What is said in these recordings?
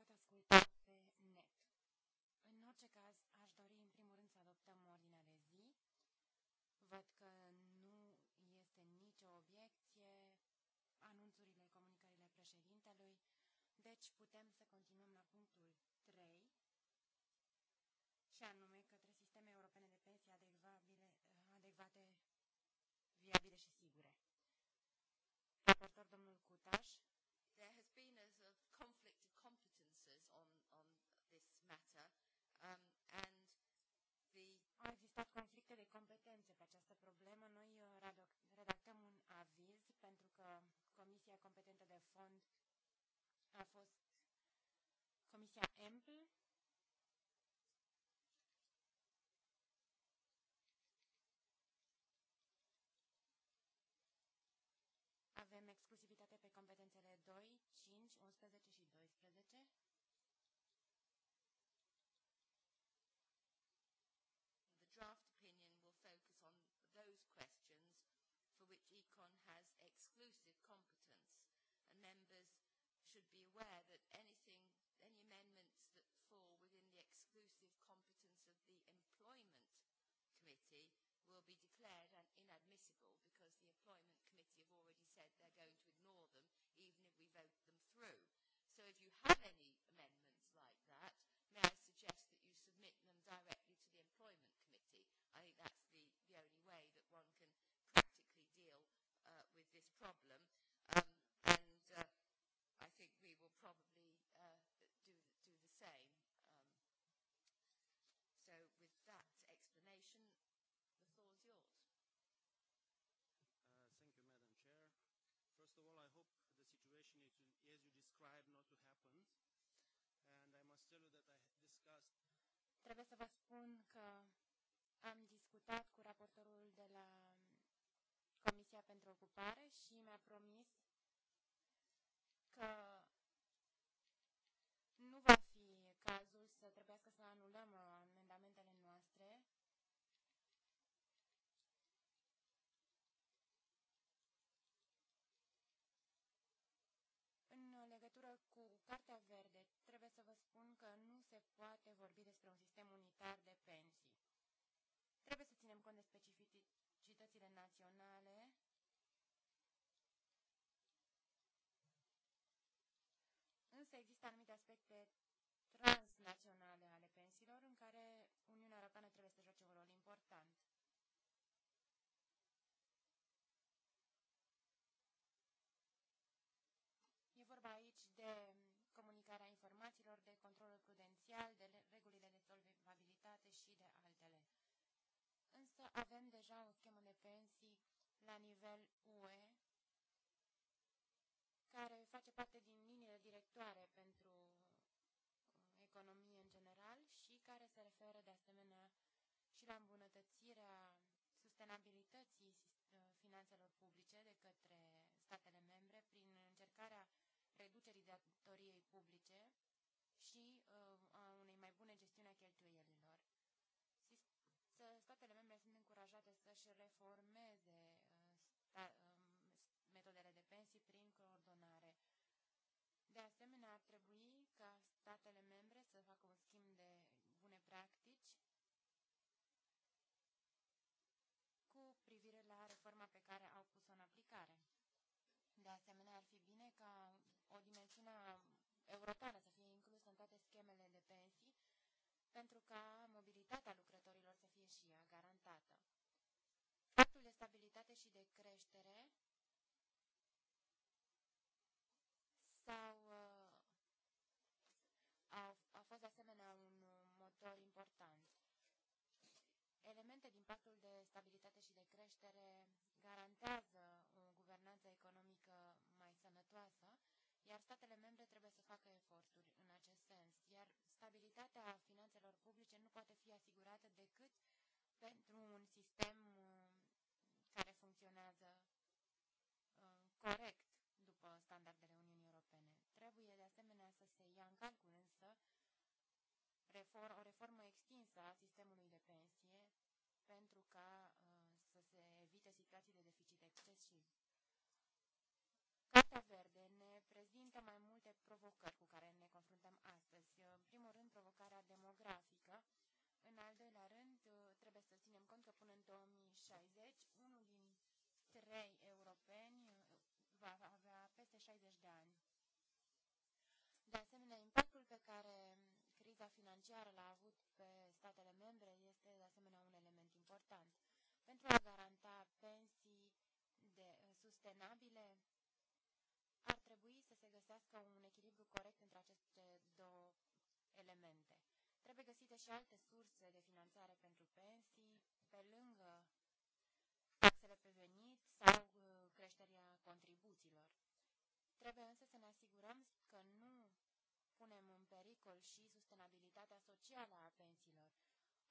poate asculta pe net. În orice caz, aș dori în primul rând să adoptăm ordinea de zi. Văd că nu este nicio obiecție anunțurile, comunicările președintelui, deci putem să continuăm la punctul 3 și anume a fost aware that anything, any amendments that fall within the exclusive competence of the Employment Committee will be declared inadmissible because the Employment Committee have already said they're going to ignore them even if we vote them through. So if you have any amendments like that, may I suggest that you submit them directly to the Employment Committee? I think that's the, the only way that one can practically deal uh, with this problem Trebuie să vă spun că am discutat cu raportorul de la Comisia pentru Ocupare și mi-a promis că internaționale Însă există anumite aspecte transnaționale ale pensiilor în care Uniunea Europeană trebuie să joace un rol important. E vorba aici de comunicarea informațiilor, de controlul prudențial, de să avem deja o schemă de pensii la nivel UE, care face parte din liniile directoare pentru economie în general și care se referă de asemenea și la îmbunătățirea sustenabilității uh, finanțelor publice de către statele membre prin încercarea reducerii datoriei publice și uh, a unei mai bune gestiuni a cheltuielilor statele membre sunt încurajate să-și reformeze sta, um, metodele de pensii prin coordonare. De asemenea, ar trebui ca statele membre să facă un schimb de bune practici cu privire la reforma pe care au pus-o în aplicare. De asemenea, ar fi bine ca o dimensiune europeană să fie inclusă în toate schemele de pensii, pentru ca mobilitatea și garantată. Pactul de stabilitate și de creștere sau uh, a, a fost de asemenea un motor important. Elemente din pactul de stabilitate și de creștere garantează o guvernanță economică mai sănătoasă, iar statele membre trebuie să facă eforturi în acest sens, iar stabilitatea finanțelor publice nu poate fi asigurată decât pentru un sistem uh, care funcționează uh, corect după standardele Uniunii Europene. Trebuie de asemenea să se ia în calcul însă reform, o reformă extinsă a sistemului de pensie pentru ca uh, să se evite situații de deficit excesiv. Cartea verde ne prezintă mai ținem cont că până în 2060 unul din trei europeni uh, va avea peste 60 de ani. De asemenea, impactul pe care criza financiară l-a avut pe statele membre este de asemenea un element important. Pentru a garanta pensii de uh, sustenabile, ar trebui să se găsească un echilibru corect între aceste două elemente. Trebuie găsite și alte surse de finanțare pentru pensii, pe lângă taxele pe venit sau uh, creșterea contribuțiilor. Trebuie însă să ne asigurăm că nu punem în pericol și sustenabilitatea socială a pensiilor.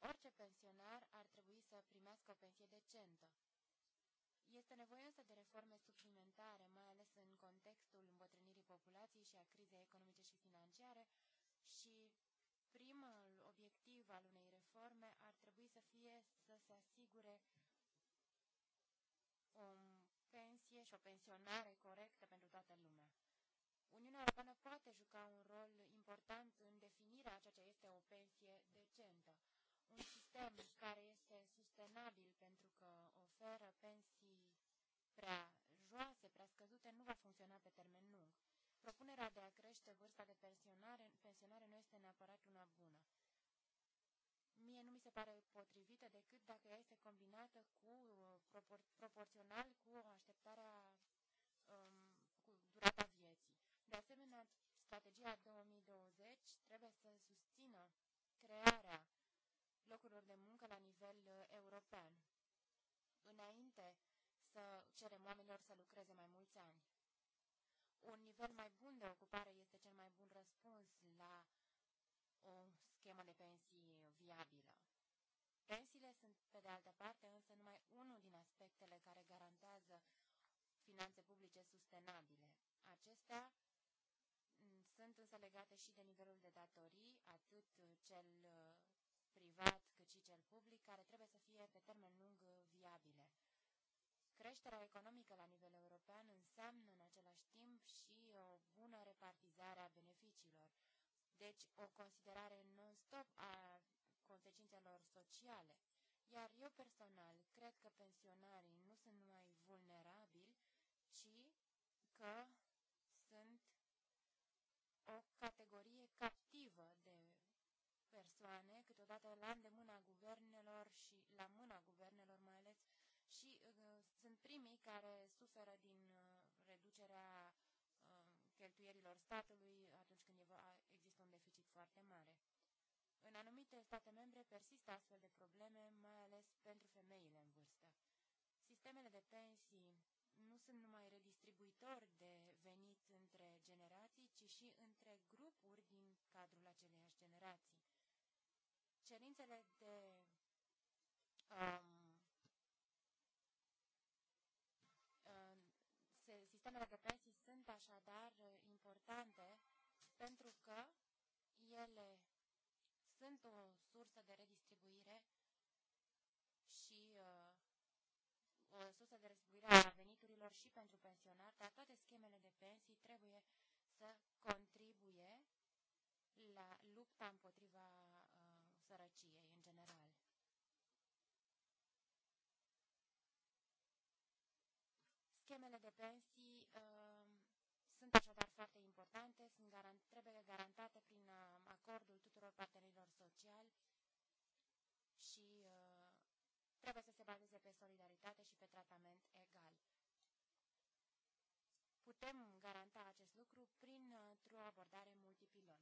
Orice pensionar ar trebui să primească o pensie decentă. Este nevoie însă de reforme suplimentare, mai ales în contextul îmbătrânirii populației și a crizei economice și financiare și primul obiectiv al unei reforme ar trebui să fie să asigure o pensie și o pensionare corectă pentru toată lumea. Uniunea Europeană poate juca un rol important în definirea a ceea ce este o pensie decentă. Un sistem care este sustenabil pentru că oferă pensii prea joase, prea scăzute, nu va funcționa pe termen lung. Propunerea de a crește vârsta de pensionare, pensionare nu este neapărat una bună mie nu mi se pare potrivită decât dacă ea este combinată cu uh, propor, proporțional cu așteptarea um, cu durata vieții. De asemenea, strategia 2020 trebuie să susțină crearea locurilor de muncă la nivel uh, european, înainte să cerem oamenilor să lucreze mai mulți ani. Un nivel mai bun de ocupare este cel mai bun răspuns la o schemă de pensii Pensiile sunt, pe de altă parte, însă numai unul din aspectele care garantează finanțe publice sustenabile. Acestea mm, sunt însă legate și de nivelul de datorii, atât cel uh, privat cât și cel public, care trebuie să fie pe termen lung uh, viabile. Creșterea economică la nivel european înseamnă în același timp și o bună repartizare a beneficiilor, deci o considerare non-stop a consecințelor sociale. Iar eu personal cred că pensionarii nu sunt numai vulnerabili, ci că sunt o categorie captivă de persoane, câteodată la îndemâna guvernelor și la mâna guvernelor mai ales, și uh, sunt primii care suferă din uh, reducerea uh, cheltuierilor statului atunci când există un deficit foarte mare. În anumite state membre persistă astfel de probleme, mai ales pentru femeile în vârstă. Sistemele de pensii nu sunt numai redistribuitori de venit între generații, ci și între grupuri din cadrul aceleiași generații. Cerințele de um, um sistemele de pensii sunt așadar importante pentru că ele sunt o sursă de redistribuire și uh, o sursă de redistribuire a veniturilor și pentru pensionari, dar toate schemele de pensii trebuie să contribuie la lupta împotriva uh, sărăciei în general. Schemele de pensii importante sunt garant, trebuie garantate prin uh, acordul tuturor partenerilor sociali și uh, trebuie să se bazeze pe solidaritate și pe tratament egal. Putem garanta acest lucru printr-o uh, abordare multipilon.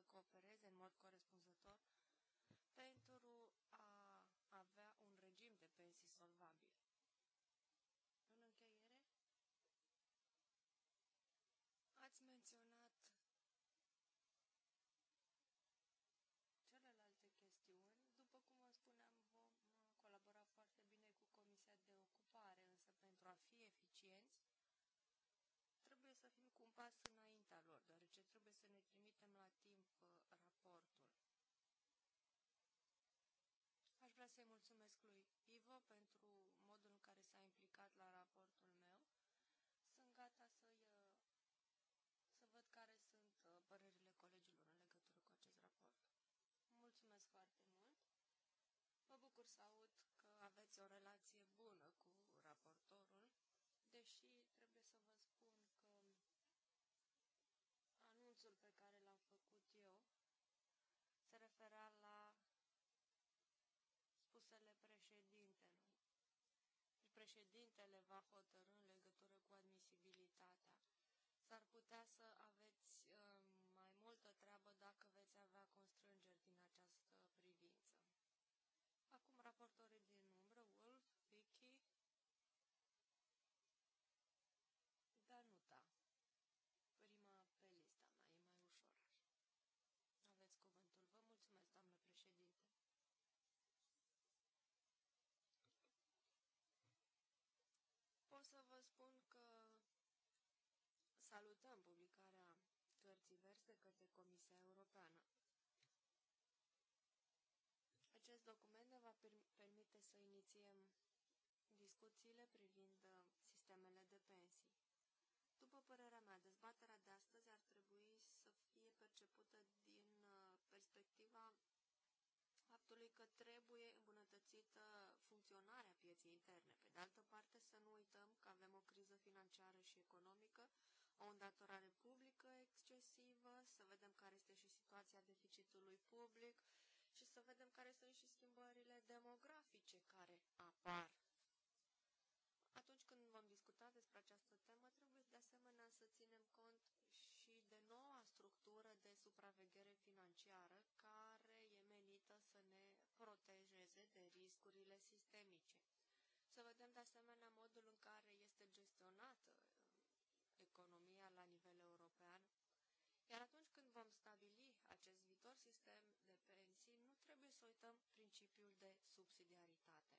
să coopereze în mod corespunzător pentru a avea un regim de pensii solvabil. În încheiere, ați menționat celelalte chestiuni. După cum vă spuneam, vom colabora foarte bine cu Comisia de Ocupare, însă pentru a fi eficienți, trebuie să fim cu un pas în trimitem la timp uh, raportul. Aș vrea să-i mulțumesc lui Ivo pentru modul în care s-a implicat la raportul meu. Sunt gata să uh, să văd care sunt uh, părerile colegilor în legătură cu acest raport. Mulțumesc foarte mult. Mă bucur să aud că aveți o relație bună cu raportorul, deși trebuie președintele va hotărâ în legătură cu admisibilitatea. S-ar putea să aveți um, mai multă treabă dacă veți avea constrângeri din această privință. Acum raportorii din umbră, Wolf, Vicky, Danuta, prima pe lista mea, e mai ușor. Aveți cuvântul. Vă mulțumesc, doamnă președinte. solicităm publicarea cărții verzi către Comisia Europeană. Acest document ne va permite să inițiem discuțiile privind uh, sistemele de pensii. După părerea mea, dezbaterea de astăzi ar trebui să fie percepută din uh, perspectiva faptului că trebuie îmbunătățită funcționarea pieței interne. Pe de altă parte, să nu uităm că avem o criză financiară și economică o îndatorare publică excesivă, să vedem care este și situația deficitului public și să vedem care sunt și schimbările demografice care apar. Atunci când vom discuta despre această temă, trebuie de asemenea să ținem cont și de noua structură de supraveghere financiară care e menită să ne protejeze de riscurile sistemice. Să vedem de asemenea modul în care este gestionată trebuie să uităm principiul de subsidiaritate,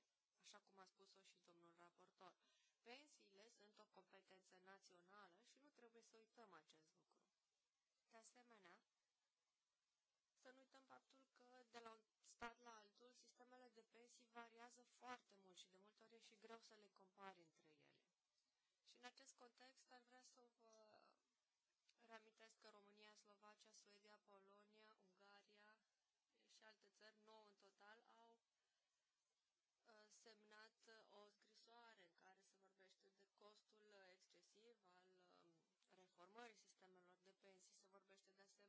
așa cum a spus-o și domnul raportor. Pensiile sunt o competență națională și nu trebuie să uităm acest lucru. De asemenea, să nu uităm faptul că de la un stat la altul, sistemele de pensii variază foarte mult și de multe ori e și greu să le compari între ele. Și în acest context ar vrea să vă reamintesc că România, Slovacia, Suedia, țări, 9 în total, au uh, semnat uh, o scrisoare în care se vorbește de costul uh, excesiv al um, reformării sistemelor de pensii, se vorbește de asemenea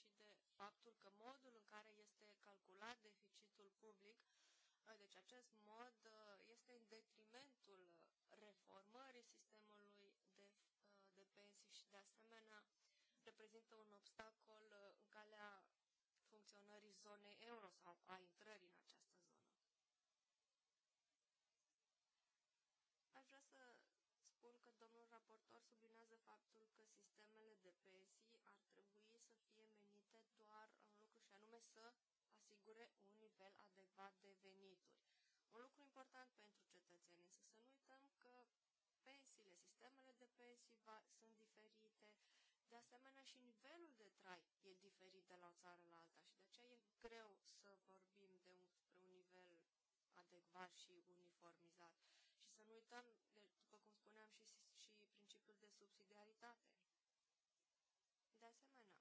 și de faptul că modul în care este calculat deficitul public, deci acest mod este în detrimentul reformării sistemului de, de pensii și de asemenea reprezintă un obstacol funcționării zonei euro sau a intrării în această zonă. Aș vrea să spun că domnul raportor sublinează faptul că sistemele de pensii ar trebui să fie menite doar în lucru și anume să asigure un nivel adecvat de venituri. Un lucru important pentru cetățeni, însă să nu uităm că pensiile, sistemele de pensii va, sunt diferite, de asemenea, și nivelul de trai e diferit de la o țară la alta și de aceea e greu să vorbim de un, de un nivel adecvat și uniformizat. Și să nu uităm, de, după cum spuneam, și, și principiul de subsidiaritate. De asemenea,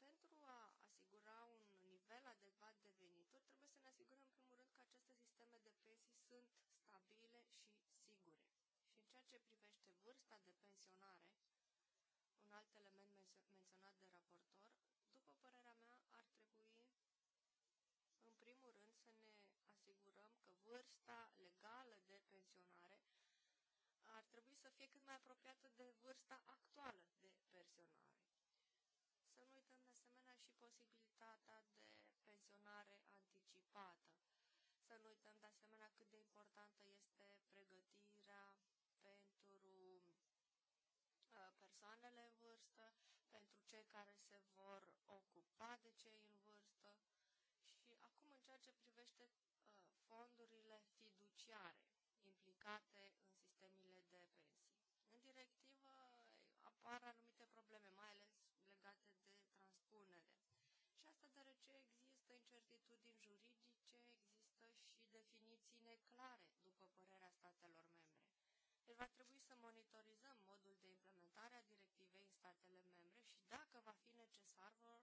pentru a asigura un nivel adecvat de venituri, trebuie să ne asigurăm, în primul rând, că aceste sisteme de pensii sunt stabile și sigure. Și în ceea ce privește vârsta de pensionare, alt element menționat de raportor, după părerea mea, ar trebui, în primul rând, să ne asigurăm că vârsta legală de pensionare ar trebui să fie cât mai apropiată de vârsta actuală de pensionare. Să nu uităm, de asemenea, și posibilitatea de pensionare anticipată. Să nu uităm, de asemenea, cât de importantă este persoanele în vârstă, pentru cei care se vor ocupa de cei în vârstă. Și acum în ceea ce privește uh, fondurile fiduciare implicate în sistemele de pensii. În directivă eh, apar anumite probleme, mai ales legate de transpunere. Și asta deoarece există incertitudini juridice, există și definiții neclare, după părerea statelor membre. Deci va trebui să monitorizăm modul de implementare a directivei în statele membre și dacă va fi necesar, vor,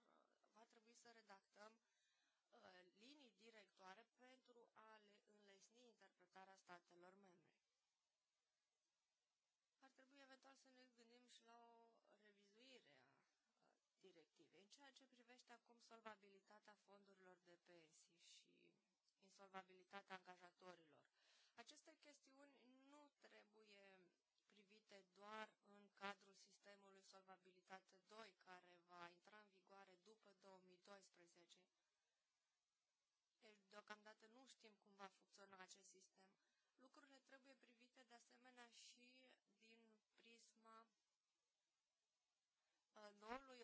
va trebui să redactăm uh, linii directoare pentru a le înlesni interpretarea statelor membre. Ar trebui eventual să ne gândim și la o revizuire a directivei. În ceea ce privește acum solvabilitatea fondurilor de pensii și insolvabilitatea angajatorilor, aceste chestiuni trebuie privite doar în cadrul sistemului Solvabilitate 2, care va intra în vigoare după 2012. Deci, deocamdată nu știm cum va funcționa acest sistem. Lucrurile trebuie privite de asemenea și din prisma uh, noului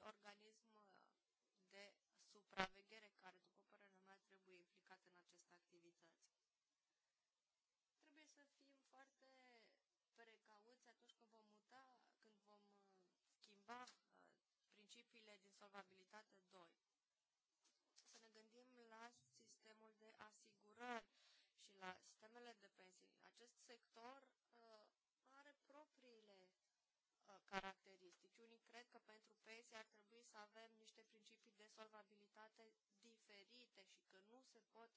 implementa, da, când vom uh, schimba uh, principiile din solvabilitate 2. Să ne gândim la sistemul de asigurări și la sistemele de pensii. Acest sector uh, are propriile caracteristici. Unii cred că pentru pensii ar trebui să avem niște principii de solvabilitate diferite și că nu se pot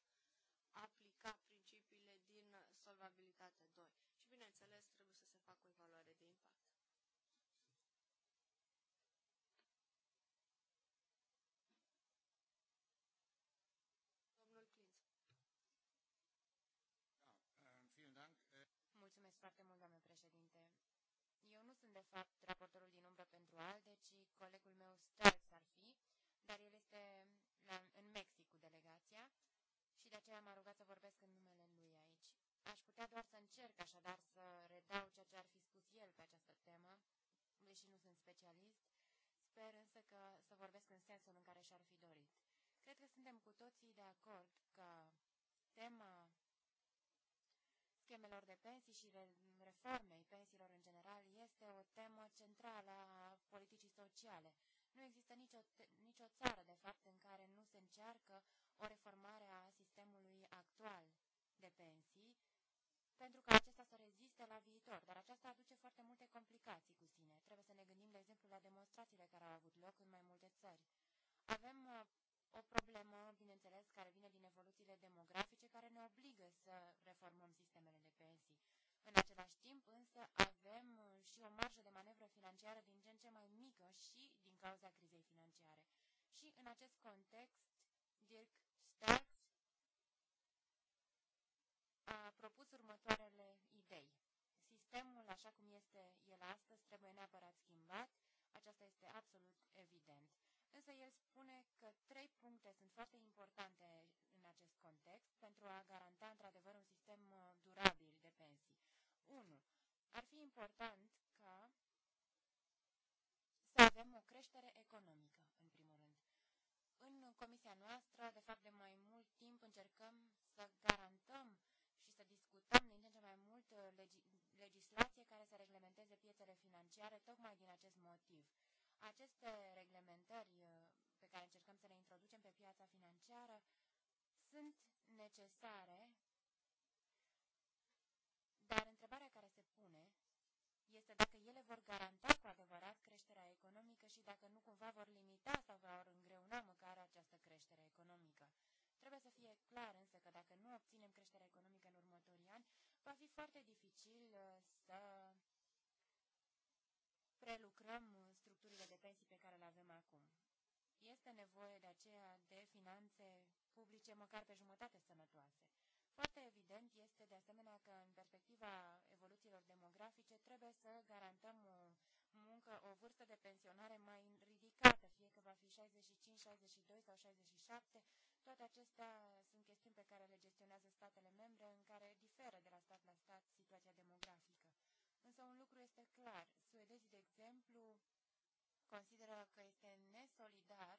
aplica principiile din solvabilitate 2. Și bineînțeles trebuie să se facă o evaluare de impact. sunt, de fapt, raportorul din umbră pentru ALDE, ci colegul meu Stelz ar fi, dar el este la, în Mexic cu delegația și de aceea m-a rugat să vorbesc în numele lui aici. Aș putea doar să încerc așadar să redau ceea ce ar fi spus el pe această temă, deși nu sunt specialist, sper însă că să vorbesc în sensul în care și-ar fi dorit. Cred că suntem cu toții de acord că tema schemelor de pensii și reformei pensiilor în general este o temă centrală a politicii sociale. Nu există nicio, nicio țară, de fapt, în care nu se încearcă o reformare a sistemului actual de pensii, pentru că acesta să reziste la viitor, dar aceasta aduce foarte multe complicații cu sine. Trebuie să ne gândim, de exemplu, la demonstrațiile care au avut loc în mai multe țări. Avem uh, o problemă, bineînțeles, care vine din evoluțiile demografice, care ne obligă să reformăm sistemele de pensii. În același timp, însă, avem uh, și o marjă de manevră financiară din ce în ce mai mică și din cauza crizei financiare. Și în acest context, Dirk Starks a propus următoarele idei. Sistemul, așa cum este el astăzi, trebuie neapărat schimbat, aceasta este absolut evident. Însă el spune că trei puncte sunt foarte importante acest context pentru a garanta într-adevăr un sistem uh, durabil de pensii. 1. Ar fi important ca să avem o creștere economică, în primul rând. În comisia noastră, de fapt de mai mult timp, încercăm să garantăm și să discutăm din ce în ce mai mult uh, legi legislație care să reglementeze piețele financiare, tocmai din acest motiv. Aceste reglementări uh, pe care încercăm să le introducem pe piața financiară sunt necesare, dar întrebarea care se pune este dacă ele vor garanta cu adevărat creșterea economică și dacă nu cumva vor limita sau vor îngreuna măcar această creștere economică. Trebuie să fie clar însă că dacă nu obținem creșterea economică în următorii ani, va fi foarte dificil uh, să prelucrăm structurile de pensii pe care le avem acum. Este nevoie de aceea de finanțe publice măcar pe jumătate sănătoase. Foarte evident este de asemenea că în perspectiva evoluțiilor demografice trebuie să garantăm o muncă, o vârstă de pensionare mai ridicată, fie că va fi 65, 62 sau 67. Toate acestea sunt chestiuni pe care le gestionează statele membre, în care diferă de la stat la stat situația demografică. Însă un lucru este clar. Suedezii, de exemplu, consideră că este nesolidar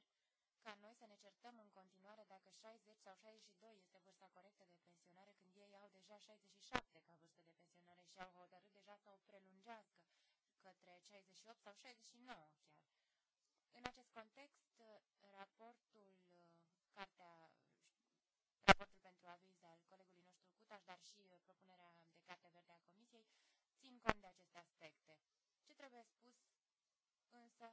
ca noi să ne certăm în continuare dacă 60 sau 62 este vârsta corectă de pensionare, când ei au deja 67 ca vârstă de pensionare și au hotărât deja să o prelungească către 68 sau 69 chiar. În acest context, raportul, cartea, raportul pentru aviz al colegului nostru Cutaș, dar și uh, propunerea de carte verde a Comisiei, țin cont de aceste aspecte. Ce trebuie spus, însă,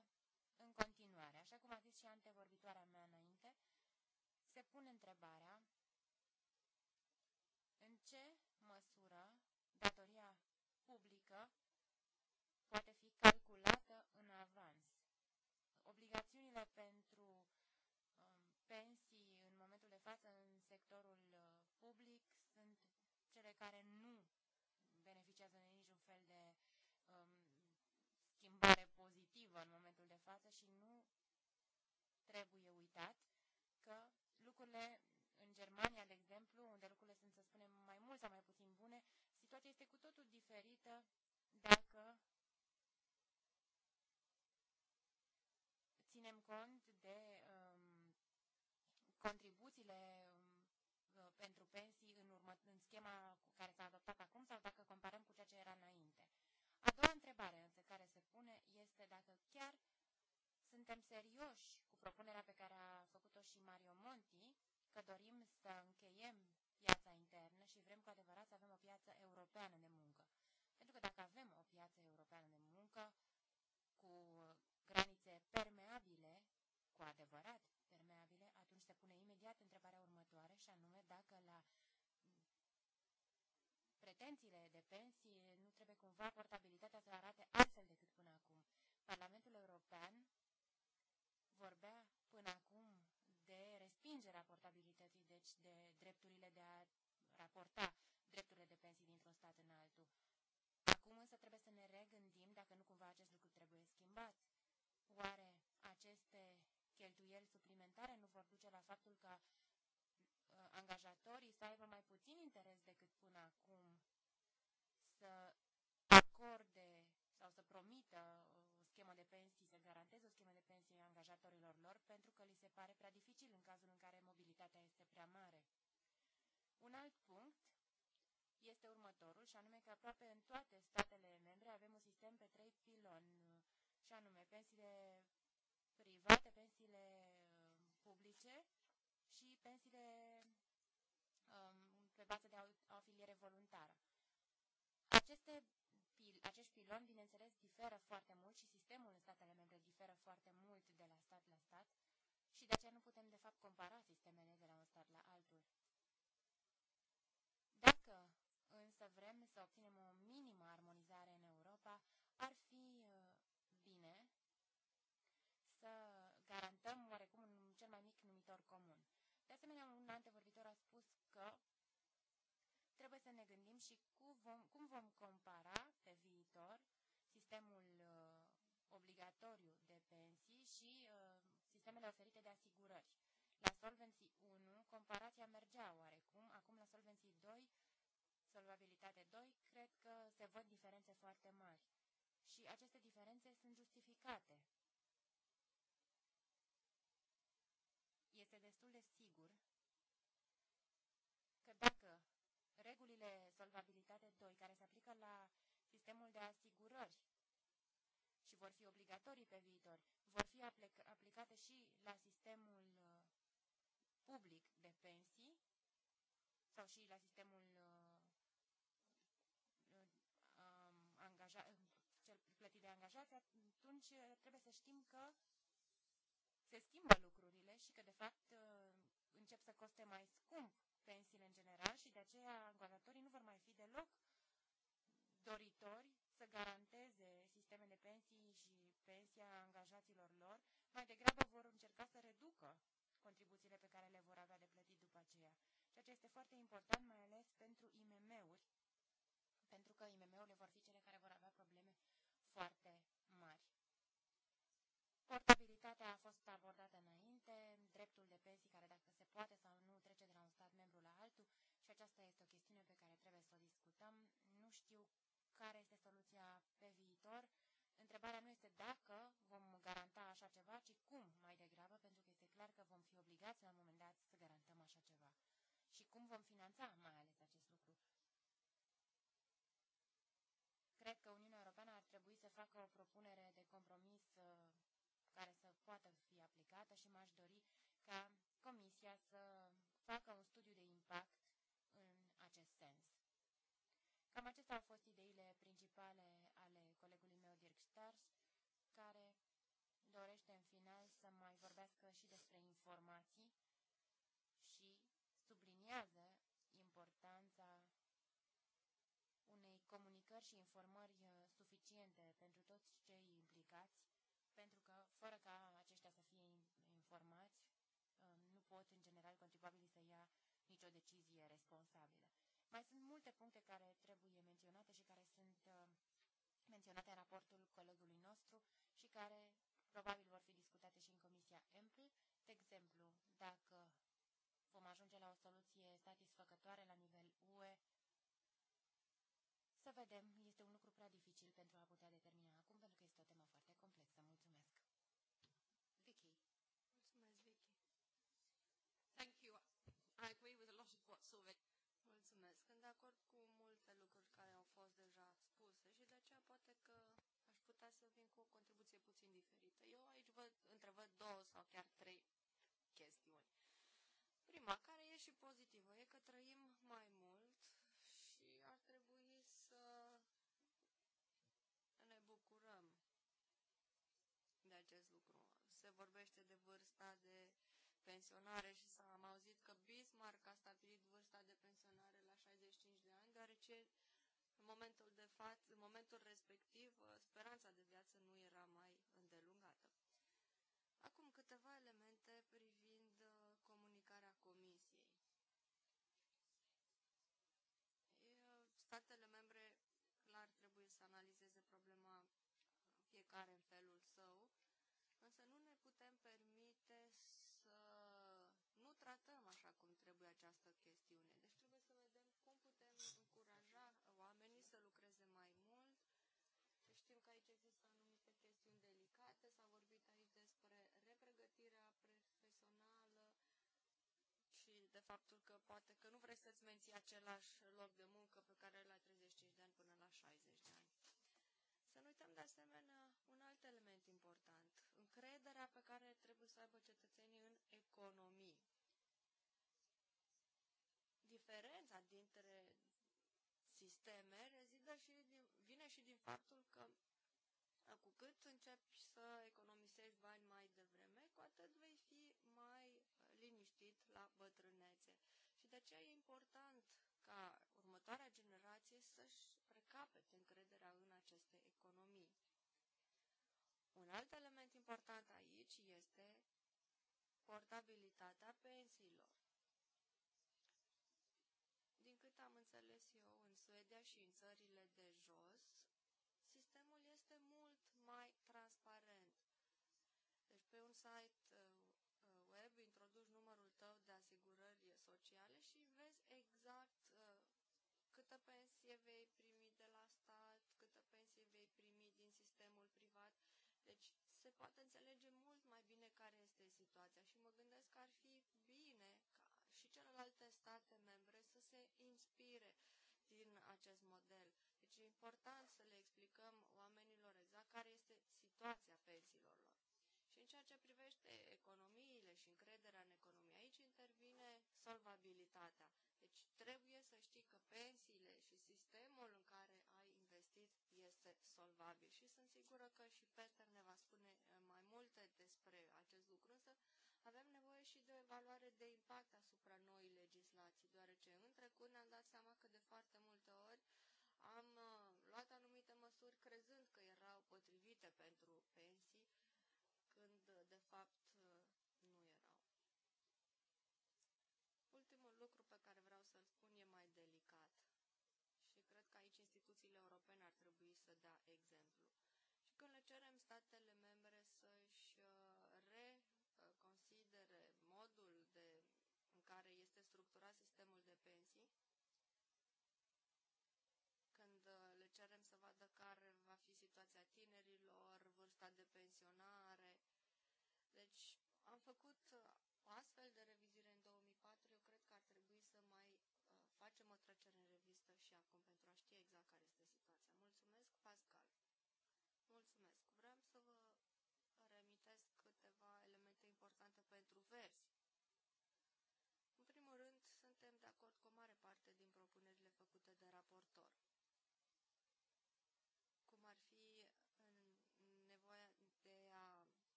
cum a zis și antevorbitoarea mea înainte, se pune întrebarea în ce măsură datoria publică poate fi calculată în avans. Obligațiunile pentru um, pensii în momentul de față în sectorul uh, public sunt cele care nu beneficiază de niciun fel de um, schimbare pozitivă în momentul de față și nu trebuie uitat că lucrurile în Germania, de exemplu, unde lucrurile sunt, să spunem, mai mult sau mai puțin bune, situația este cu totul diferită dacă ținem cont de um, contribuțiile um, uh, pentru pensii în, urmă, în schema cu care s-a adoptat acum sau dacă comparăm cu ceea ce era înainte. A doua întrebare însă care se pune este dacă chiar suntem serioși propunerea pe care a făcut-o și Mario Monti, că dorim să încheiem piața internă și vrem cu adevărat să avem o piață europeană de muncă. Pentru că dacă avem o piață europeană de muncă cu granițe permeabile, cu adevărat permeabile, atunci se pune imediat întrebarea următoare și anume dacă la pretențiile de pensii nu trebuie cumva portabilitatea să arate alt transporta drepturile de pensii dintr-un stat în altul. Acum însă trebuie să ne regândim dacă nu cumva acest lucru trebuie schimbat. Oare aceste cheltuieli suplimentare nu vor duce la faptul că uh, angajatorii să aibă mai puțin interes decât până acum să acorde sau să promită o schemă de pensii, să garanteze o schemă de pensii angajatorilor lor, pentru că li se pare prea dificil în cazul în care mobilitatea este prea mare. Un alt punct este următorul, și anume că aproape în toate statele membre avem un sistem pe trei piloni, și anume pensiile private, pensiile uh, publice și pensiile um, pe bază de afiliere voluntară. Aceste pil, acești piloni, bineînțeles, diferă foarte mult și sistemul în statele membre diferă foarte mult de la stat la stat și de aceea nu putem, de fapt, compara sistemele de la un stat la altul. să obținem o minimă armonizare în Europa, ar fi uh, bine să garantăm oarecum un cel mai mic numitor comun. De asemenea, un antevorbitor a spus că trebuie să ne gândim și cum vom, cum vom compara pe viitor sistemul uh, obligatoriu de pensii și uh, sistemele oferite de asigurări. La Solvency 1, comparația mergea oarecum, acum la Solvency 2 solvabilitate 2, cred că se văd diferențe foarte mari și aceste diferențe sunt justificate. Este destul de sigur că dacă regulile solvabilitate 2, care se aplică la sistemul de asigurări și vor fi obligatorii pe viitor, vor fi aplicate și la sistemul uh, public de pensii sau și la sistemul uh, situație, atunci eh, trebuie să știm că se schimbă lucrurile și că, de fapt, eh, încep să coste mai scump pensiile în general și de aceea angajatorii nu vor mai fi deloc doritori să garanteze sisteme de pensii și pensia angajaților lor, mai degrabă vor încerca să reducă contribuțiile pe care le vor avea de plătit după aceea. Ceea ce este foarte important, mai ales pentru IMM-uri, pentru că IMM-urile vor fi cele care vor avea probleme foarte Portabilitatea a fost abordată înainte, dreptul de pensii care dacă se poate sau nu trece de la un stat membru la altul și aceasta este o chestiune pe care trebuie să o discutăm. Nu știu care este soluția pe viitor. Întrebarea nu este dacă vom garanta așa ceva, ci cum mai degrabă, pentru că este clar că vom fi obligați la un moment dat să garantăm așa ceva. Și cum vom finanța mai ales acest lucru. Cred că Uniunea Europeană ar trebui să facă o propunere de compromis poată fi aplicată și m-aș dori ca Comisia să facă un studiu de impact în acest sens. Cam acestea au fost ideile principale ale colegului meu, Dirk Stars, care dorește în final să mai vorbească și despre informații și subliniază importanța unei comunicări și informări uh, suficiente pentru toți cei implicați pentru că, fără ca aceștia să fie informați, um, nu pot, în general, contribuabilii să ia nicio decizie responsabilă. Mai sunt multe puncte care trebuie menționate și care sunt uh, menționate în raportul colegului nostru și care probabil vor fi discutate și în Comisia EMPL. De exemplu, dacă vom ajunge la o soluție satisfăcătoare la nivel UE, să vedem, de acord cu multe lucruri care au fost deja spuse și de aceea poate că aș putea să vin cu o contribuție puțin diferită. Eu aici văd, întrevăd două sau chiar trei chestiuni. Prima, care e și pozitivă, e că trăim mai mult și ar trebui să ne bucurăm de acest lucru. Se vorbește de vârsta de pensionare și s-a auzit că Bismarck a stabilit vârsta de pensionare deoarece în momentul, de față, în momentul respectiv uh, speranța de viață nu era mai îndelungată. Acum câteva elemente privind uh, comunicarea Comisiei. Statele membre clar trebuie să analizeze problema uh, fiecare în felul său, însă nu ne putem permite să nu tratăm așa cum trebuie această chestiune încuraja oamenii să lucreze mai mult. Știm că aici există anumite chestiuni delicate, s-a vorbit aici despre repregătirea profesională și de faptul că poate că nu vrei să-ți menții același loc de muncă pe care la 35 de ani până la 60 de ani. Să nu uităm de asemenea un alt element important, încrederea pe care trebuie să aibă cetățenii în economii. Diferența dintre teme rezidă și din, vine și din faptul că cu cât începi să economisești bani mai devreme, cu atât vei fi mai uh, liniștit la bătrânețe. Și de aceea e important ca următoarea generație să-și recapete încrederea în aceste economii. Un alt element important aici este portabilitatea pensiilor. Suedia și în țările de jos, sistemul este mult mai transparent. Deci pe un site uh, uh, web introduci numărul tău de asigurări sociale și vezi exact uh, câtă pensie vei primi de la stat, câtă pensie vei primi din sistemul privat. Deci se poate înțelege mult mai bine care este situația și mă gândesc că ar fi bine ca și celelalte state membre să se inspire acest model. Deci e important să le explicăm oamenilor exact care este situația pensiilor lor. Și în ceea ce privește economiile și încrederea în economie, aici intervine solvabilitatea. Deci trebuie să știi că pensiile și sistemul în care ai investit este solvabil. Și sunt sigură că și Peter ne va spune eh, mai multe despre acest lucru, însă avem nevoie și de o evaluare de impact asupra noii legislații, deoarece în trecut ne-am dat seama că de foarte multe ori crezând că erau potrivite pentru pensii, când de fapt uh, nu erau. Ultimul lucru pe care vreau să-l spun e mai delicat și cred că aici instituțiile europene ar trebui să dea exemplu. Și când le cerem statele membre vârsta de pensionare. Deci am făcut o uh, astfel de revizire în 2004. Eu cred că ar trebui să mai uh, facem o trecere în revistă și acum pentru a ști exact care este situația. Mulțumesc, Pascal. Mulțumesc. Vreau să vă remitesc câteva elemente importante pentru verzi. În primul rând, suntem de acord cu o mare parte din propunerile făcute de raportor.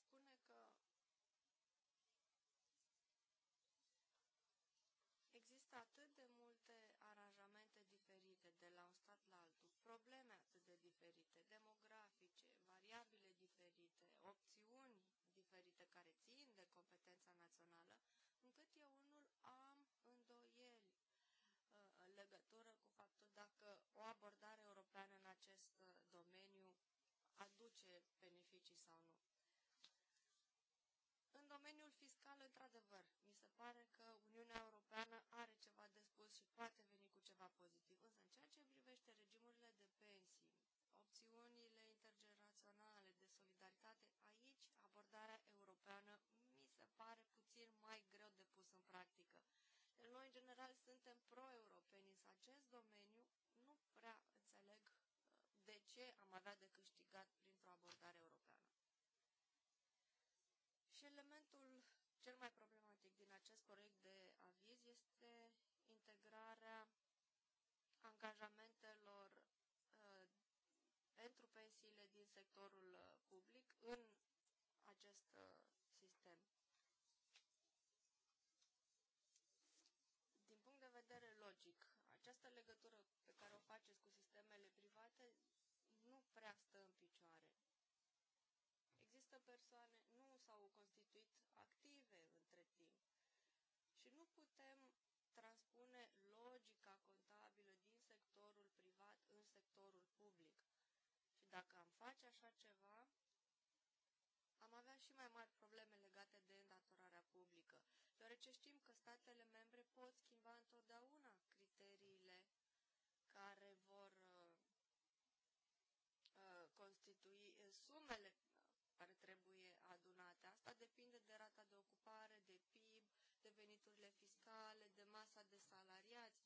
aș spune că există atât de multe aranjamente diferite de la un stat la altul, probleme atât de diferite, demografice, variabile diferite, opțiuni diferite care țin de competența națională, încât eu unul am îndoieli în uh, legătură cu faptul dacă o abordare europeană în acest uh, domeniu aduce beneficii sau nu domeniul fiscal, într-adevăr, mi se pare că Uniunea Europeană are ceva de spus și poate veni cu ceva pozitiv, însă în ceea ce privește regimurile de pensii, opțiunile intergeneraționale de solidaritate, aici abordarea europeană mi se pare puțin mai greu de pus în practică. Deci, noi, în general, suntem pro-europeni, însă acest domeniu nu prea înțeleg uh, de ce am avea de câștigat prin Și elementul cel mai problematic din acest proiect de aviz este integrarea angajamentelor uh, pentru pensiile din sectorul uh, public în acest uh, sistem. Din punct de vedere logic, această legătură pe care o faceți cu sistemele private nu prea stă în picioare. putem transpune logica contabilă din sectorul privat în sectorul public. Și dacă am face așa ceva, am avea și mai mari probleme legate de îndatorarea publică, deoarece știm că statele membre pot schimba întotdeauna criteriile care vor uh, uh constitui sumele veniturile fiscale, de masa de salariați.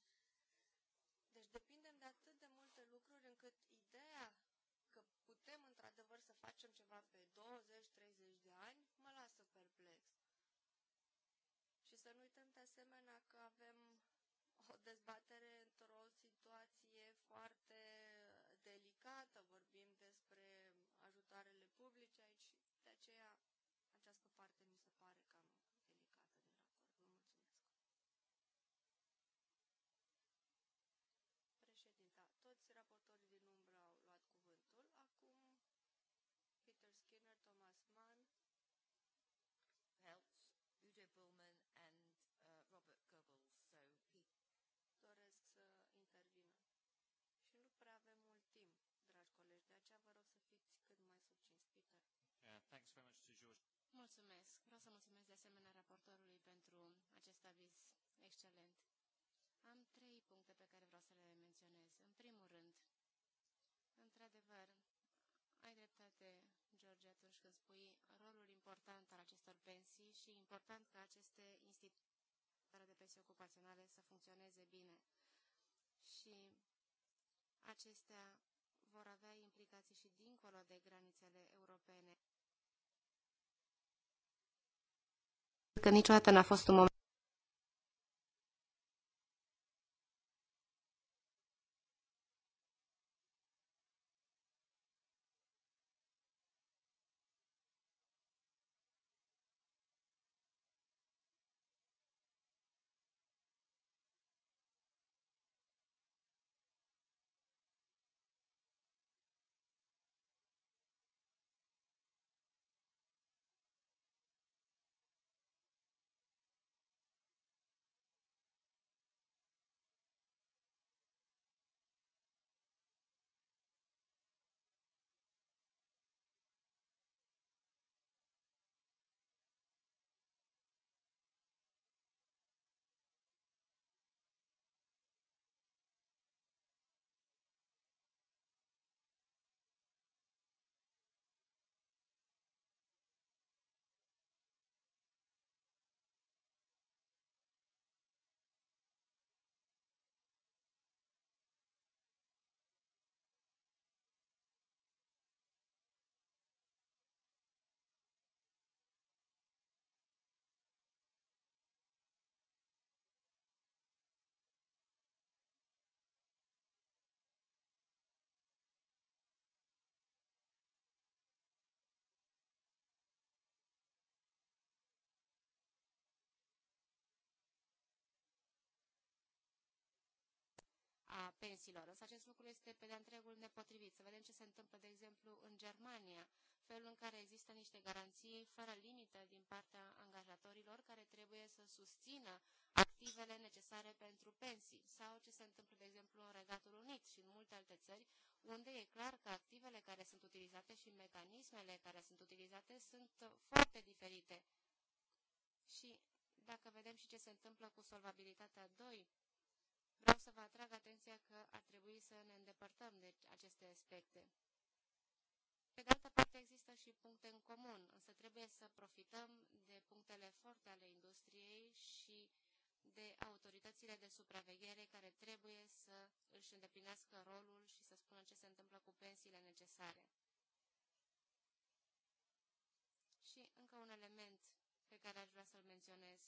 Deci depindem de atât de multe lucruri încât ideea că putem într-adevăr să facem ceva pe 20-30 de ani mă lasă perplex. Și să nu uităm de asemenea că avem o dezbatere într-o situație foarte aceea vă rog să fiți cât mai succinți, Peter. Yeah, thanks very much to George. Mulțumesc. Vreau să mulțumesc de asemenea raportorului pentru acest aviz excelent. Am trei puncte pe care vreau să le menționez. În primul rând, într-adevăr, ai dreptate, George, atunci când spui rolul important al acestor pensii și important ca aceste instituții de pensii ocupaționale să funcționeze bine. Și acestea vor avea implicații și dincolo de granițele europene. Că niciodată n-a fost un moment pensiilor. Însă acest lucru este pe de întregul nepotrivit. Să vedem ce se întâmplă, de exemplu, în Germania, felul în care există niște garanții fără limită din partea angajatorilor care trebuie să susțină activele necesare pentru pensii sau ce se întâmplă, de exemplu, în Regatul Unit și în multe alte țări, unde e clar că activele care sunt utilizate și mecanismele care sunt utilizate sunt foarte diferite. Și dacă vedem și ce se întâmplă cu solvabilitatea 2, Vreau să vă atrag atenția că ar trebui să ne îndepărtăm de aceste aspecte. Pe de altă parte, există și puncte în comun, însă trebuie să profităm de punctele forte ale industriei și de autoritățile de supraveghere care trebuie să își îndeplinească rolul și să spună ce se întâmplă cu pensiile necesare. Și încă un element pe care aș vrea să-l menționez.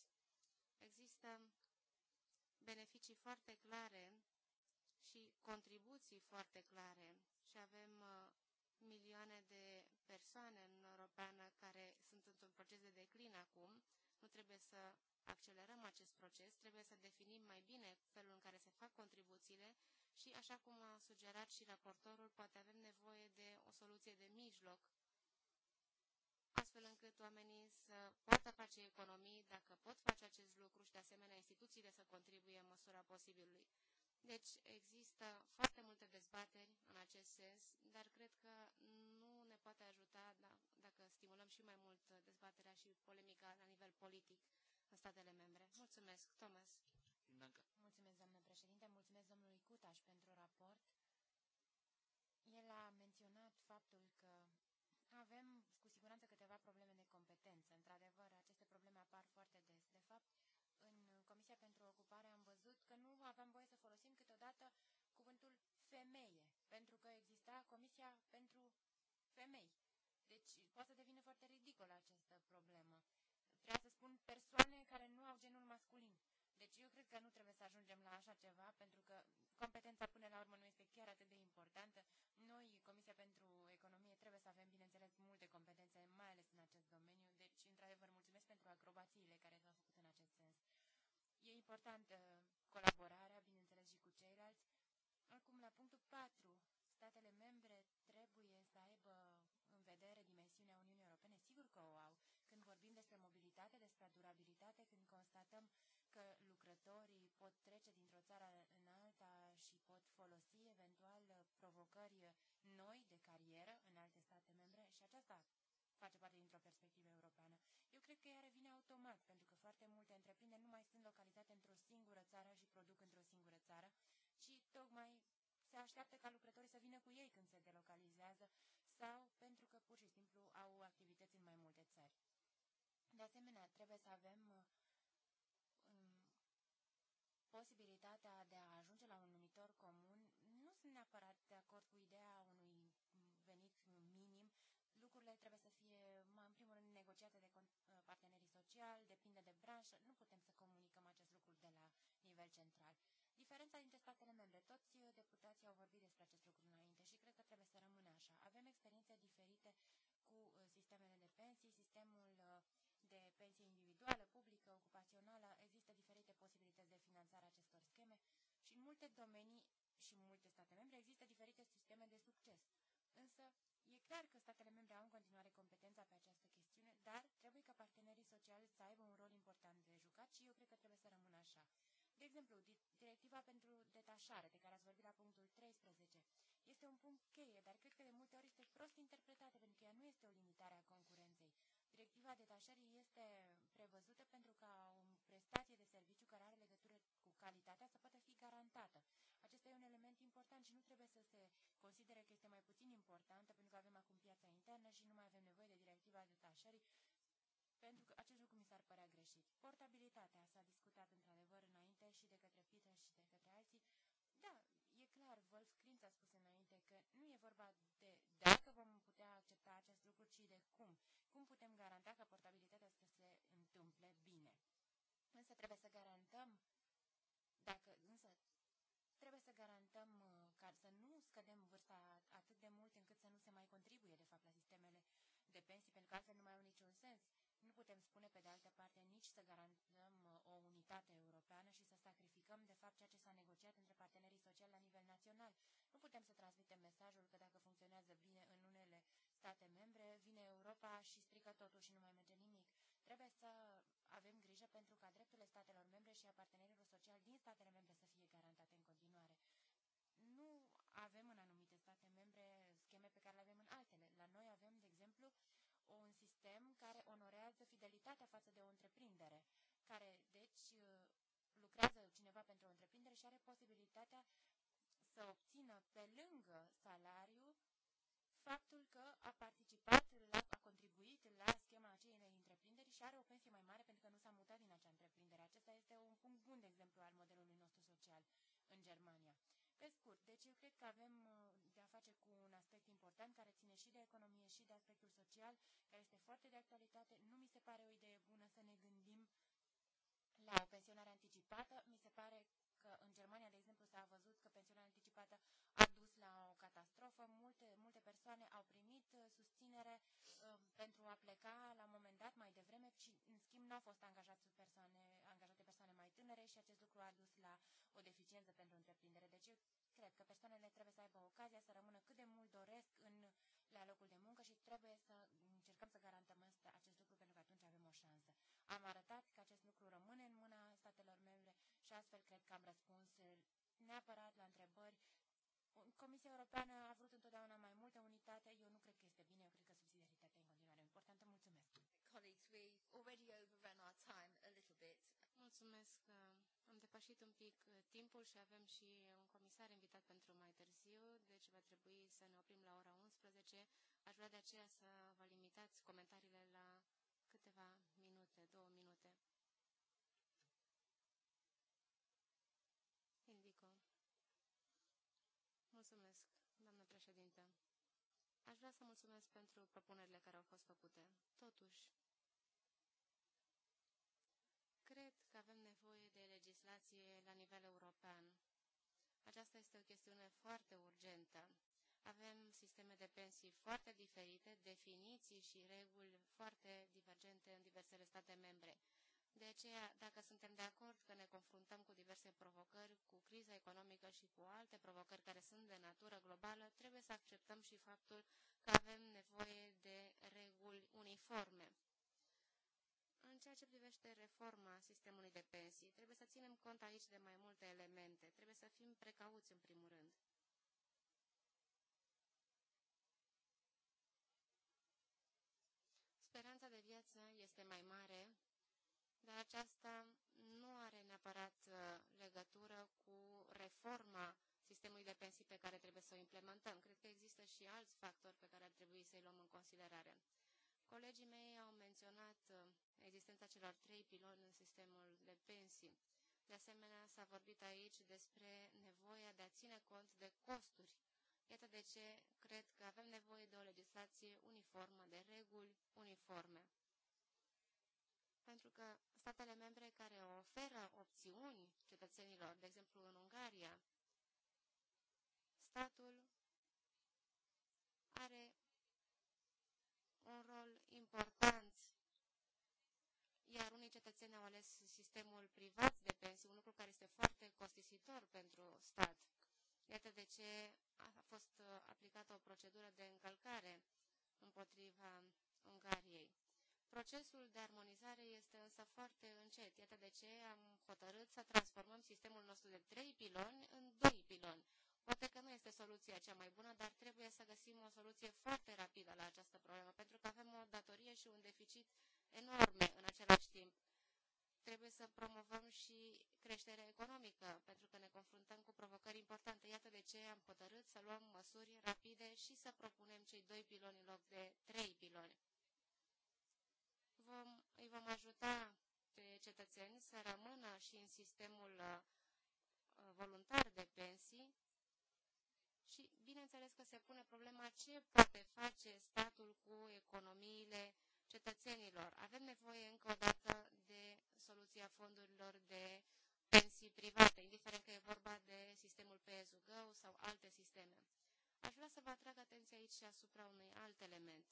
Există beneficii foarte clare și contribuții foarte clare și avem uh, milioane de persoane în Europeană care sunt într-un proces de declin acum. Nu trebuie să accelerăm acest proces, trebuie să definim mai bine felul în care se fac contribuțiile și, așa cum a sugerat și raportorul, poate avem nevoie de o soluție de mijloc astfel încât oamenii să poată face economii, dacă pot face acest lucru și de asemenea instituțiile să contribuie în măsura posibilului. Deci există foarte multe dezbateri în acest sens, dar cred că nu ne poate ajuta da, dacă stimulăm și mai mult dezbaterea și polemica la nivel politic în statele membre. Mulțumesc, Thomas. Mulțumesc, doamnă președinte, mulțumesc domnului Cutaș pentru raport. El a menționat faptul că avem competență. Într-adevăr, aceste probleme apar foarte des. De fapt, în Comisia pentru Ocupare am văzut că nu aveam voie să folosim câteodată cuvântul femeie, pentru că exista Comisia pentru Femei. Deci poate să devină foarte ridicolă această problemă. Trebuie să spun persoane care nu au genul masculin. Deci eu cred că nu trebuie să ajungem la așa ceva, pentru că competența până la urmă nu este chiar atât de importantă. Noi, Comisia pentru Economie, trebuie să avem, bineînțeles, multe competențe, mai ales în acest domeniu, acrobațiile care s-au făcut în acest sens. E importantă colaborarea, bineînțeles, și cu ceilalți. Acum, la punctul 4, statele membre trebuie să aibă în vedere dimensiunea Uniunii Europene. Sigur că o au. Când vorbim despre mobilitate, despre durabilitate, când constatăm că lucrătorii pot trece dintr-o țară în alta și pot folosi eventual provocări noi de carieră în alte state membre și aceasta face parte dintr-o perspectivă europeană cred că ea revine automat, pentru că foarte multe întreprinderi nu mai sunt localizate într-o singură țară și produc într-o singură țară, ci tocmai se așteaptă ca lucrătorii să vină cu ei când se delocalizează sau pentru că pur și simplu au activități în mai multe țări. De asemenea, trebuie să avem uh, posibilitatea de a ajunge la un numitor comun, nu sunt neapărat de acord cu ideea unui venit minim. Lucrurile trebuie să fie, în primul rând, negociate de social, depinde de branșă, nu putem să comunicăm acest lucru de la nivel central. Diferența dintre statele membre, toți deputații au vorbit despre acest lucru înainte și cred că trebuie să rămână așa. Avem experiențe diferite cu uh, sistemele de pensii, sistemul uh, de pensie individuală, publică, ocupațională, există diferite posibilități de finanțare acestor scheme și în multe domenii și în multe state membre există diferite sisteme de succes. Însă, e clar că statele membre au în continuare competența pe această chestiune, dar social să aibă un rol important de jucat și eu cred că trebuie să rămână așa. De exemplu, directiva pentru detașare, de care ați vorbit la punctul 13, este un punct cheie, dar cred că de multe ori este prost interpretată, pentru că ea nu este o limitare a concurenței. Directiva detașării este prevăzută pentru ca o prestație de serviciu care are legătură cu calitatea să poată fi garantată. Acesta e un element important și nu trebuie să se considere că este mai puțin importantă, pentru că avem acum piața internă și nu mai avem nevoie de directiva detașării pentru că acest lucru mi s-ar părea greșit. Portabilitatea s-a discutat într-adevăr înainte și de către Peter și de către alții. Da, e clar, Wolf Klintz a spus înainte că nu e vorba de dacă vom putea accepta acest lucru, ci de cum. Cum putem garanta că portabilitatea să se întâmple bine. Însă trebuie să garantăm, dacă însă trebuie să garantăm uh, ca să nu scădem vârsta atât de mult încât să nu se mai contribuie, de fapt, la sistemele de pensii, pentru că altfel nu mai au niciun sens. Nu putem spune, pe de altă parte, nici să garantăm uh, o unitate europeană și să sacrificăm, de fapt, ceea ce s-a negociat între partenerii sociali la nivel național. Nu putem să transmitem mesajul că dacă funcționează bine în unele state membre, vine Europa și strică totul și nu mai merge nimic. Trebuie să avem grijă pentru ca drepturile statelor membre și a partenerilor sociali din statele membre să fie sistem care onorează fidelitatea față de o întreprindere, care, deci, uh, lucrează cineva pentru o întreprindere și are posibilitatea să obțină pe lângă salariu faptul că a participat, la, a contribuit la schema acelei întreprinderi și are o pensie mai mare pentru că nu s-a mutat din acea întreprindere. Acesta este un punct bun de exemplu al modelului nostru social în Germania. Pe scurt, deci eu cred că avem uh, de a face cu un aspect important care ține și de economie și de aspectul social, care este foarte de actualitate. Nu mi se pare o idee bună să ne gândim la pensionare anticipată. Mi se pare că în Germania, de exemplu, s-a văzut că pensionarea anticipată a dus la o catastrofă. Multe, multe persoane au primit uh, susținere uh, pentru a pleca la un moment dat mai devreme și, în schimb, n-au fost angajați persoane tânăre și acest lucru a dus la o deficiență pentru întreprindere. Deci eu cred că persoanele trebuie să aibă ocazia să rămână cât de mult doresc în, la locul de muncă și trebuie să încercăm să garantăm asta, acest lucru pentru că atunci avem o șansă. Am arătat că acest lucru rămâne în mâna statelor membre și astfel cred că am răspuns neapărat la întrebări Comisia Europeană a vrut întotdeauna mai multă unitate, eu nu cred că este mulțumesc uh, am depășit un pic uh, timpul și avem și un comisar invitat pentru mai târziu, deci va trebui să ne oprim la ora 11. Aș vrea de aceea să vă limitați comentariile la câteva minute, două minute. Indico. Mulțumesc, doamnă președintă. Aș vrea să mulțumesc pentru propunerile care au fost făcute. Totuși, legislație la nivel european. Aceasta este o chestiune foarte urgentă. Avem sisteme de pensii foarte diferite, definiții și reguli foarte divergente în diversele state membre. De aceea, dacă suntem de acord că ne confruntăm cu diverse provocări, cu criza economică și cu alte provocări care sunt de natură globală, trebuie să acceptăm și faptul că avem nevoie de reguli uniforme ceea ce privește reforma sistemului de pensii, trebuie să ținem cont aici de mai multe elemente. Trebuie să fim precauți în primul rând. Speranța de viață este mai mare, dar aceasta nu are neapărat uh, legătură cu reforma sistemului de pensii pe care trebuie să o implementăm. Cred că există și alți factori pe care ar trebui să-i luăm în considerare. Colegii mei au menționat uh, existența celor trei piloni în sistemul de pensii. De asemenea, s-a vorbit aici despre nevoia de a ține cont de costuri. Iată de ce cred că avem nevoie de o legislație uniformă, de reguli uniforme. Pentru că statele membre care oferă opțiuni cetățenilor, de exemplu în Ungaria, statul cetățeni au ales sistemul privat de pensii, un lucru care este foarte costisitor pentru stat. Iată de ce a fost uh, aplicată o procedură de încălcare împotriva Ungariei. Procesul de armonizare este însă foarte încet. Iată de ce am hotărât să transformăm sistemul nostru de trei piloni în doi piloni. Poate că nu este soluția cea mai bună, dar trebuie să găsim o soluție foarte rapidă la această problemă, pentru că avem o datorie și un deficit enorme în același timp trebuie să promovăm și creșterea economică, pentru că ne confruntăm cu provocări importante. Iată de ce am hotărât să luăm măsuri rapide și să propunem cei doi piloni în loc de trei piloni. Vom, îi vom ajuta pe cetățeni să rămână și în sistemul uh, voluntar de pensii și, bineînțeles, că se pune problema ce poate face statul cu economiile cetățenilor. Avem nevoie încă o dată de soluția fondurilor de pensii private, indiferent că e vorba de sistemul PSUGO sau alte sisteme. Aș vrea să vă atrag atenția aici și asupra unui alt element.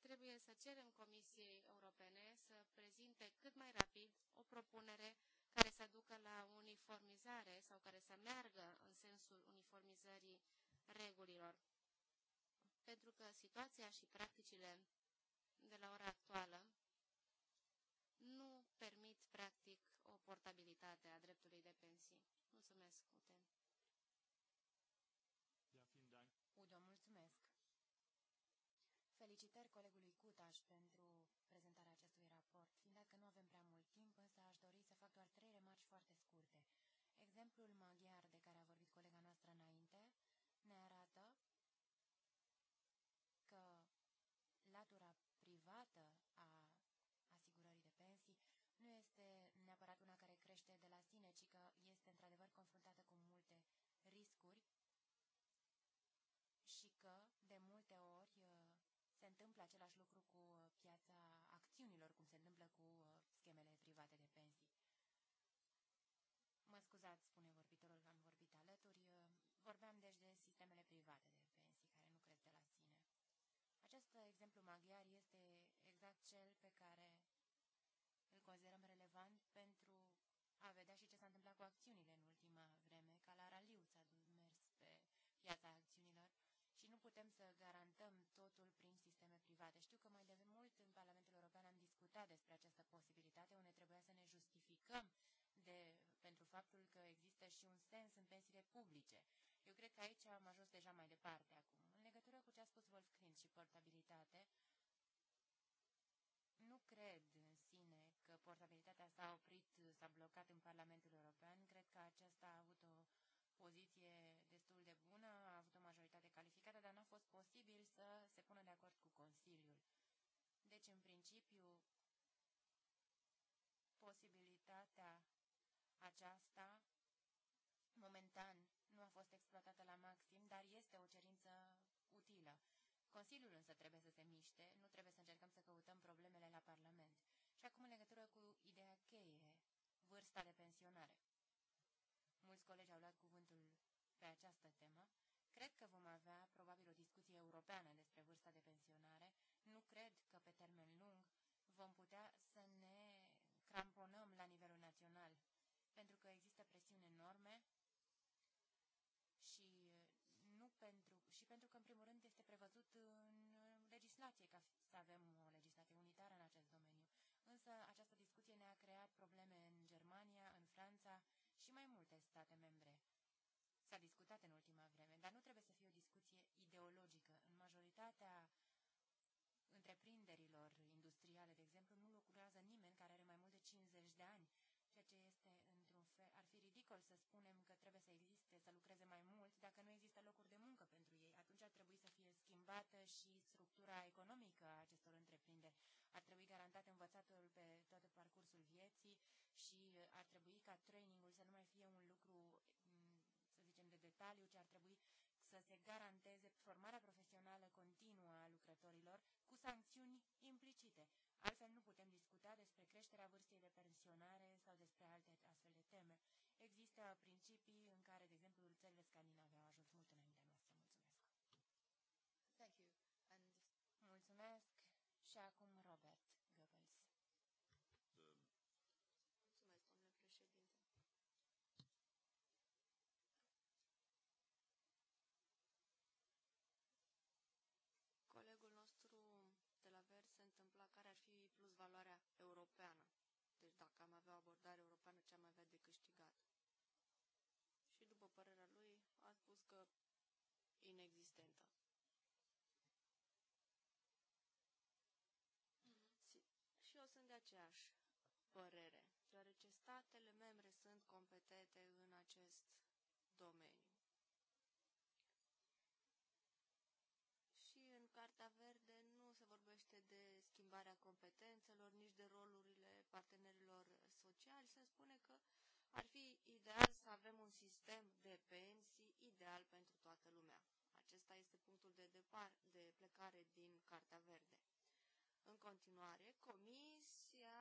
Trebuie să cerem Comisiei Europene să prezinte cât mai rapid o propunere care să ducă la uniformizare sau care să meargă în sensul uniformizării regulilor. Pentru că situația și practicile de la ora actuală cunoscute. Da, Udo, mulțumesc! Felicitări colegului Cutaș pentru prezentarea acestui raport. Fiind dacă nu avem prea mult timp, însă aș dori să fac doar trei remarci foarte scurte. Exemplul maghiar de care a vorbit bine, ci că este într-adevăr confruntată cu multe riscuri și că de multe ori uh, se întâmplă același lucru cu uh, piața acțiunilor, cum se întâmplă cu uh, schemele private de pensii. Mă scuzați, spune vorbitorul, că am vorbit alături. Vorbeam deci de sistemele private de pensii, care nu cred de la sine. Acest exemplu maghiar este exact cel pe care îl considerăm relevant pentru Comisia exact, și ce s-a întâmplat cu acțiunile în ultima vreme, ca la raliu s-a mers pe piața acțiunilor și nu putem să garantăm totul prin sisteme private. Știu că mai de mult în Parlamentul European am discutat despre această posibilitate, unde trebuia să ne justificăm de, pentru faptul că există și un sens în pensiile publice. Eu cred că aici am ajuns deja mai departe acum. În legătură cu ce a spus Wolf Klintz și portabilitate, nu cred portabilitatea s-a oprit, s-a blocat în Parlamentul European. Cred că aceasta a avut o poziție destul de bună, a avut o majoritate calificată, dar n-a fost posibil să se pună de acord cu Consiliul. Deci, în principiu, posibilitatea aceasta, momentan, nu a fost exploatată la maxim, dar este o cerință utilă. Consiliul însă trebuie să se miște, nu trebuie să încercăm să căutăm problemele la Parlament. Și acum în legătură cu ideea cheie, vârsta de pensionare. Mulți colegi au luat cuvântul pe această temă. Cred că vom avea probabil o discuție europeană despre vârsta de pensionare. Nu cred că pe termen lung vom putea să ne cramponăm la nivelul național, pentru că există presiuni enorme și nu pentru, și pentru că, în primul rând, este prevăzut în legislație ca să avem o însă această discuție ne-a creat probleme în Germania, în Franța și mai multe state membre. S-a discutat în ultima vreme, dar nu trebuie să fie o discuție ideologică. În majoritatea întreprinderilor industriale, de exemplu, nu lucrează nimeni care are mai mult de 50 de ani, ceea ce este într-un fel, ar fi ridicol să spunem că trebuie să existe, să lucreze mai mult, dacă nu există locuri de muncă pentru ei. Atunci ar trebui să fie schimbată și structura economică a acestor întreprinderi ar trebui garantat învățatul pe tot parcursul vieții și uh, ar trebui ca trainingul să nu mai fie un lucru, mm, să zicem, de detaliu, ci ar trebui să se garanteze formarea profesională continuă a lucrătorilor cu sancțiuni implicite. Altfel nu putem discuta despre creșterea vârstei de pensionare sau despre alte astfel de teme. Există principii în care, de exemplu, țările scandinave au ajuns mult înaintea noastră. Mulțumesc! Thank you. And... Mulțumesc și acum abordare europeană ce mai avea de câștigat. Și după părerea lui, a spus că inexistentă. Și eu sunt de aceeași părere, deoarece statele membre sunt competente în acest domeniu. Și în cartea Verde nu se vorbește de schimbarea competențelor, nici de roluri partenerilor sociali, se spune că ar fi ideal să avem un sistem de pensii ideal pentru toată lumea. Acesta este punctul de, depar, de plecare din Cartea Verde. În continuare, Comisia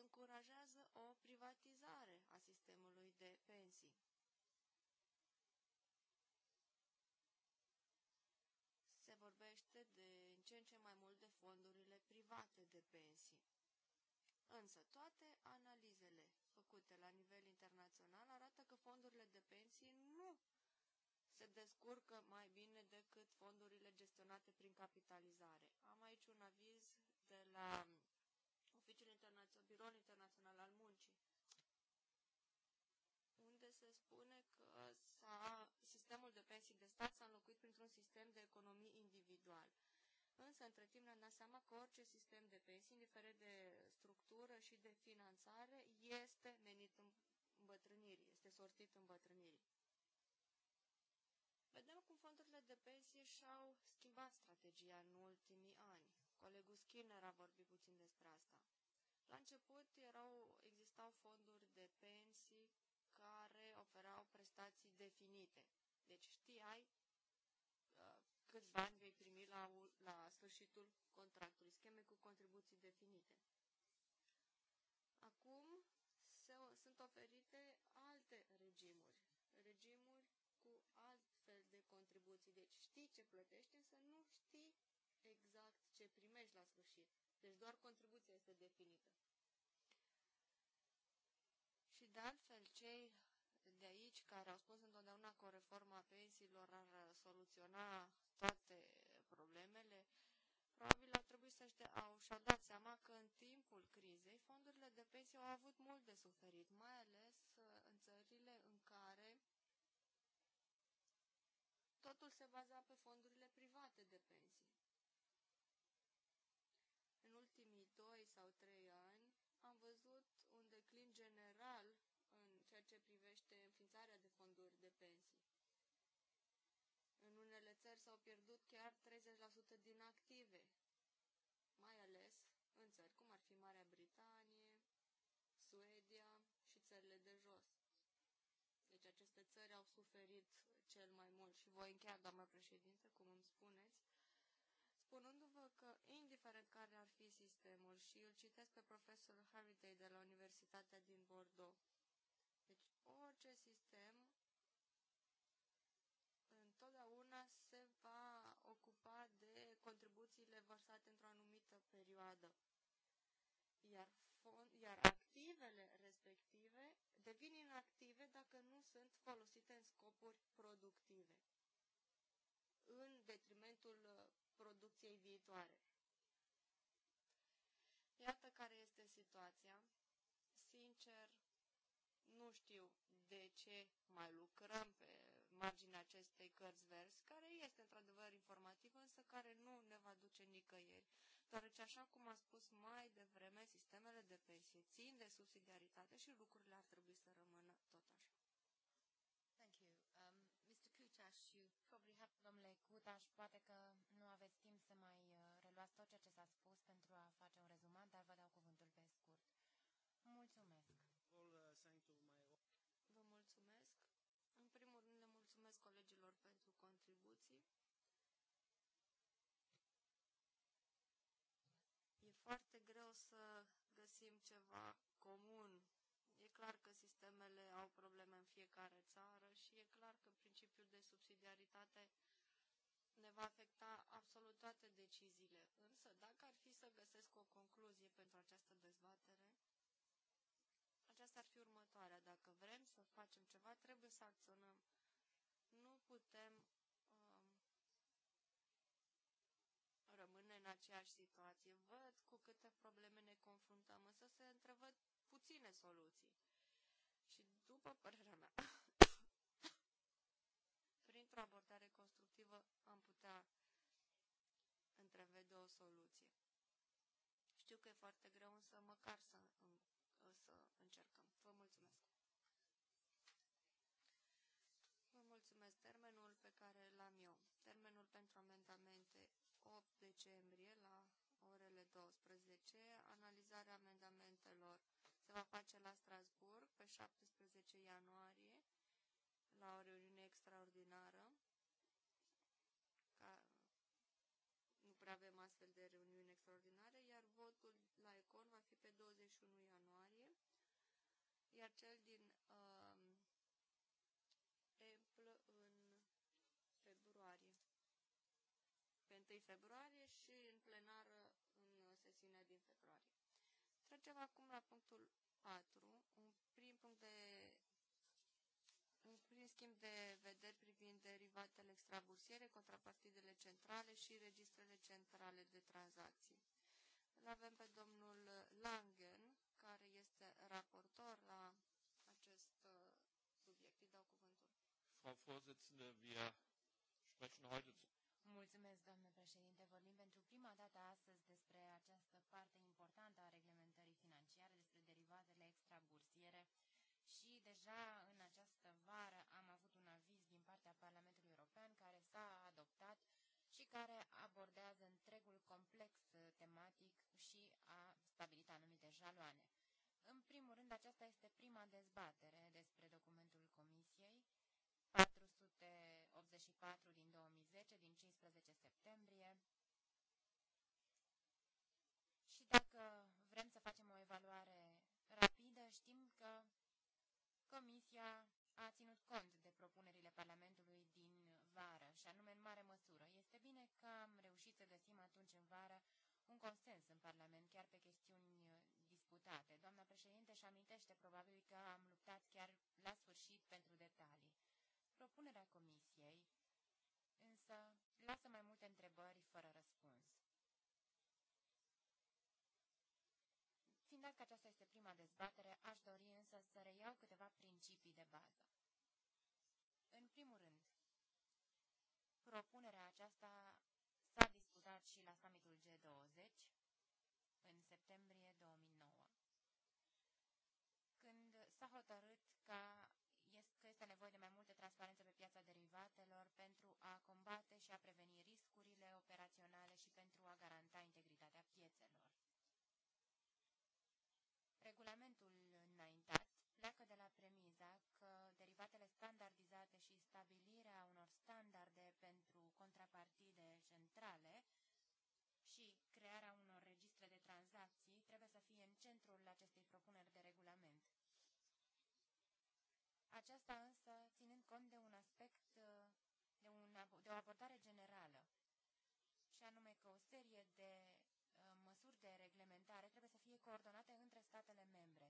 încurajează o privatizare a sistemului de pensii. Se vorbește de în ce în ce mai mult de fondurile private de pensii. Însă toate analizele făcute la nivel internațional arată că fondurile de pensii nu se descurcă mai bine decât fondurile gestionate prin capitalizare. Am aici un aviz de la Oficiul Internațional, Biroul Internațional al Muncii, unde se spune Însă, între timp, ne-am dat seama că orice sistem de pensii, indiferent de structură și de finanțare, este menit îmbătrânirii, este sortit îmbătrânirii. Vedem cum fondurile de pensie și-au schimbat strategia în ultimii ani. Colegul Skinner a vorbit puțin despre asta. La început erau, existau fonduri de pensii care oferau prestații definite. Deci știai uh, câți bani vei primi la la sfârșitul contractului, scheme cu contribuții definite. Acum se, sunt oferite alte regimuri, regimuri cu fel de contribuții. Deci știi ce plătești, însă nu știi exact ce primești la sfârșit. Deci doar contribuția este definită. Și de altfel, cei de aici care au spus întotdeauna că o reformă a pensiilor ar soluționa probabil ar trebui să se au, și-au dat seama că în timpul crizei fondurile de pensie au avut mult de suferit, mai ales uh, în țările în care totul se baza pe fondurile private de pensie. În ultimii doi sau trei ani am văzut un declin general în ceea ce privește înființarea de fonduri țări s-au pierdut chiar 30% din active, mai ales în țări cum ar fi Marea Britanie, Suedia și țările de jos. Deci aceste țări au suferit cel mai mult și voi încheia, doamna președinte, cum îmi spuneți, spunându-vă că, indiferent care ar fi sistemul, și îl citesc pe profesorul Halliday de la Universitatea din Bordeaux, deci orice sistem perioadă, iar, fond, iar activele respective devin inactive dacă nu sunt folosite în scopuri productive, în detrimentul uh, producției viitoare. Iată care este situația. Sincer, nu știu de ce mai lucrăm pe marginea acestei cărți vers, care este într-adevăr informativă, însă care nu ne va duce nicăieri deoarece, așa cum am spus mai devreme, sistemele de pensie țin de subsidiaritate și lucrurile ar trebui să rămână tot așa. Thank you. Um, Mr. Kutash, you probably have... Domnule Kutash, poate că nu aveți timp să mai uh, reluați tot ceea ce s-a spus pentru a face un rezumat, dar vă dau cuvântul pe scurt. Mulțumesc. Vă mulțumesc. În primul rând, le mulțumesc colegilor pentru contribuții. foarte greu să găsim ceva comun. E clar că sistemele au probleme în fiecare țară și e clar că principiul de subsidiaritate ne va afecta absolut toate deciziile. Însă, dacă ar fi să găsesc o concluzie pentru această dezbatere, aceasta ar fi următoarea. Dacă vrem să facem ceva, trebuie să acționăm. Nu putem aceeași situație. Văd cu câte probleme ne confruntăm, însă se întrevăd puține soluții. Și după părerea mea, printr-o abordare constructivă am putea întrevede o soluție. Știu că e foarte greu, însă măcar să, să încercăm. Vă mulțumesc! Vă mulțumesc! Termenul pe care l-am eu, termenul pentru amendamente 8 decembrie la orele 12. Analizarea amendamentelor se va face la Strasburg pe 17 ianuarie la o reuniune extraordinară. Ca nu prea avem astfel de reuniuni extraordinare, iar votul la Econ va fi pe 21 ianuarie, iar cel din 1 februarie și în plenară în sesiunea din februarie. Trecem acum la punctul 4, un prim punct de un prim schimb de vederi privind derivatele extrabursiere, contrapartidele centrale și registrele centrale de tranzacții. Îl avem pe domnul Langen, care este raportor la acest uh, subiect. Îi dau cuvântul. Frau Vorsitzende, wir sprechen heute Mulțumesc, doamnă președinte. Vorbim pentru prima dată astăzi despre această parte importantă a reglementării financiare, despre derivatele extrabursiere și deja în această vară am avut un aviz din partea Parlamentului European care s-a adoptat și care abordează întregul complex uh, tematic și a stabilit anumite jaloane. În primul rând, aceasta este prima dezbatere despre documentul Comisiei 184 din 2010, din 15 septembrie. Și dacă vrem să facem o evaluare rapidă, știm că Comisia a ținut cont de propunerile Parlamentului din vară, și anume în mare măsură. Este bine că am reușit să găsim atunci în vară un consens în Parlament, chiar pe chestiuni disputate. Doamna președinte își amintește probabil că am luptat chiar la sfârșit pentru detalii propunerea comisiei însă lasă mai multe întrebări fără răspuns. Fiind dat că aceasta este prima dezbatere, aș dori însă să reiau câteva principii de bază. În primul rând, propunerea aceasta s-a discutat și la summitul G20 în septembrie 2009, când s-a hotărât a preveni riscurile operaționale și pentru a garanta integritatea piețelor. Regulamentul înaintat pleacă de la premiza că derivatele standardizate și stabilirea unor standarde pentru contrapartide centrale și crearea unor registre de tranzacții trebuie să fie în centrul acestei propuneri de regulament. Aceasta însă ținând cont de un de o abordare generală, și anume că o serie de uh, măsuri de reglementare trebuie să fie coordonate între statele membre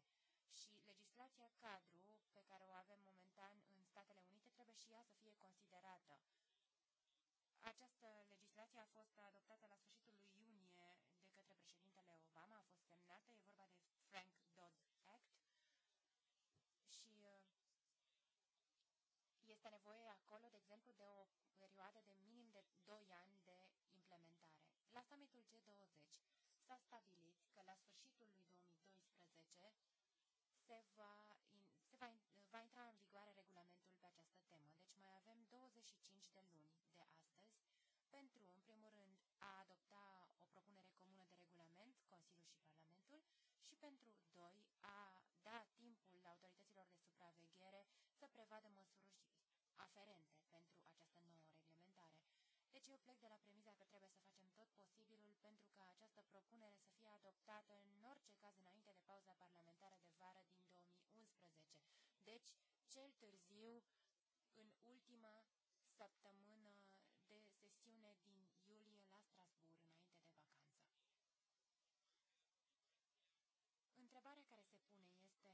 și legislația cadru pe care o avem momentan în Statele Unite trebuie și ea să fie considerată. Această legislație a fost adoptată la sfârșitul lui iunie de către președintele Obama, a fost semnată, e vorba de Frank Dodd Act și uh, este nevoie acolo, de exemplu, de o doi ani de implementare. La summitul G20 s-a stabilit că la sfârșitul lui 2012 se va, se va, va intra în vigoare regulamentul pe această temă, deci mai avem 25 de luni de astăzi pentru, în primul rând, a adopta o propunere comună de regulament, Consiliul și Parlamentul, și pentru, doi, a da timpul autorităților de supraveghere să prevadă măsuri aferente pentru această nouă deci eu plec de la premiza că trebuie să facem tot posibilul pentru ca această propunere să fie adoptată în orice caz înainte de pauza parlamentară de vară din 2011. Deci, cel târziu, în ultima săptămână de sesiune din iulie la Strasbourg, înainte de vacanță. Întrebarea care se pune este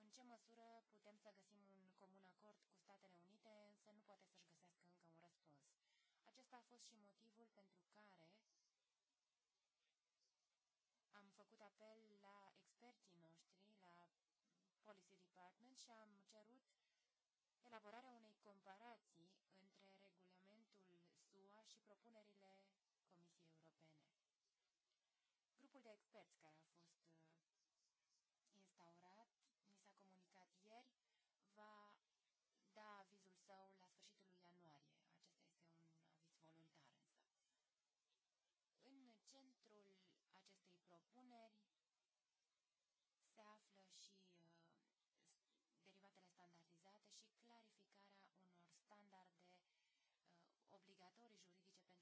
în ce măsură putem să găsim un comun acord cu Statele Unite, însă nu poate să-și acesta a fost și motivul pentru care am făcut apel la experții noștri, la Policy Department și am cerut elaborarea unei comparații între regulamentul SUA și propunerile Comisiei Europene. Grupul de experți care a fost propuneri se află și uh, derivatele standardizate și clarificarea unor standarde uh, obligatorii juridice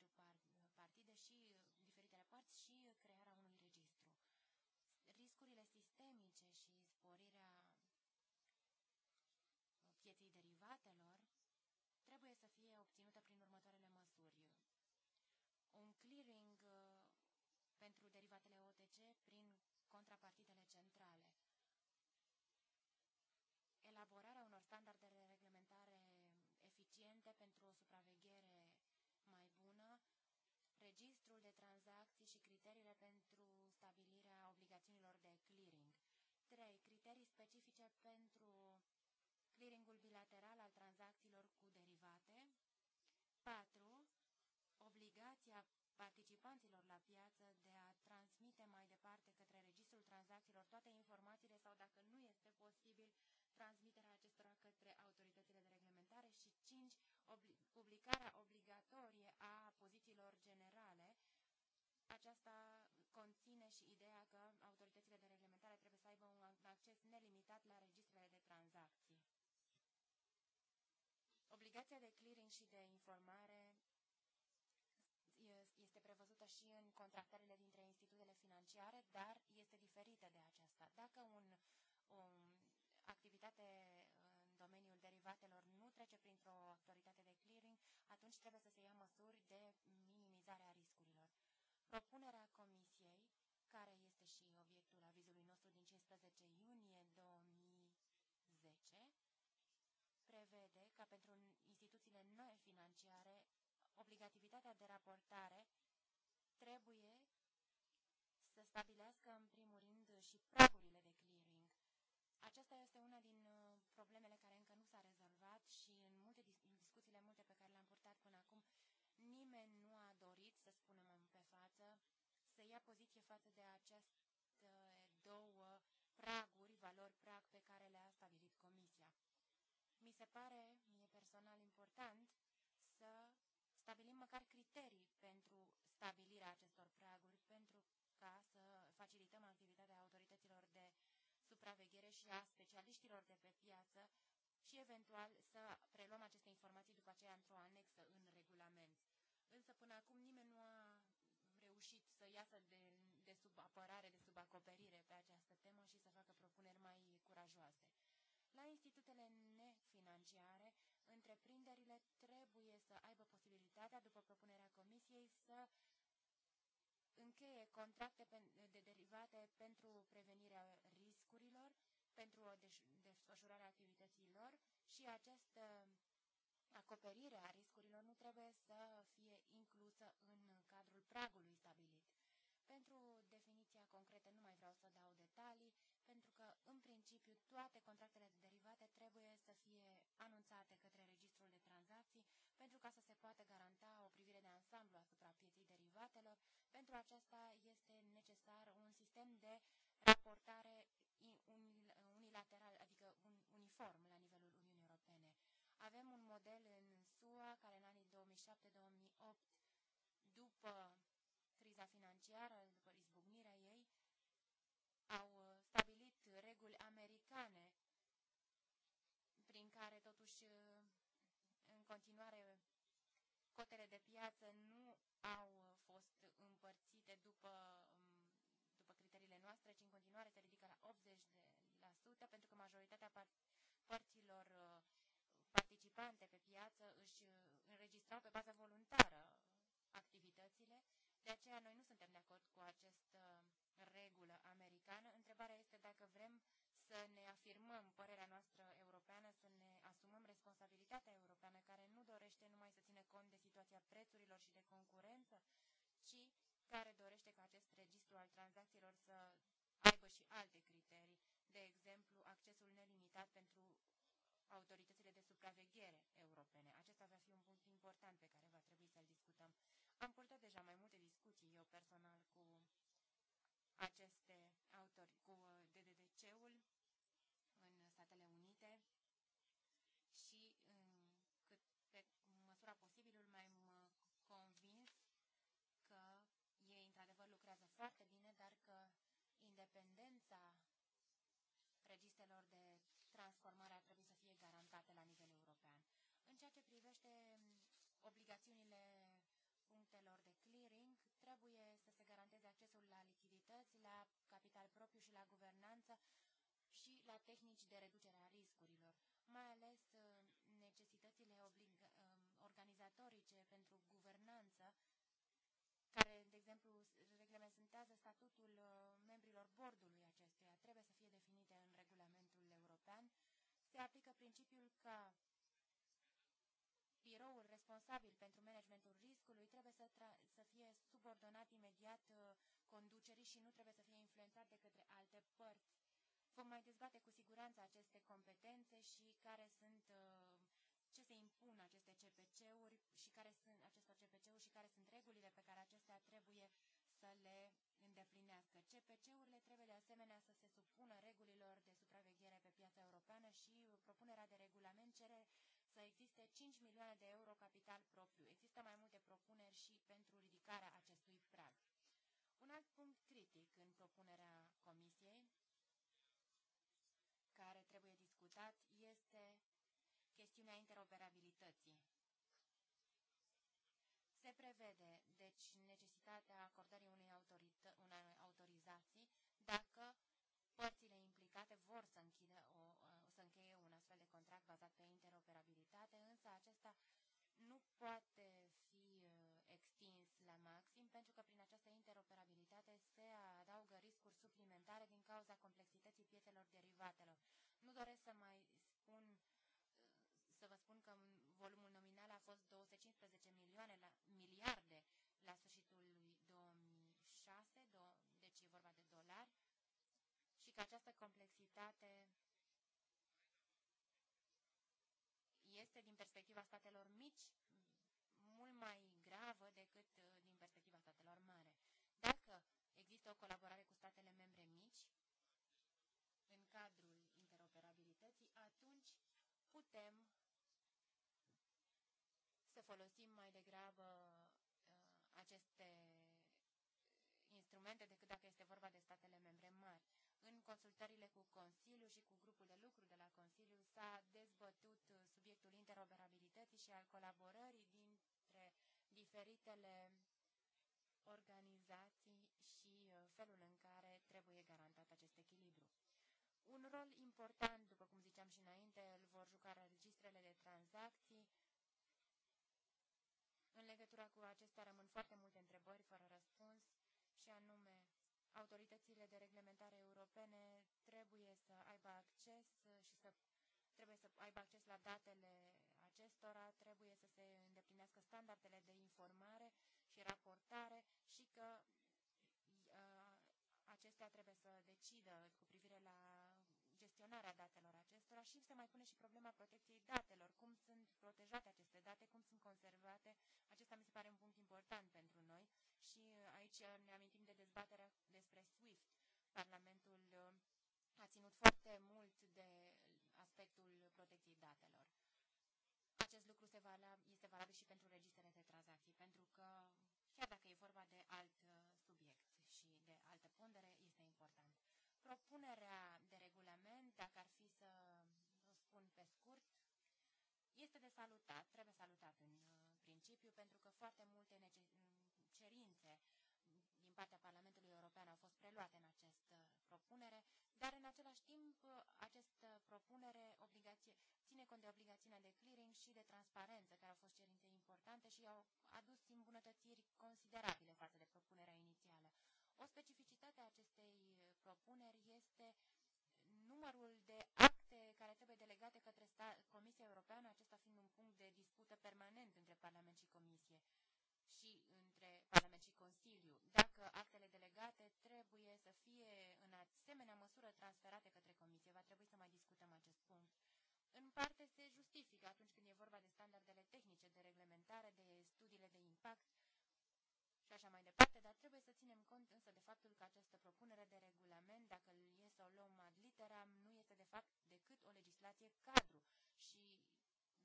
pentru partide și uh, diferitele părți și crearea unui registru. Riscurile sistemice și sporirea pieței derivatelor trebuie să fie obținută prin următoarele măsuri. Un clearing face prin contrapartidele centrale. Elaborarea unor standarde de reglementare eficiente pentru o supraveghere mai bună, registrul de tranzacții și criteriile pentru stabilirea obligațiunilor de clearing. 3. Criterii specifice pentru clearingul bilateral al tranzacțiilor cu derivate. tranzacțiilor toate informațiile sau, dacă nu este posibil, transmiterea acestora către autoritățile de reglementare și 5. Obli publicarea obligatorie a pozițiilor generale. Aceasta conține și ideea că autoritățile de reglementare trebuie să aibă un acces nelimitat la registrele de tranzacții. Obligația de clearing și de informare este prevăzută și în contractările dintre institutele financiare, dar dacă un, o um, activitate în domeniul derivatelor nu trece printr-o autoritate de clearing, atunci trebuie să se ia măsuri de minimizare a riscurilor. Propunerea Comisiei, care este și obiectul avizului nostru din 15 iunie 2010, prevede ca pentru instituțiile noi financiare obligativitatea de raportare trebuie să stabilească în primul rând și pragul aceasta este una din uh, problemele care încă nu s-a rezolvat și în multe din discuțiile multe pe care le-am purtat până acum, nimeni nu a dorit, să spunem pe față, să ia poziție față de aceste două praguri, valori prag pe care le-a stabilit Comisia. Mi se pare, mie personal, important să stabilim măcar criterii pentru stabilirea acestor praguri, pentru ca să facilităm activitatea supraveghere și a specialiștilor de pe piață și eventual să preluăm aceste informații după aceea într-o anexă în regulament. Însă până acum nimeni nu a reușit să iasă de, de sub apărare, de sub acoperire pe această temă și să facă propuneri mai curajoase. La institutele nefinanciare, întreprinderile trebuie să aibă posibilitatea, după propunerea Comisiei, să încheie contracte de derivate pentru prevenirea locurilor pentru desfășurarea activităților și această acoperire a riscurilor nu trebuie să fie inclusă în cadrul pragului stabilit. Pentru definiția concretă nu mai vreau să dau detalii, pentru că, în principiu, toate contractele de derivate trebuie să fie anunțate către registrul de tranzacții pentru ca să se poată garanta o privire de ansamblu asupra pieței derivatelor. Pentru aceasta este necesar un sistem de raportare unilateral, adică un, uniform la nivelul Uniunii Europene. Avem un model în SUA care în anii 2007-2008, după criza financiară, după izbucnirea ei, au uh, stabilit reguli americane prin care totuși uh, în continuare cotele de piață nu au uh, fost împărțite după, um, după criteriile noastre, ci în continuare se ridică la 80% de, pentru că majoritatea părților uh, participante pe piață își uh, înregistrau pe bază voluntară activitățile. De aceea noi nu suntem de acord cu această uh, regulă americană. Întrebarea este dacă vrem să ne afirmăm părerea noastră europeană, să ne asumăm responsabilitatea europeană care nu dorește numai să ține cont de situația prețurilor și de concurență, ci care dorește ca acest registru al tranzacțiilor să aibă și alte criterii de exemplu, accesul nelimitat pentru autoritățile de supraveghere europene. Acesta va fi un punct important pe care va trebui să-l discutăm. Am purtat deja mai multe discuții eu personal cu aceste autori, cu DDDC-ul în Statele Unite și cât pe măsura posibilul m-am convins că ei într-adevăr lucrează foarte bine, dar că independența listelor de transformare ar trebui să fie garantate la nivel european. În ceea ce privește mm, obligațiunile punctelor de clearing, trebuie să se garanteze accesul la lichidități, la capital propriu și la guvernanță și la tehnici de reducere a riscurilor, mai ales mm, necesitățile mm, organizatorice pentru guvernanță, care, de exemplu, reglementează statutul membrilor bordului principiul că biroul responsabil pentru managementul riscului trebuie să, să fie subordonat imediat uh, conducerii și nu trebuie să fie influențat de către alte părți. Vom mai dezbate cu siguranță aceste competențe și care sunt uh, ce se impun aceste CPC-uri și care sunt acestor CPC-uri și care sunt regulile pe care acestea trebuie să le îndeplinească. CPC-urile trebuie de asemenea să se supună regulilor de Europeană și uh, propunerea de regulament cere să existe 5 milioane de euro capital propriu. Există mai multe propuneri și pentru ridicarea acestui prag. Un alt punct critic în propunerea Comisiei, care trebuie discutat, este chestiunea interoperabilității. Se prevede, deci, necesitatea acordării unei, autorită- unei contract bazat pe interoperabilitate, însă acesta nu poate fi uh, extins la maxim, pentru că prin această interoperabilitate se adaugă riscuri suplimentare din cauza complexității piețelor derivatelor. Nu doresc să mai spun uh, să vă spun că volumul nominal a fost 215 milioane la, miliarde la sfârșitul lui 2006, do, deci e vorba de dolari, și că această complexitate perspectiva statelor mici mult mai gravă decât uh, din perspectiva statelor mari. Dacă există o colaborare cu statele membre mici în cadrul interoperabilității, atunci putem să folosim mai degrabă uh, aceste instrumente decât dacă este vorba de statele consultările cu Consiliul și cu grupul de lucru de la Consiliu s-a dezbătut uh, subiectul interoperabilității și al colaborării dintre diferitele organizații și uh, felul în care trebuie garantat acest echilibru. Un rol important, după cum ziceam și înainte, îl vor juca registrele de tranzacții. În legătura cu acestea rămân foarte multe întrebări fără răspuns și anume autoritățile de reglementare europene trebuie să aibă acces uh, și să trebuie să aibă acces la datele acestora, trebuie să se îndeplinească standardele de informare și raportare și că uh, acestea trebuie să decidă cu privire la gestionarea datelor acestora și se mai pune și problema protecției datelor, cum sunt protejate aceste date, cum sunt conservate. Acesta mi se pare un punct important pentru noi și uh, aici ne amintim de dezbaterea Parlamentul uh, a ținut foarte mult de aspectul protecției datelor. Acest lucru se valab, este valabil și pentru registrele de tranzacții, pentru că, chiar dacă e vorba de alt uh, subiect și de altă pondere, este important. Propunerea de regulament, dacă ar fi să o spun pe scurt, este de salutat, trebuie salutat în uh, principiu, pentru că foarte multe cerințe din partea Parlamentului European au fost preluate în acest propunere, dar în același timp uh, această propunere obligație, ține cont de obligațiunea de clearing și de transparență, care au fost cerințe importante și au adus îmbunătățiri considerabile față de propunerea inițială. O specificitate a acestei uh, propuneri este numărul de acte care trebuie delegate către Comisia Europeană, acesta fiind un punct de dispută permanent între Parlament și Comisie și între Parlament și Consiliu. Dacă actele delegate trebuie să fie asemenea măsură transferate către Comisie. Va trebui să mai discutăm acest punct. În parte se justifică atunci când e vorba de standardele tehnice, de reglementare, de studiile de impact și așa mai departe, dar trebuie să ținem cont însă de faptul că această propunere de regulament, dacă e să o luăm ad literam, nu este de fapt decât o legislație cadru și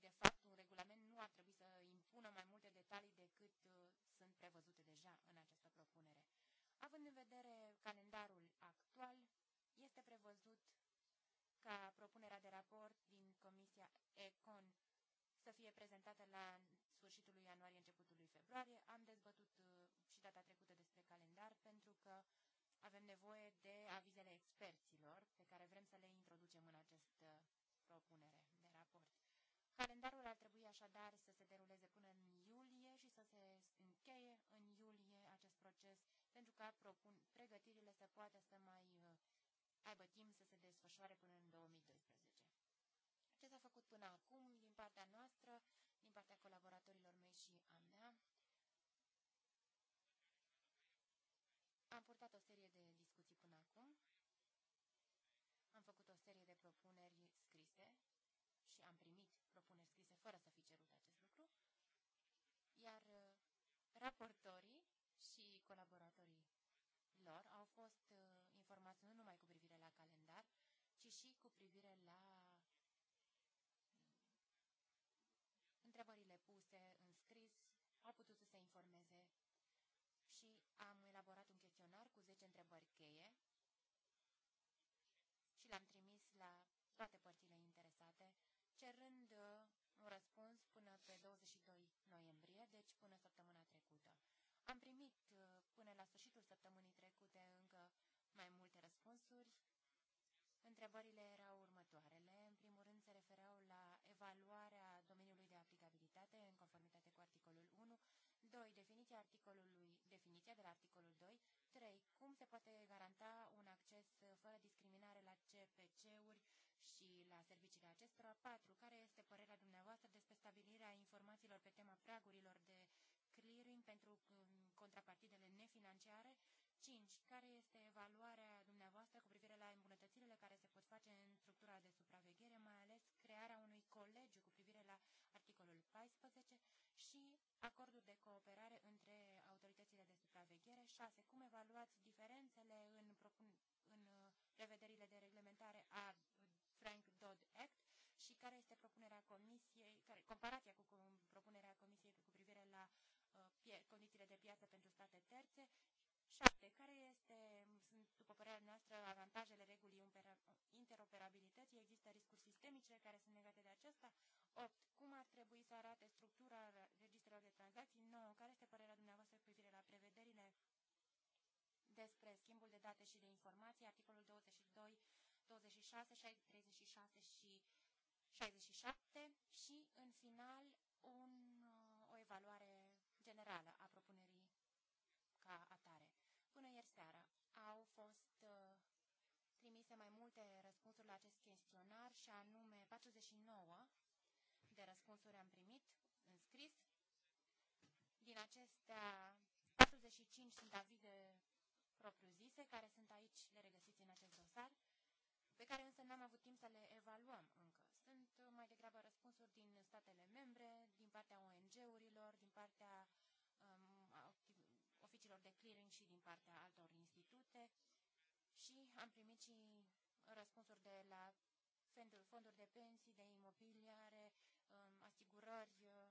de fapt un regulament nu ar trebui să impună mai multe detalii decât uh, sunt prevăzute deja în această propunere. Având în vedere calendarul actual, este prevăzut ca propunerea de raport din Comisia ECON să fie prezentată la sfârșitul lui ianuarie, începutul lui februarie. Am dezbătut uh, și data trecută despre calendar pentru că avem nevoie de avizele experților pe care vrem să le introducem în această propunere de raport. Calendarul ar trebui așadar să se deruleze până în iulie și să se încheie în iulie acest proces pentru ca propun, pregătirile să poată să mai uh, aibă timp să se desfășoare până în 2012. Ce s-a făcut până acum din partea noastră, din partea colaboratorilor mei și a mea, am purtat o serie de discuții până acum, am făcut o serie de propuneri scrise și am primit propuneri scrise fără să fi cerut acest lucru, iar uh, raportorii întrebări cheie și le-am trimis la toate părțile interesate, cerând uh, un răspuns până pe 22 noiembrie, deci până săptămâna trecută. Am primit uh, până la sfârșitul săptămânii trecute încă mai multe răspunsuri. Întrebările erau următoarele. În primul rând se refereau la evaluarea domeniului de aplicabilitate în conformitate cu articolul 1, 2. Definiția articolului, definiția de la articolul 2 3. Cum se poate garanta un acces uh, fără discriminare la CPC-uri și la serviciile acestora? 4. Care este părerea dumneavoastră despre stabilirea informațiilor pe tema pragurilor de clearing pentru um, contrapartidele nefinanciare? 5. Care este evaluarea dumneavoastră cu privire la îmbunătățirile care se pot face în structura de supraveghere, mai ales crearea unui colegiu cu privire la articolul 14 și acordul de cooperare între autoritățile de supraveghere. 6. Cum evaluați diferențele în, propun, în uh, prevederile de reglementare a Frank Dodd Act și care este propunerea comisiei, care, comparația cu, cu propunerea comisiei cu privire la uh, pie, condițiile de piață pentru state terțe 7. Care este, sunt, după părerea noastră, avantajele regulii interoperabilității? Există riscuri sistemice care sunt legate de aceasta? 8. Cum ar trebui să arate structura registrelor de tranzacții? 9. Care este părerea dumneavoastră schimbul de date și de informații, articolul 22, 26, 36 și 67 și, în final, un, o evaluare generală a propunerii ca atare. Până ieri seara au fost uh, trimise mai multe răspunsuri la acest chestionar și anume 49 de răspunsuri am primit în scris. Din acestea, 45 sunt avize propriu-zise, care sunt aici, le regăsiți în acest dosar, pe care însă n-am avut timp să le evaluăm încă. Sunt uh, mai degrabă răspunsuri din statele membre, din partea ONG-urilor, din partea um, oficiilor de clearing și din partea altor institute și am primit și răspunsuri de la fonduri de pensii, de imobiliare, um, asigurări uh,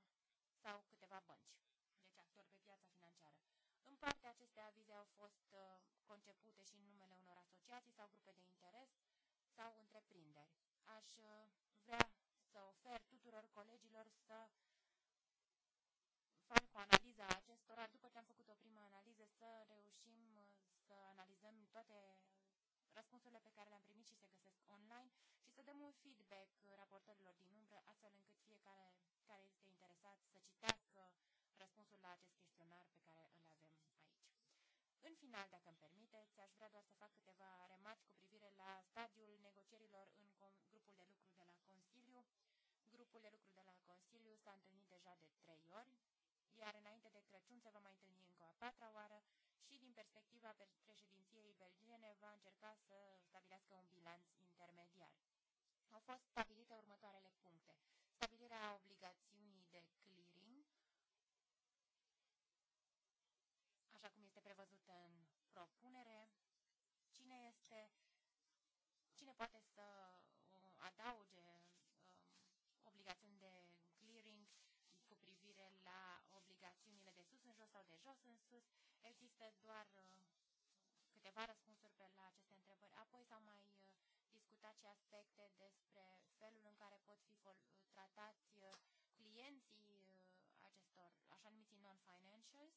sau câteva bănci parte, aceste avize au fost uh, concepute și în numele unor asociații sau grupe de interes sau întreprinderi. Aș uh, vrea să ofer tuturor colegilor să fac o analiză a acestora. După ce am făcut o primă analiză, să reușim uh, să analizăm toate răspunsurile pe care le-am primit și se găsesc online și să dăm un feedback raportorilor din umbră, astfel încât fiecare care este interesat să citească răspunsul la acest chestionar pe care îl avem. În final, dacă îmi permiteți, aș vrea doar să fac câteva remarci cu privire la stadiul negocierilor în grupul de lucru de la Consiliu. Grupul de lucru de la Consiliu s-a întâlnit deja de trei ori, iar înainte de Crăciun se va mai întâlni încă o a patra oară și din perspectiva președinției belgiene va încerca să stabilească un bilanț intermediar. Au fost stabilite următoarele puncte. Stabilirea obligației poate să uh, adauge um, obligațiuni de clearing cu privire la obligațiunile de sus în jos sau de jos în sus. Există doar uh, câteva răspunsuri pe la aceste întrebări. Apoi s-au mai uh, discutat și aspecte despre felul în care pot fi tratați clienții acestor așa numiți non-financials.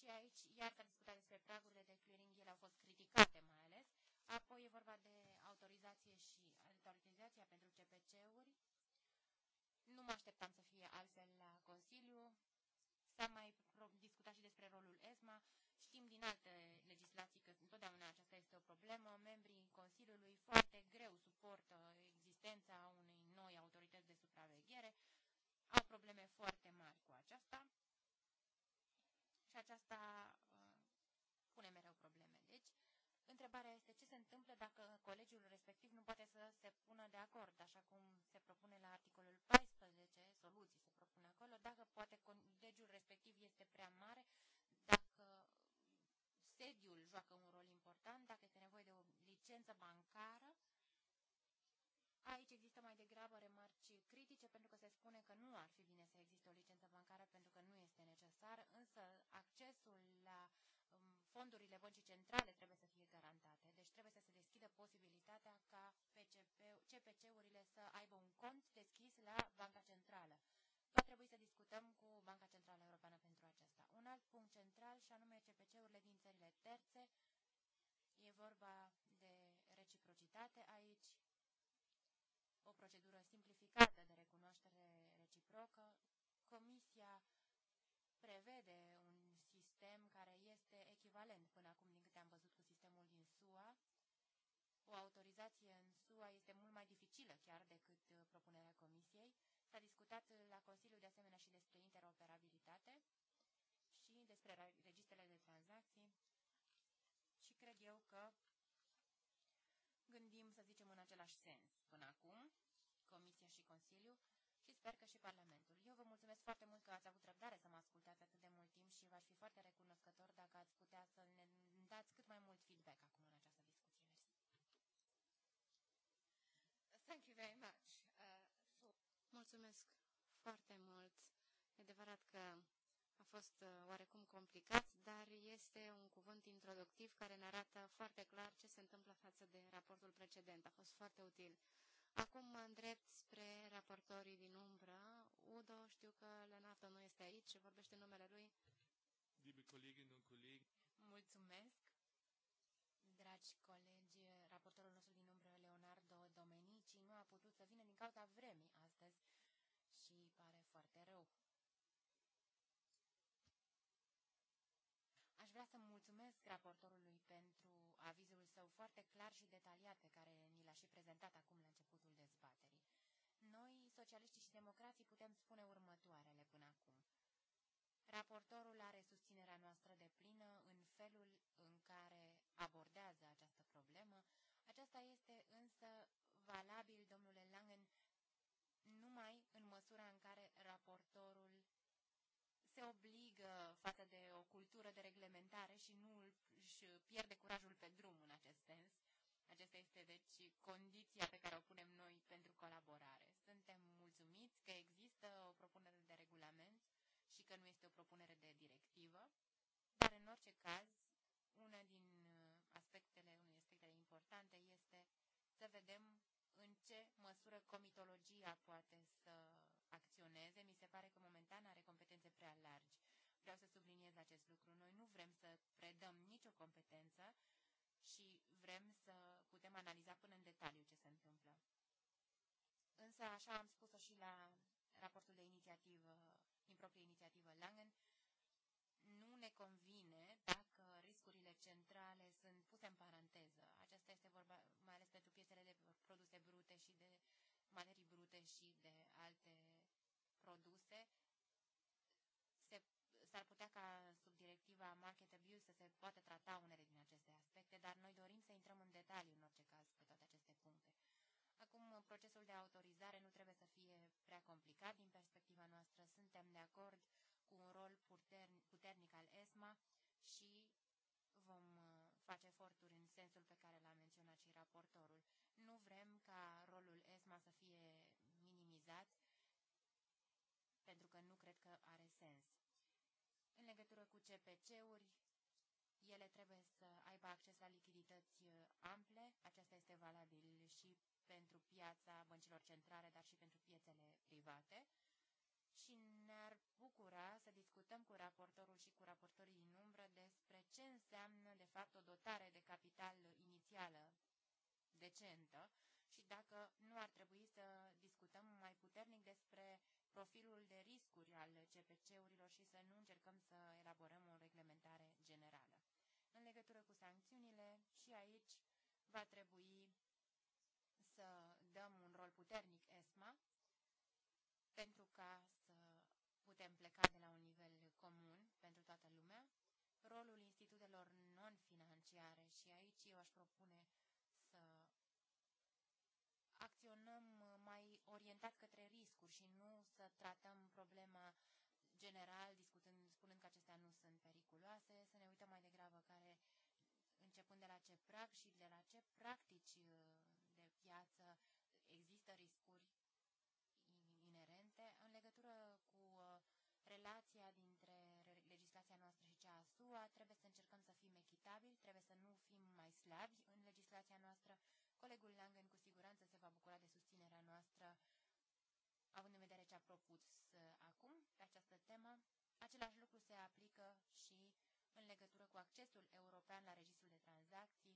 Și aici, iată s discutat despre pragurile de clearing, ele au fost criticate Apoi e vorba de autorizație și autorizația pentru CPC-uri. Nu mă așteptam să fie altfel la Consiliu. S-a mai discutat și despre rolul ESMA. Știm din alte legislații că întotdeauna aceasta este o problemă. Membrii Consiliului foarte greu suportă existența unei noi autorități de supraveghere. Au probleme foarte mari cu aceasta. Și aceasta întrebarea este ce se întâmplă dacă colegiul respectiv nu poate să se pună de acord, așa cum se propune la articolul 14, soluții se propune acolo, dacă poate colegiul respectiv este prea mare, dacă sediul joacă un rol important, dacă este nevoie de o licență bancară. Aici există mai degrabă remarci critice pentru că se spune că nu ar fi bine să existe o licență bancară pentru că nu este necesară, însă fondurile băncii centrale trebuie să fie garantate, deci trebuie să se deschidă posibilitatea ca PCP, CPC-urile să aibă un cont deschis la Banca Centrală. Va trebui să discutăm cu Banca Centrală Europeană pentru aceasta. Un alt punct central și anume CPC-urile din țările terțe. E vorba de reciprocitate aici, o procedură simplificată de recunoaștere reciprocă. Comisia prevede un sistem care echivalent până acum din câte am văzut cu sistemul din SUA. O autorizație în SUA este mult mai dificilă chiar decât uh, propunerea Comisiei. S-a discutat uh, la Consiliu de asemenea și despre interoperabilitate și despre registrele de tranzacții și cred eu că gândim, să zicem, în același sens până acum, Comisia și Consiliu, și sper că și Parlamentul. Eu vă mulțumesc foarte mult că ați avut răbdare să mă ascultați atât de mult timp și v-aș fi foarte recunoscător dacă ați putea să ne dați cât mai mult feedback acum în această discuție. Mersi. Thank you very much. Uh, Mulțumesc foarte mult. E adevărat că a fost uh, oarecum complicat, dar este un cuvânt introductiv care ne arată foarte clar ce se întâmplă față de raportul precedent. A fost foarte util. Acum mă îndrept spre raportorii din umbră. Udo, știu că Leonardo nu este aici și vorbește numele lui. Liebe Kolleginnen und Kollegen. Mulțumesc, dragi colegi. Raportorul nostru din umbră, Leonardo Domenici, nu a putut să vină din cauza vremii astăzi și pare foarte rău. Aș vrea să mulțumesc raportorului pentru avizul său foarte clar și detaliat pe care ni l-a și prezentat acum la începutul dezbaterii. Noi, socialiștii și democrații, putem spune următoarele până acum. Raportorul are susținerea noastră de plină în felul în care abordează această problemă. Aceasta este însă valabil, domnule Langen, numai în măsura în care raportorul se obligă față de o cultură de reglementare și nu își pierde curajul pe drum în acest sens. Aceasta este, deci, condiția pe care o punem noi pentru colaborare. Suntem mulțumiți că există o propunere de regulament și că nu este o propunere de directivă, dar, în orice caz, una din uh, aspectele, unul din aspectele importante este să vedem în ce măsură comitologia poate să acționeze. Mi se pare că momentan are competențe prea largi vreau să subliniez acest lucru. Noi nu vrem să predăm nicio competență și vrem să putem analiza până în detaliu ce se întâmplă. Însă, așa am spus-o și la raportul de inițiativă, din proprie inițiativă Langen, nu ne convine dacă riscurile centrale sunt puse în paranteză. Aceasta este vorba mai ales pentru piețele de produse brute și de materii brute și de alte produse se poate trata unele din aceste aspecte, dar noi dorim să intrăm în detaliu în orice caz pe toate aceste puncte. Acum, procesul de autorizare nu trebuie să fie prea complicat din perspectiva noastră. Suntem de acord cu un rol puternic al ESMA și vom uh, face eforturi în sensul pe care l-a menționat și raportorul. Nu vrem ca rolul ESMA să fie minimizat, pentru că nu cred că are sens. În legătură cu CPC-uri, ele trebuie să aibă acces la lichidități uh, ample, aceasta este valabil și pentru piața băncilor centrale, dar și pentru piețele private și ne-ar bucura să discutăm cu raportorul și cu raportorii în umbră despre ce înseamnă, de fapt, o dotare de capital inițială decentă și dacă nu ar trebui să discutăm mai puternic despre profilul de riscuri al CPC-urilor și să nu încercăm să elaborăm o reglementare generală. În legătură cu sancțiunile, și aici va trebui să dăm un rol puternic ESMA pentru ca să putem pleca de la un nivel comun pentru toată lumea. Rolul institutelor non-financiare și aici eu aș propune să acționăm mai orientat către riscuri și nu să tratăm problema general, că acestea nu sunt periculoase, să ne uităm mai degrabă care, începând de la ce prag și de la ce practici uh, de piață există riscuri inerente în legătură cu uh, relația dintre legislația noastră și cea a SUA, trebuie să încercăm să fim echitabili, trebuie să nu fim mai slabi în legislația noastră. Colegul Langen cu siguranță se va bucura de susținerea noastră având în vedere ce a propus uh, acum pe această temă Același lucru se aplică și în legătură cu accesul european la registrul de tranzacții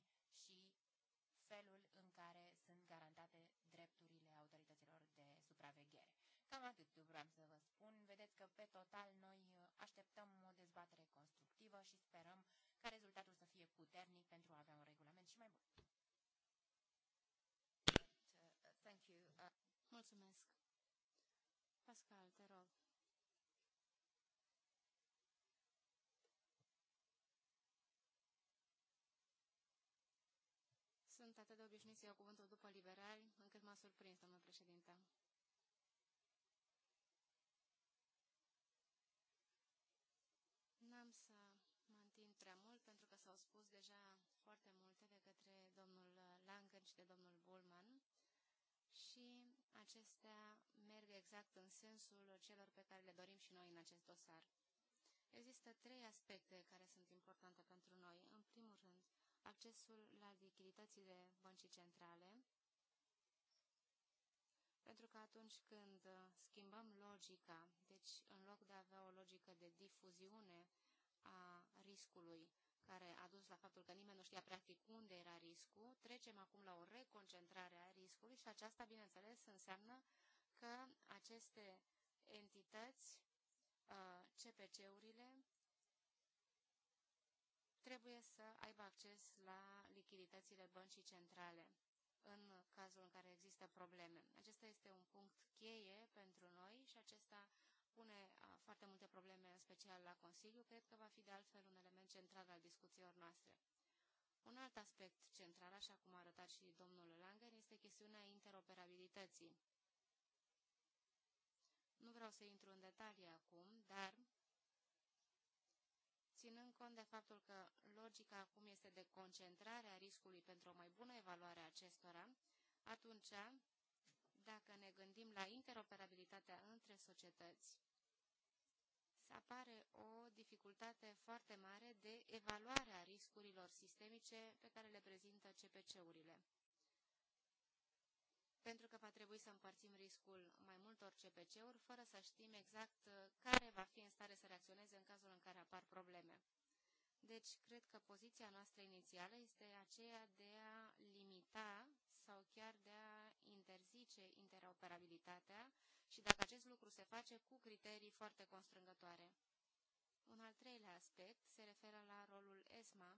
și felul în care sunt garantate drepturile autorităților de supraveghere. Cam atât vreau să vă spun. Vedeți că pe total noi așteptăm o dezbatere constructivă și sperăm ca rezultatul să fie puternic pentru a avea un regulament și mai bun. Mulțumesc. Pascal, te rog. să iau cuvântul după liberali, încât m-a surprins, domnul președinte. N-am să mă întind prea mult, pentru că s-au spus deja foarte multe de către domnul Langen și de domnul Bullman și acestea merg exact în sensul celor pe care le dorim și noi în acest dosar. Există trei aspecte care sunt importante pentru noi. În primul rând, accesul la lichiditățile băncii centrale, pentru că atunci când uh, schimbăm logica, deci în loc de a avea o logică de difuziune a riscului, care a dus la faptul că nimeni nu știa practic unde era riscul, trecem acum la o reconcentrare a riscului și aceasta, bineînțeles, înseamnă că aceste entități, uh, CPC-urile, trebuie să aibă acces la lichiditățile băncii centrale în cazul în care există probleme. Acesta este un punct cheie pentru noi și acesta pune foarte multe probleme, în special la Consiliu. Cred că va fi de altfel un element central al discuțiilor noastre. Un alt aspect central, așa cum a arătat și domnul Langer, este chestiunea interoperabilității. Nu vreau să intru în detalii acum, dar ținând cont de faptul că logica acum este de concentrare a riscului pentru o mai bună evaluare a acestora, atunci, dacă ne gândim la interoperabilitatea între societăți, apare o dificultate foarte mare de evaluare a riscurilor sistemice pe care le prezintă CPC-urile pentru că va trebui să împărțim riscul mai multor CPC-uri, fără să știm exact uh, care va fi în stare să reacționeze în cazul în care apar probleme. Deci, cred că poziția noastră inițială este aceea de a limita sau chiar de a interzice interoperabilitatea și dacă acest lucru se face cu criterii foarte constrângătoare. Un al treilea aspect se referă la rolul ESMA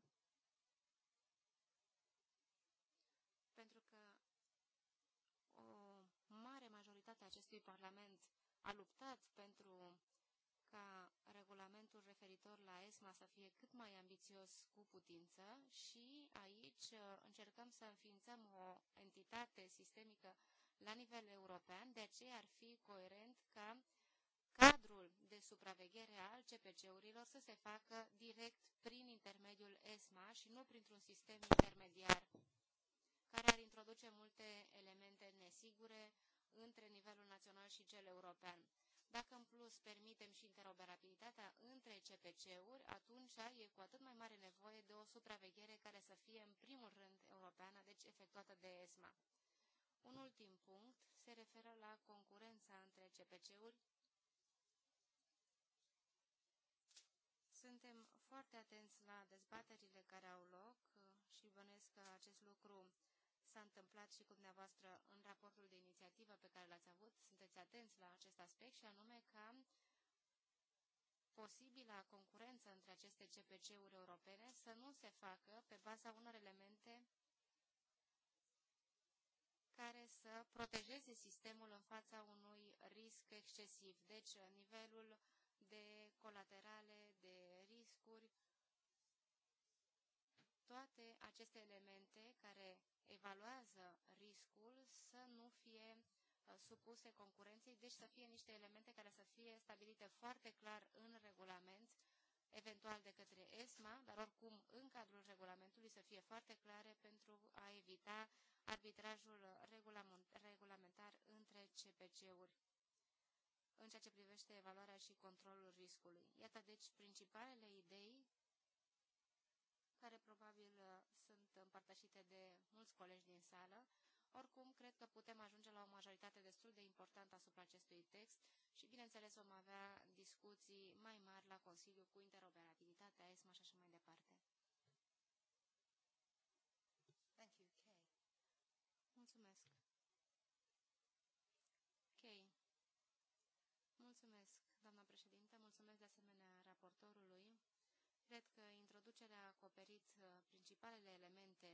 Parlament a luptat pentru ca regulamentul referitor la ESMA să fie cât mai ambițios cu putință și aici uh, încercăm să înființăm o entitate sistemică la nivel european, de aceea ar fi coerent ca cadrul de supraveghere al CPC-urilor să se facă direct prin intermediul ESMA și nu printr-un sistem intermediar care ar introduce multe elemente nesigure, între nivelul național și cel european. Dacă în plus permitem și interoperabilitatea între CPC-uri, atunci e cu atât mai mare nevoie de o supraveghere care să fie în primul rând europeană, deci efectuată de ESMA. Un ultim punct se referă la concurența între CPC-uri. Suntem foarte atenți la dezbaterile care au loc și bănesc că acest lucru s-a întâmplat și cu dumneavoastră. posibila concurență între aceste CPC-uri europene să nu se facă pe baza unor elemente care să protejeze sistemul în fața unui risc excesiv. Deci, nivelul de colaterale, de riscuri, toate aceste elemente care evaluează riscul să nu fie Uh, supuse concurenței, deci să fie niște elemente care să fie stabilite foarte clar în regulament, eventual de către ESMA, dar oricum în cadrul regulamentului să fie foarte clare pentru a evita arbitrajul regulamentar între CPC-uri în ceea ce privește evaluarea și controlul riscului. Iată deci principalele idei care probabil uh, sunt împărtășite de mulți colegi din sală oricum, cred că putem ajunge la o majoritate destul de importantă asupra acestui text și, bineînțeles, vom avea discuții mai mari la Consiliu cu interoperabilitatea ESMA și așa mai departe. Thank you, Kay. Mulțumesc. Kay. Mulțumesc, doamna președintă, mulțumesc de asemenea raportorului. Cred că introducerea a acoperit uh, principalele elemente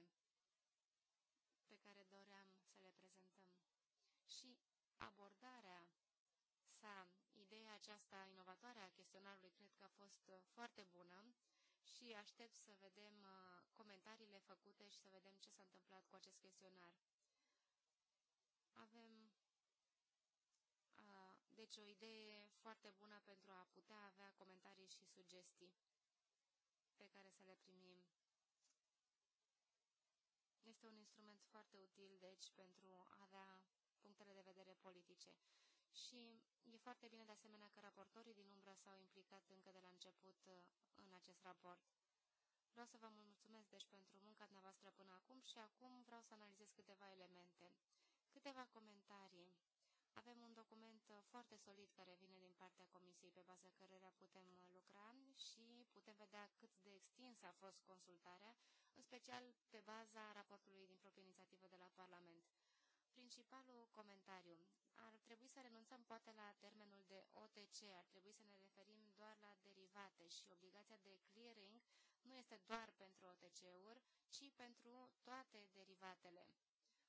pe care doream și abordarea sa, ideea aceasta inovatoare a chestionarului, cred că a fost uh, foarte bună și aștept să vedem uh, comentariile făcute și să vedem ce s-a întâmplat cu acest chestionar. Avem uh, deci o idee foarte bună pentru a putea avea comentarii și sugestii pe care să le primim. Este un instrument foarte util, deci, pentru a avea punctele de vedere politice. Și e foarte bine de asemenea că raportorii din umbră s-au implicat încă de la început uh, în acest raport. Vreau să vă mulțumesc deci pentru munca dumneavoastră până acum și acum vreau să analizez câteva elemente. Câteva comentarii. Avem un document uh, foarte solid care vine din partea Comisiei, pe baza căreia putem uh, lucra și putem vedea cât de extinsă a fost consultarea, în special pe baza raportului din proprie inițiativă de la Parlament principalul comentariu. Ar trebui să renunțăm poate la termenul de OTC, ar trebui să ne referim doar la derivate și obligația de clearing nu este doar pentru OTC-uri, ci pentru toate derivatele.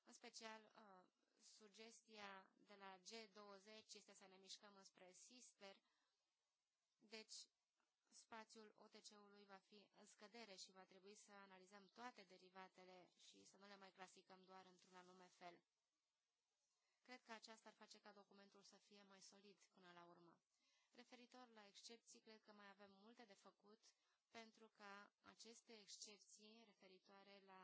În special, uh, sugestia de la G20 este să ne mișcăm înspre SISPER, deci spațiul OTC-ului va fi în scădere și va trebui să analizăm toate derivatele și să nu le mai clasicăm doar într-un anume fel. Cred că aceasta ar face ca documentul să fie mai solid până la urmă. Referitor la excepții, cred că mai avem multe de făcut pentru ca aceste excepții referitoare la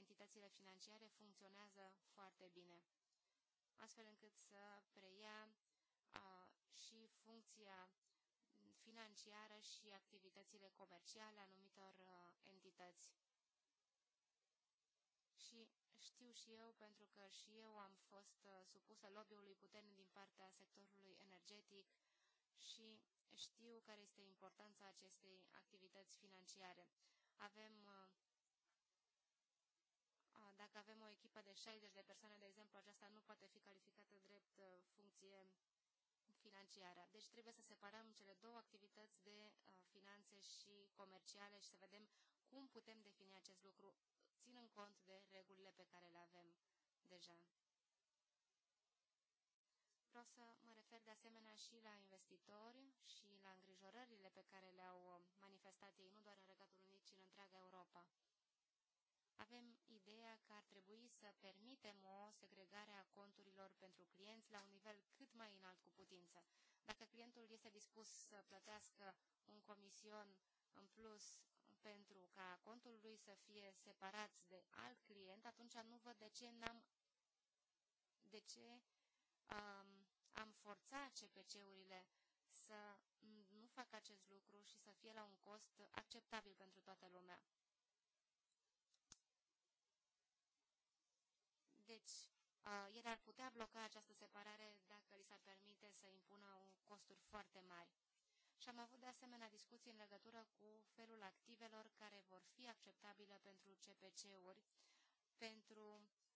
entitățile financiare funcționează foarte bine, astfel încât să preia a, și funcția financiară și activitățile comerciale anumitor a, entități știu și eu, pentru că și eu am fost uh, supusă lobby-ului puternic din partea sectorului energetic și știu care este importanța acestei activități financiare. Avem uh, dacă avem o echipă de 60 de persoane, de exemplu, aceasta nu poate fi calificată drept uh, funcție financiară. Deci trebuie să separăm cele două activități de finanțe și comerciale și să vedem cum putem defini acest lucru ținând cont de regulile pe care le avem deja. Vreau să mă refer de asemenea și la investitori și la îngrijorările pe care le-au uh, manifestat ei, nu doar în Regatul Unit, ci în întreaga Europa. Avem ideea că ar trebui să permitem o segregare a conturilor pentru clienți la un nivel cât mai înalt cu putință. Dacă clientul este dispus să plătească un comision în plus pentru ca contul lui să fie separat de alt client, atunci nu văd de ce n-am de ce um, am forțat CPC-urile să nu facă acest lucru și să fie la un cost acceptabil pentru toată lumea. Deci, uh, el ar putea bloca această separare dacă li s-ar permite să impună costuri foarte mari și am avut de asemenea discuții în legătură cu felul activelor care vor fi acceptabile pentru CPC-uri, pentru,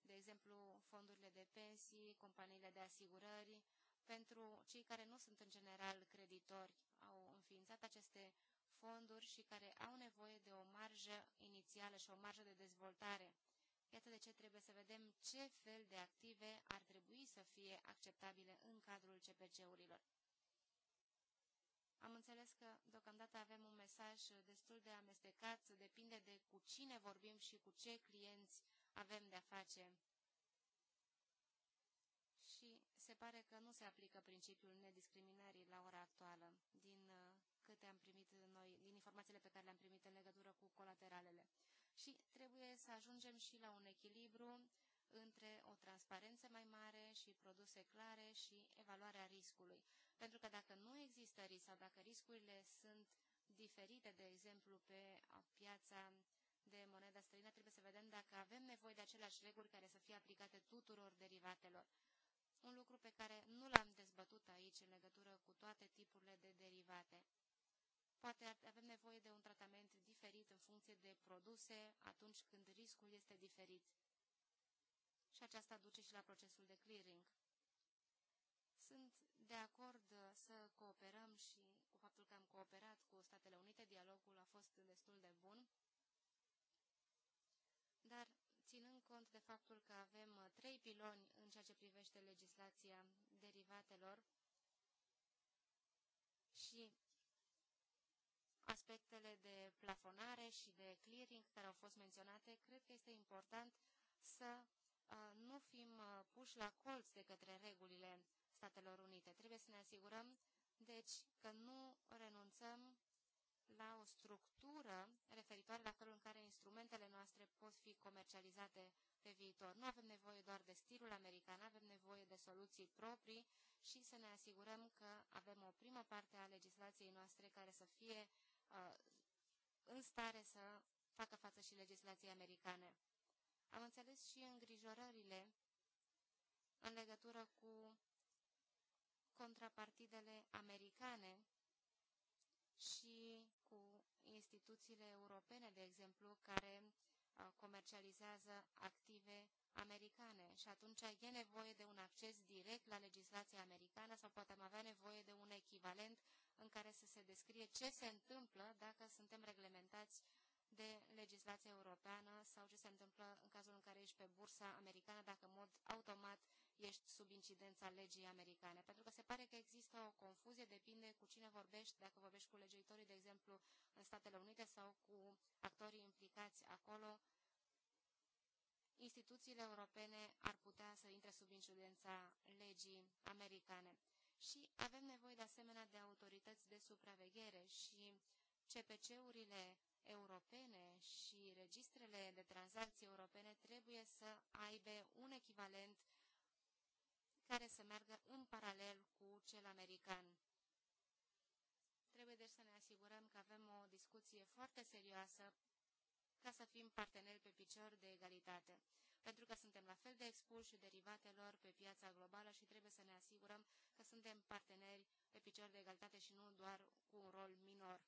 de exemplu, fondurile de pensii, companiile de asigurări, pentru cei care nu sunt în general creditori, au înființat aceste fonduri și care au nevoie de o marjă inițială și o marjă de dezvoltare. Iată de ce trebuie să vedem ce fel de active ar trebui să fie acceptabile în cadrul CPC-urilor. Am înțeles că deocamdată avem un mesaj uh, destul de amestecat, depinde de cu cine vorbim și cu ce clienți avem de-a face. Și se pare că nu se aplică principiul nediscriminării la ora actuală, din uh, câte am primit noi, din informațiile pe care le-am primit în legătură cu colateralele. Și trebuie să ajungem și la un echilibru între o transparență mai mare și produse clare și evaluarea riscului. Pentru că dacă nu există risc sau dacă riscurile sunt diferite, de exemplu, pe piața de monedă străină, trebuie să vedem dacă avem nevoie de aceleași reguli care să fie aplicate tuturor derivatelor. Un lucru pe care nu l-am dezbătut aici în legătură cu toate tipurile de derivate. Poate avem nevoie de un tratament diferit în funcție de produse atunci când riscul este diferit și aceasta duce și la procesul de clearing. Sunt de acord uh, să cooperăm și cu faptul că am cooperat cu Statele Unite, dialogul a fost destul de bun, dar ținând cont de faptul că avem uh, trei piloni în ceea ce privește legislația derivatelor și aspectele de plafonare și de clearing care au fost menționate, cred că este important să nu fim puși la colț de către regulile Statelor Unite. Trebuie să ne asigurăm, deci, că nu renunțăm la o structură referitoare la felul în care instrumentele noastre pot fi comercializate pe viitor. Nu avem nevoie doar de stilul american, avem nevoie de soluții proprii și să ne asigurăm că avem o primă parte a legislației noastre care să fie uh, în stare să facă față și legislației americane. Am înțeles și îngrijorările în legătură cu contrapartidele americane și cu instituțiile europene, de exemplu, care uh, comercializează active americane și atunci e nevoie de un acces direct la legislația americană sau poate am avea nevoie de un echivalent în care să se descrie ce se întâmplă dacă suntem reglementați de legislația europeană sau ce se întâmplă în cazul în care ești pe bursa americană dacă în mod automat ești sub incidența legii americane. Pentru că se pare că există o confuzie, depinde cu cine vorbești, dacă vorbești cu legiuitorii, de exemplu, în Statele Unite sau cu actorii implicați acolo, instituțiile europene ar putea să intre sub incidența legii americane. Și avem nevoie de asemenea de autorități de supraveghere și CPC-urile europene și registrele de tranzacții europene trebuie să aibă un echivalent care să meargă în paralel cu cel american. Trebuie deci să ne asigurăm că avem o discuție foarte serioasă ca să fim parteneri pe picior de egalitate, pentru că suntem la fel de expuși derivatelor pe piața globală și trebuie să ne asigurăm că suntem parteneri pe picior de egalitate și nu doar cu un rol minor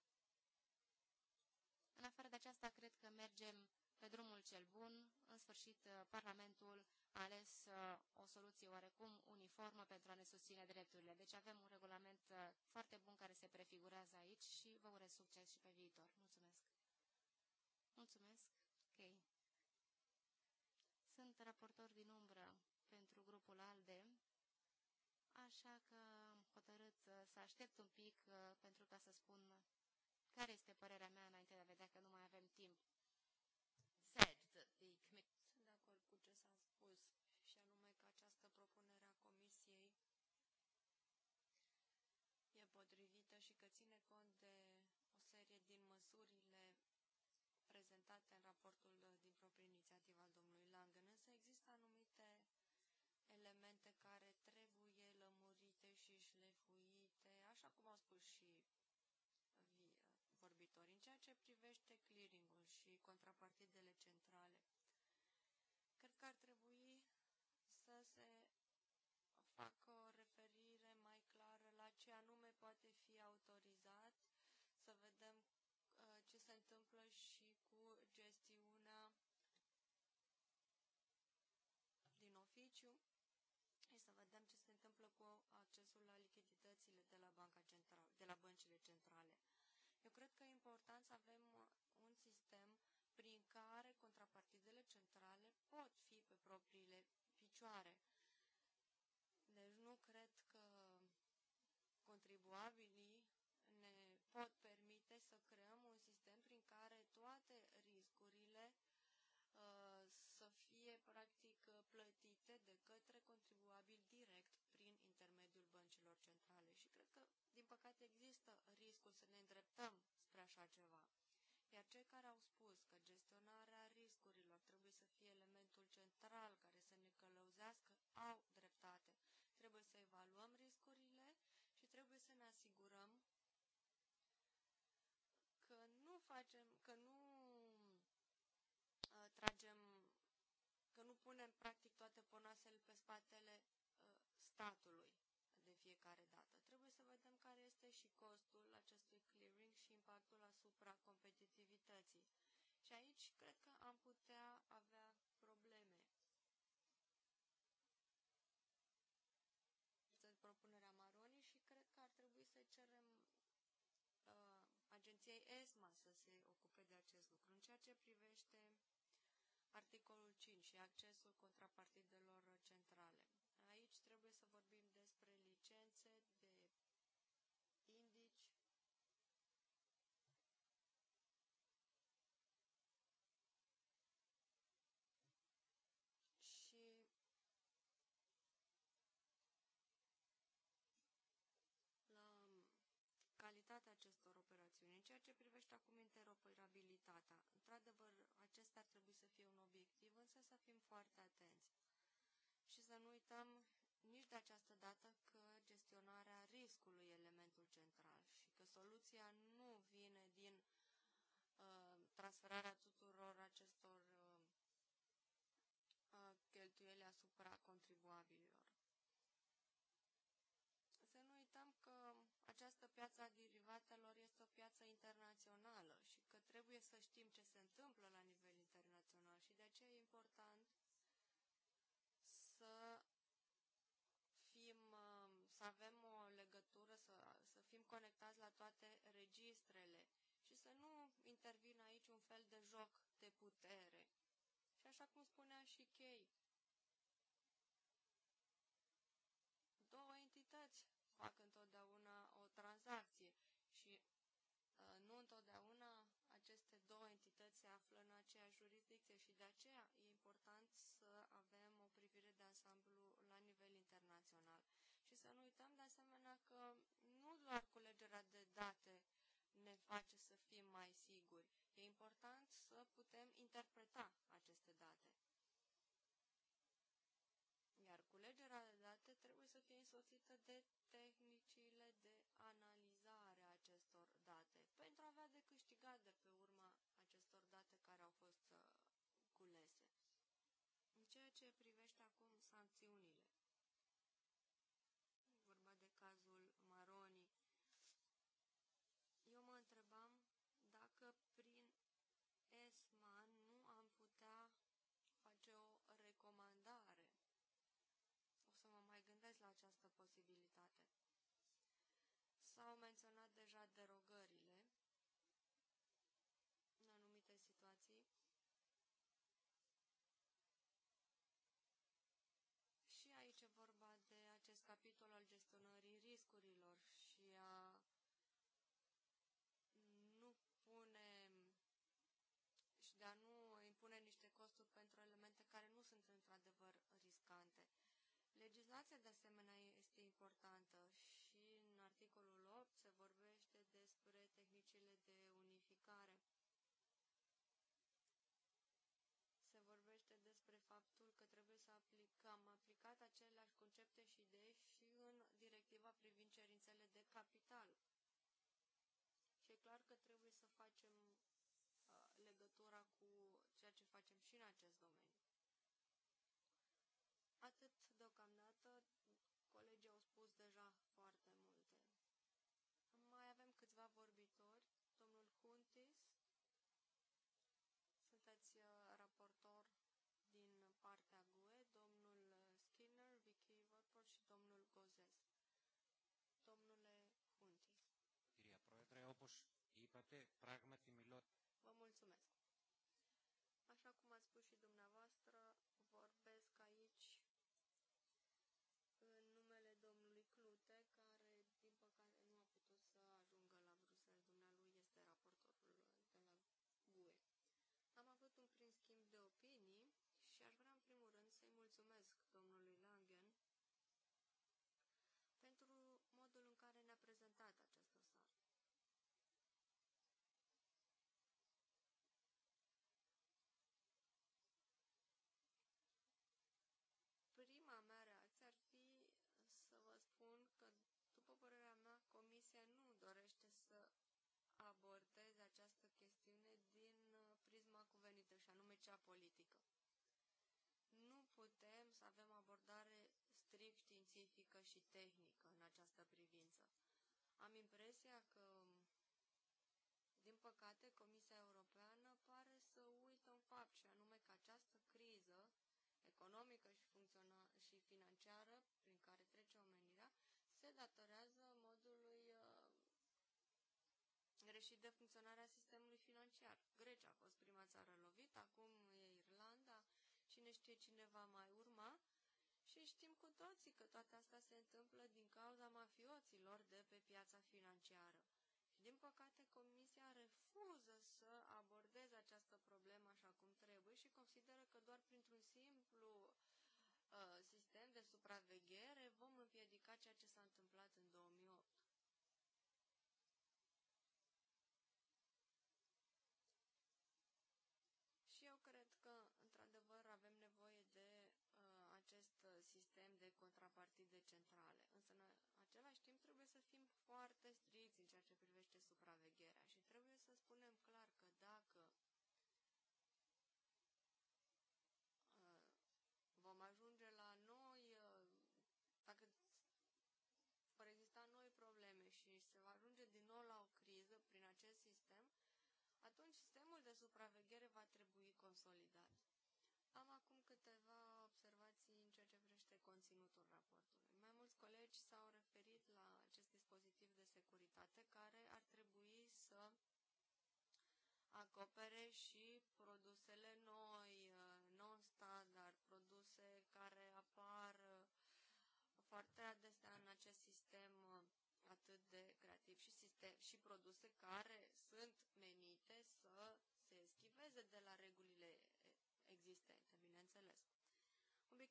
afară de aceasta, cred că mergem pe drumul cel bun. În sfârșit, uh, Parlamentul a ales uh, o soluție oarecum uniformă pentru a ne susține drepturile. Deci avem un regulament uh, foarte bun care se prefigurează aici și vă urez succes și pe viitor. Mulțumesc! Mulțumesc! Ok. Sunt raportor din umbră pentru grupul ALDE, așa că am hotărât să aștept un pic pentru ca să spun care este părerea mea înainte de a vedea că nu mai avem timp? Said that the Sunt de acord cu ce s-a spus, și anume că această propunere a Comisiei e potrivită și că ține cont de o serie din măsurile prezentate în raportul din proprie inițiativă al domnului Langen, însă există anumite elemente care trebuie lămurite și șlefuite, așa cum au spus și ce privește clearingul și contrapartidele centrale, cred că ar trebui să se facă o referire mai clară la ce anume poate fi autorizat, să vedem uh, ce se întâmplă și cu gestiunea din oficiu și să vedem ce se întâmplă cu accesul la lichiditățile de la, banca centrală, de la băncile centrale cred că e important să avem uh, un sistem prin care contrapartidele centrale pot fi pe propriile picioare. banilor centrale și cred că, din păcate, există riscul să ne îndreptăm spre așa ceva. Iar cei care au spus că gestionarea riscurilor trebuie să fie elementul central care să ne călăuzească, au dreptate. Trebuie să evaluăm riscurile și trebuie să ne asigurăm că nu facem, că nu uh, tragem, că nu punem practic toate ponoasele pe spatele uh, statului fiecare dată. Trebuie să vedem care este și costul acestui clearing și impactul asupra competitivității. Și aici cred că am putea avea probleme. Este propunerea Maroni și cred că ar trebui să cerem uh, agenției ESMA să se ocupe de acest lucru. În ceea ce privește articolul 5 și accesul contrapartidelor centrale. Aici trebuie să vorbim ceea ce privește acum interoperabilitatea, într-adevăr, acesta ar trebui să fie un obiectiv, însă să fim foarte atenți și să nu uităm nici de această dată că gestionarea riscului e elementul central și că soluția nu vine din uh, transferarea piața derivatelor este o piață internațională și că trebuie să știm ce se întâmplă la nivel internațional și de aceea e important să fim, să avem o legătură, să, să fim conectați la toate registrele și să nu intervină aici un fel de joc de putere. Și așa cum spunea și Chei, de aceea e important să avem o privire de ansamblu la nivel internațional. Și să nu uităm de asemenea că nu doar culegerea de date ne face să fim mai siguri. E important să putem interpreta aceste date. Iar culegerea de date trebuie să fie însoțită de tehnici ce privește acum sancțiunile, vorba de cazul Maroni, eu mă întrebam dacă prin ESMAN nu am putea face o recomandare. O să mă mai gândesc la această posibilitate. S-au menționat deja derogări. Legislația de asemenea este importantă și în articolul 8 se vorbește despre tehnicile de unificare. Se vorbește despre faptul că trebuie să aplicăm, aplicat aceleași concepte și idei și în directiva privind cerințele de capital. Și e clar că trebuie să facem uh, legătura cu ceea ce facem și în acest domeniu. colegii au spus deja foarte multe. Mai avem câțiva vorbitori. Domnul Huntis, sunteți uh, raportor din partea GUE, domnul uh, Skinner, Vicky Vorpor și domnul Gozes. Domnule Huntis. Vă mulțumesc. Așa cum ați spus și dumneavoastră, mulțumesc domnului Langen pentru modul în care ne-a prezentat acest dosar. Prima mea reacție ar fi să vă spun că, după părerea mea, Comisia nu dorește să abordeze această chestiune din uh, prisma cuvenită, și anume cea politică abordare strict științifică și tehnică în această privință. Am impresia că, din păcate, Comisia Europeană pare să uită un fapt, și anume că această criză economică și, funcționa- și financiară prin care trece omenirea se datorează modului uh, greșit de funcționarea sistemului financiar. Grecia a fost prima țară lovită, acum e Irlanda, cine știe cine va mai urma și știm cu toții că toate astea se întâmplă din cauza mafioților de pe piața financiară. Și din păcate Comisia refuză să abordeze această problemă așa cum trebuie și consideră că doar printr-un simplu uh, sistem de supraveghere vom împiedica ceea ce s-a întâmplat în 2000. centrale, însă în același timp trebuie să fim foarte stricți în ceea ce privește supravegherea și trebuie să spunem clar că dacă uh, vom ajunge la noi, uh, dacă vor exista noi probleme și se va ajunge din nou la o criză prin acest sistem, atunci sistemul de supraveghere va trebui consolidat. Am acum câteva conținutul raportului. Mai mulți colegi s-au referit la acest dispozitiv de securitate care ar trebui să acopere și produsele noi, uh, non-standard, produse care apar uh, foarte adesea în acest sistem uh, atât de creativ și, sistem, și produse care sunt menite să se schiveze de la regulile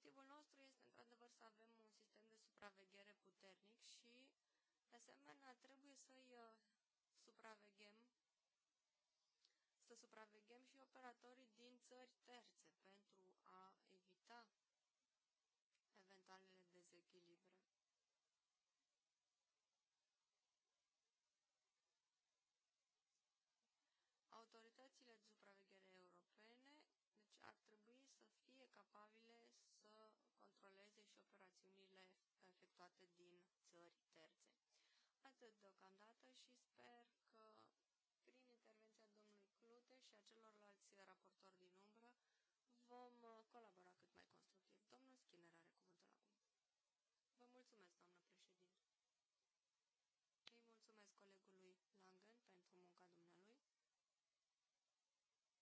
Obiectivul nostru este, într-adevăr, să avem un sistem de supraveghere puternic și, de asemenea, trebuie să-i uh, supraveghem, să supraveghem și operatorii din țări terțe. toate din țări terțe. Atât deocamdată și sper că prin intervenția domnului Clute și a celorlalți raportori din umbră vom uh, colabora cât mai constructiv. Domnul Skinner are cuvântul acum. Vă mulțumesc, doamnă președinte. Îi mulțumesc colegului Langen pentru munca dumnealui.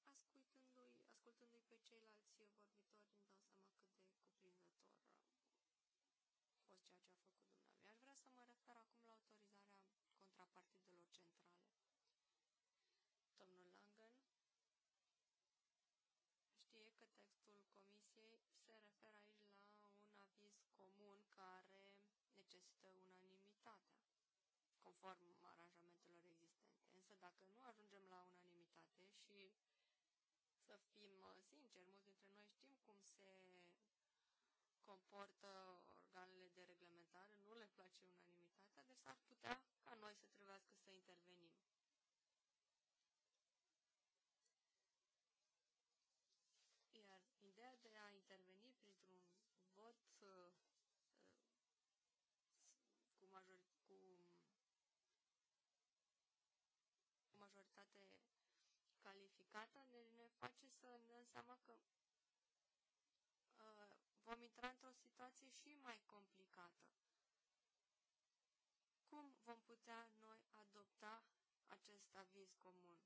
Ascultându-i ascultându pe ceilalți vorbitori, îmi dau seama cât de cuprinzător ceea ce a făcut dumneavoastră. Aș vrea să mă refer acum la autorizarea contrapartidelor centrale. Domnul Langen știe că textul comisiei se referă aici la un aviz comun care necesită unanimitatea, conform aranjamentelor existente. Însă dacă nu ajungem la unanimitate și să fim uh, sinceri, mulți dintre noi știm cum se comportă organele bugetare, nu le place unanimitatea, deci ar putea ca noi să trebuiască să intervenim. Iar ideea de a interveni printr-un vot uh, uh, cu, major, cu, cu majoritate calificată ne, ne face să ne dăm seama că vom intra într-o situație și mai complicată. Cum vom putea noi adopta acest aviz comun?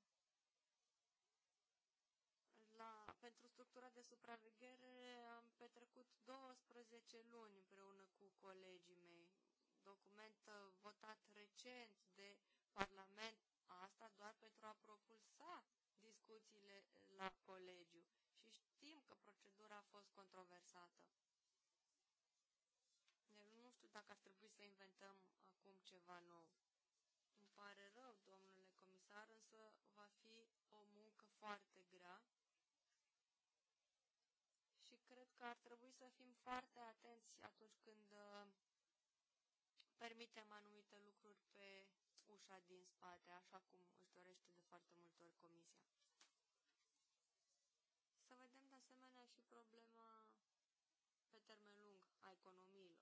La, pentru structura de supraveghere am petrecut 12 luni împreună cu colegii mei, document uh, votat recent de Parlament, asta doar pentru a propulsa discuțiile la colegiu că procedura a fost controversată. Deci nu știu dacă ar trebui să inventăm acum ceva nou. Îmi pare rău, domnule comisar, însă va fi o muncă foarte grea și cred că ar trebui să fim foarte atenți atunci când uh, permitem anumite lucruri pe ușa din spate, așa cum își dorește de foarte multe ori comisia. problema pe termen lung a economiilor.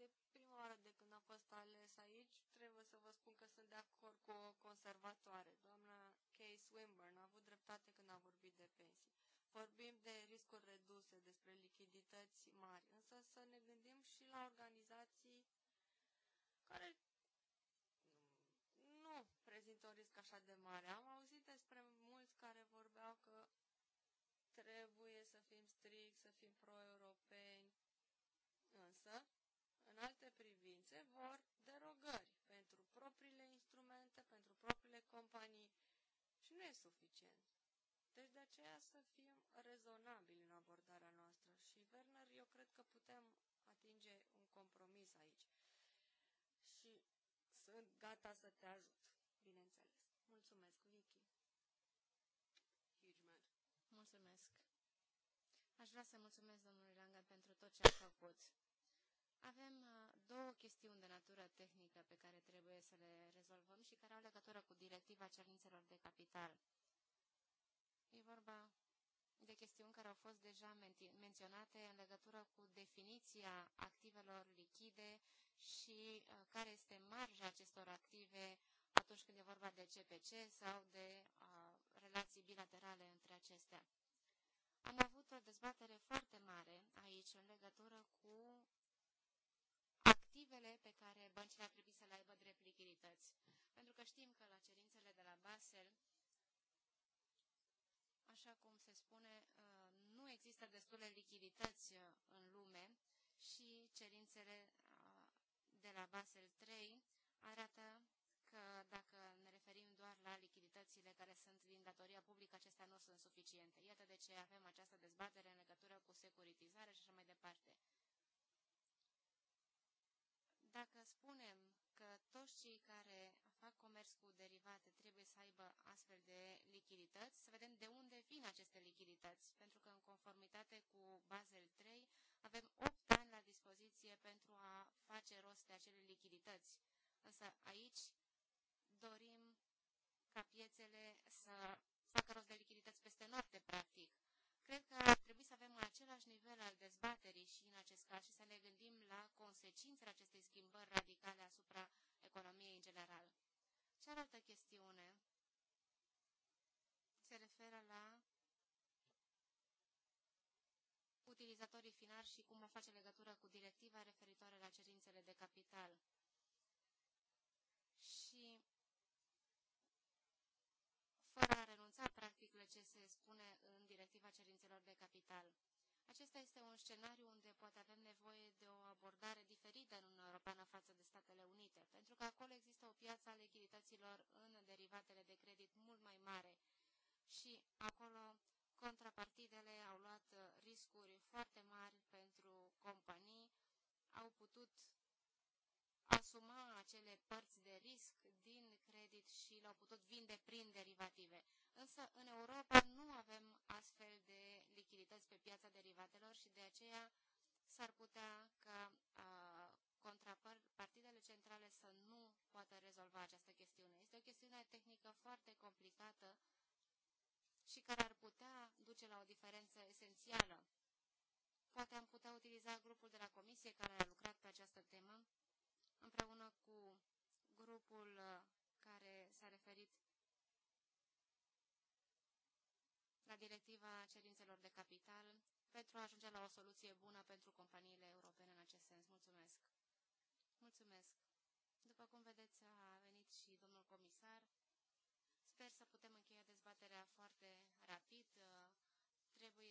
De prima oară de când am fost ales aici, trebuie să vă spun că sunt de acord cu o conservatoare. Doamna Kay Swinburne a avut dreptate când a vorbit de pensii. Vorbim de riscuri reduse, despre lichidități mari, însă să ne gândim și la organizații care așa de mare. Am auzit despre mulți care vorbeau că trebuie să fim strict, să fim pro-europeni, însă, în alte privințe, vor derogări pentru propriile instrumente, pentru propriile companii și nu e suficient. Deci de aceea să fim rezonabili în abordarea noastră și, Werner, eu cred că putem atinge un compromis aici. Și sunt gata să te ajut, bineînțeles. Mulțumesc, Vicky. Mulțumesc. Aș vrea să mulțumesc domnului Langan pentru tot ce a făcut. Avem uh, două chestiuni de natură tehnică pe care trebuie să le rezolvăm și care au legătură cu directiva cerințelor de capital. E vorba de chestiuni care au fost deja menționate în legătură cu definiția activelor lichide și uh, care este marja acestor active atunci când e vorba de CPC sau de a, relații bilaterale între acestea. Am avut o dezbatere foarte mare aici în legătură cu activele pe care băncile ar trebui să le aibă drept lichidități. Pentru că știm că la cerințele de la Basel, așa cum se spune, uh, nu există destule lichidități uh, în lume și cerințele uh, de la Basel 3 arată că dacă ne referim doar la lichiditățile care sunt din datoria publică, acestea nu sunt suficiente. Iată de ce avem această dezbatere în legătură cu securitizarea și așa mai departe. Dacă spunem că toți cei care fac comerț cu derivate trebuie să aibă astfel de lichidități, să vedem de unde vin aceste lichidități, pentru că în conformitate cu Basel 3 avem 8 ani la dispoziție pentru a face rost de acele lichidități. Însă aici dorim ca piețele să facă rost de lichidități peste noapte, practic. Cred că ar trebui să avem același nivel al dezbaterii și în acest caz și să ne gândim la consecințele acestei schimbări radicale asupra economiei în general. Cealaltă chestiune se referă la utilizatorii finali și cum o face legătură cu directiva referitoare la cerințele de capital. împotriva cerințelor de capital. Acesta este un scenariu unde poate avem nevoie de o abordare diferită în Uniunea Europeană față de Statele Unite, pentru că acolo există o piață a lichidităților în derivatele de credit mult mai mare și acolo contrapartidele au luat riscuri foarte mari pentru companii, au putut asuma acele părți de risc din credit și l-au putut vinde prin derivative. Însă în Europa nu avem astfel de lichidități pe piața derivatelor și de aceea s-ar putea ca a, contrapartidele centrale să nu poată rezolva această chestiune. Este o chestiune tehnică foarte complicată și care ar putea duce la o diferență esențială. Poate am putea utiliza grupul de la comisie care a lucrat pe această temă împreună cu grupul uh, care s-a referit la directiva cerințelor de capital pentru a ajunge la o soluție bună pentru companiile europene în acest sens. Mulțumesc! Mulțumesc! După cum vedeți, a venit și domnul comisar. Sper să putem încheia dezbaterea foarte rapid. Uh, trebuie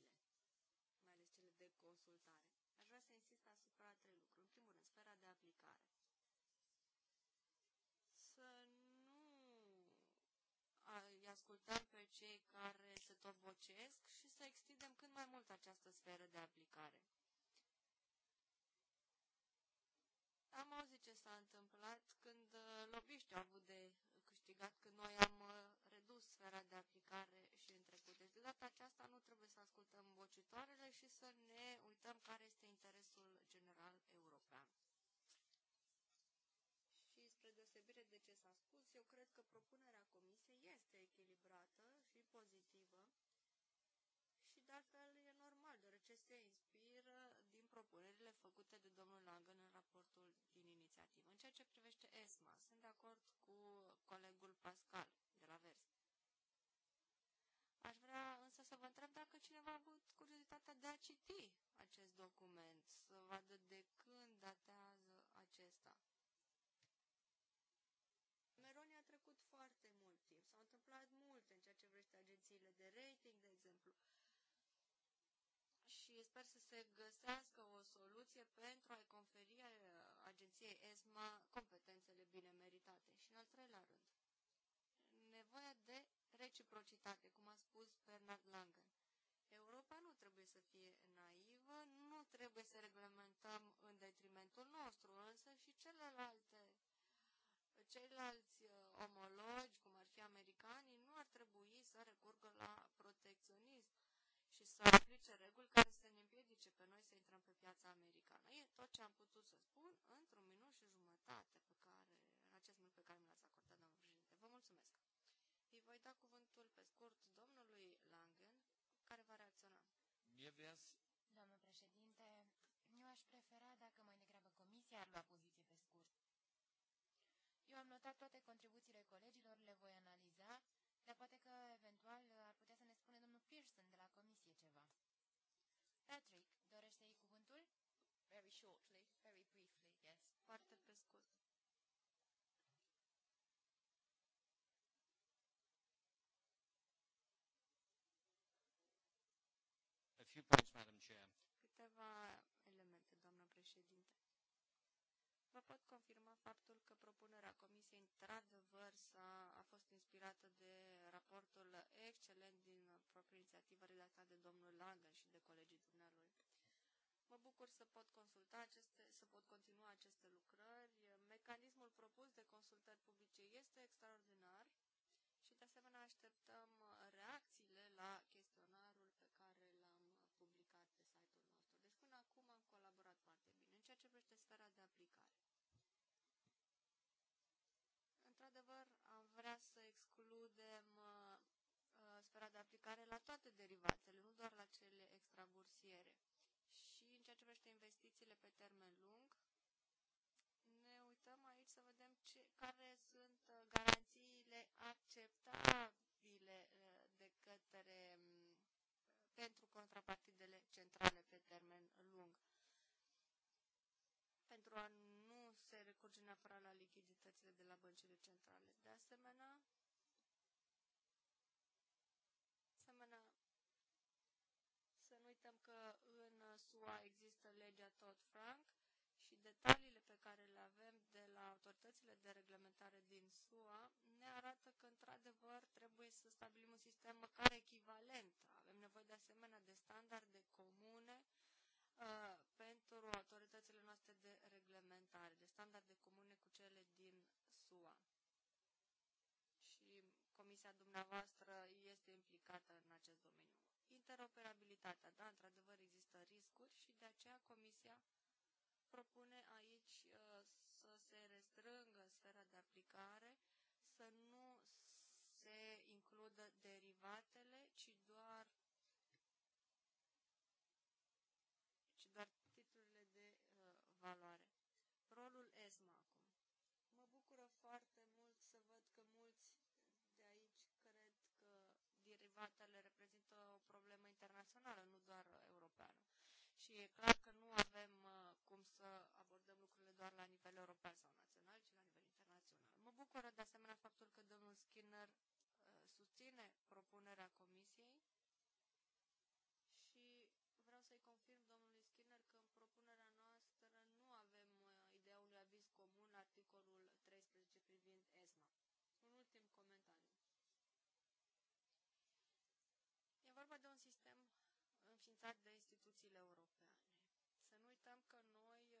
asupra a trei lucruri. În primul rând, sfera de aplicare. Să îi ascultăm pe cei care se tot vocesc și să extindem cât mai mult această sferă de aplicare. Am auzit ce s-a întâmplat când uh, lobiștii au avut de câștigat, când noi am uh, sfera de aplicare și în trecut. Deci, de data aceasta, nu trebuie să ascultăm vocitoarele și să ne uităm care este interesul general european. Și spre deosebire de ce s-a spus, eu cred că propunerea Comisiei este echilibrată și pozitivă și, de altfel, e normal, deoarece se inspiră din propunerile făcute de domnul Langen în raportul din inițiativă. În ceea ce privește ESMA, sunt de acord cu colegul Pascal. a avut curiozitatea de a citi acest document, să vadă de când datează acesta. Meroni a trecut foarte mult timp, s-au întâmplat multe în ceea ce vrește agențiile de rating, de exemplu, și sper să se găsească o soluție pentru a-i conferi uh, agenției ESMA competențele bine meritate. Și în al treilea rând, nevoia de reciprocitate, cum a spus Bernard Langen. Europa nu trebuie să fie naivă, nu trebuie să reglementăm în detrimentul nostru, însă și celelalte, ceilalți uh, omologi, cum ar fi americanii, nu ar trebui să recurgă la protecționism și să aplice reguli care să ne împiedice pe noi să intrăm pe piața americană. E tot ce am putut să spun într-un minut și jumătate pe care, în acest minut pe care mi l-ați acordat, doamnă președinte. Vă mulțumesc! Îi voi da cuvântul pe scurt domnului Langen, care va reacționa Mir wär's președinte, eu aș prefera dacă mai degrabă comisia ar lua poziție pe scurt. Eu am notat toate contribuțiile colegilor, le voi analiza, dar poate că eventual ar putea să ne spune domnul Pearson de la comisie ceva. Patrick, dorește i cuvântul? Very shortly. Câteva elemente, doamnă președinte. Vă pot confirma faptul că propunerea comisiei, într-adevăr, a fost inspirată de raportul excelent din proprie inițiativă redactat de domnul Langen și de colegii dumnealui. Mă bucur să pot consulta aceste, să pot continua aceste lucrări. Mecanismul propus de consultări publice este extraordinar și, de asemenea, așteptăm Într-adevăr, am vrea să excludem uh, uh sfera de aplicare la toate derivațele, nu doar la cele extrabursiere. Și în ceea ce privește investițiile pe termen lung, ne uităm aici să vedem ce, care sunt uh, garanțiile acceptabile uh, de către um, pentru contrapartidele centrale pe termen lung. Pentru a nu recurge neapărat la lichiditățile de la băncile centrale. De asemenea, asemenea să nu uităm că în SUA există legea Dodd-Frank și detaliile pe care le avem de la autoritățile de reglementare din SUA ne arată că, într-adevăr, trebuie să stabilim un sistem măcar echivalent. Avem nevoie, de asemenea, de standarde comune uh, pentru standarde comune cu cele din SUA. Și comisia dumneavoastră este implicată în acest domeniu. Interoperabilitatea, da, într-adevăr există riscuri și de aceea comisia propune aici uh, să se restrângă sfera de aplicare, să nu se includă derivate internațională, nu doar uh, europeană. Și e clar că nu avem uh, cum să abordăm lucrurile doar la nivel european sau național, ci la nivel internațional. Mă bucură de asemenea faptul că domnul Skinner uh, susține propunerea comisiei și vreau să-i confirm domnului Skinner că în propunerea noastră nu avem ideea unui aviz comun articolul 13 privind ESMA. înființat de instituțiile europene. Să nu uităm că noi uh,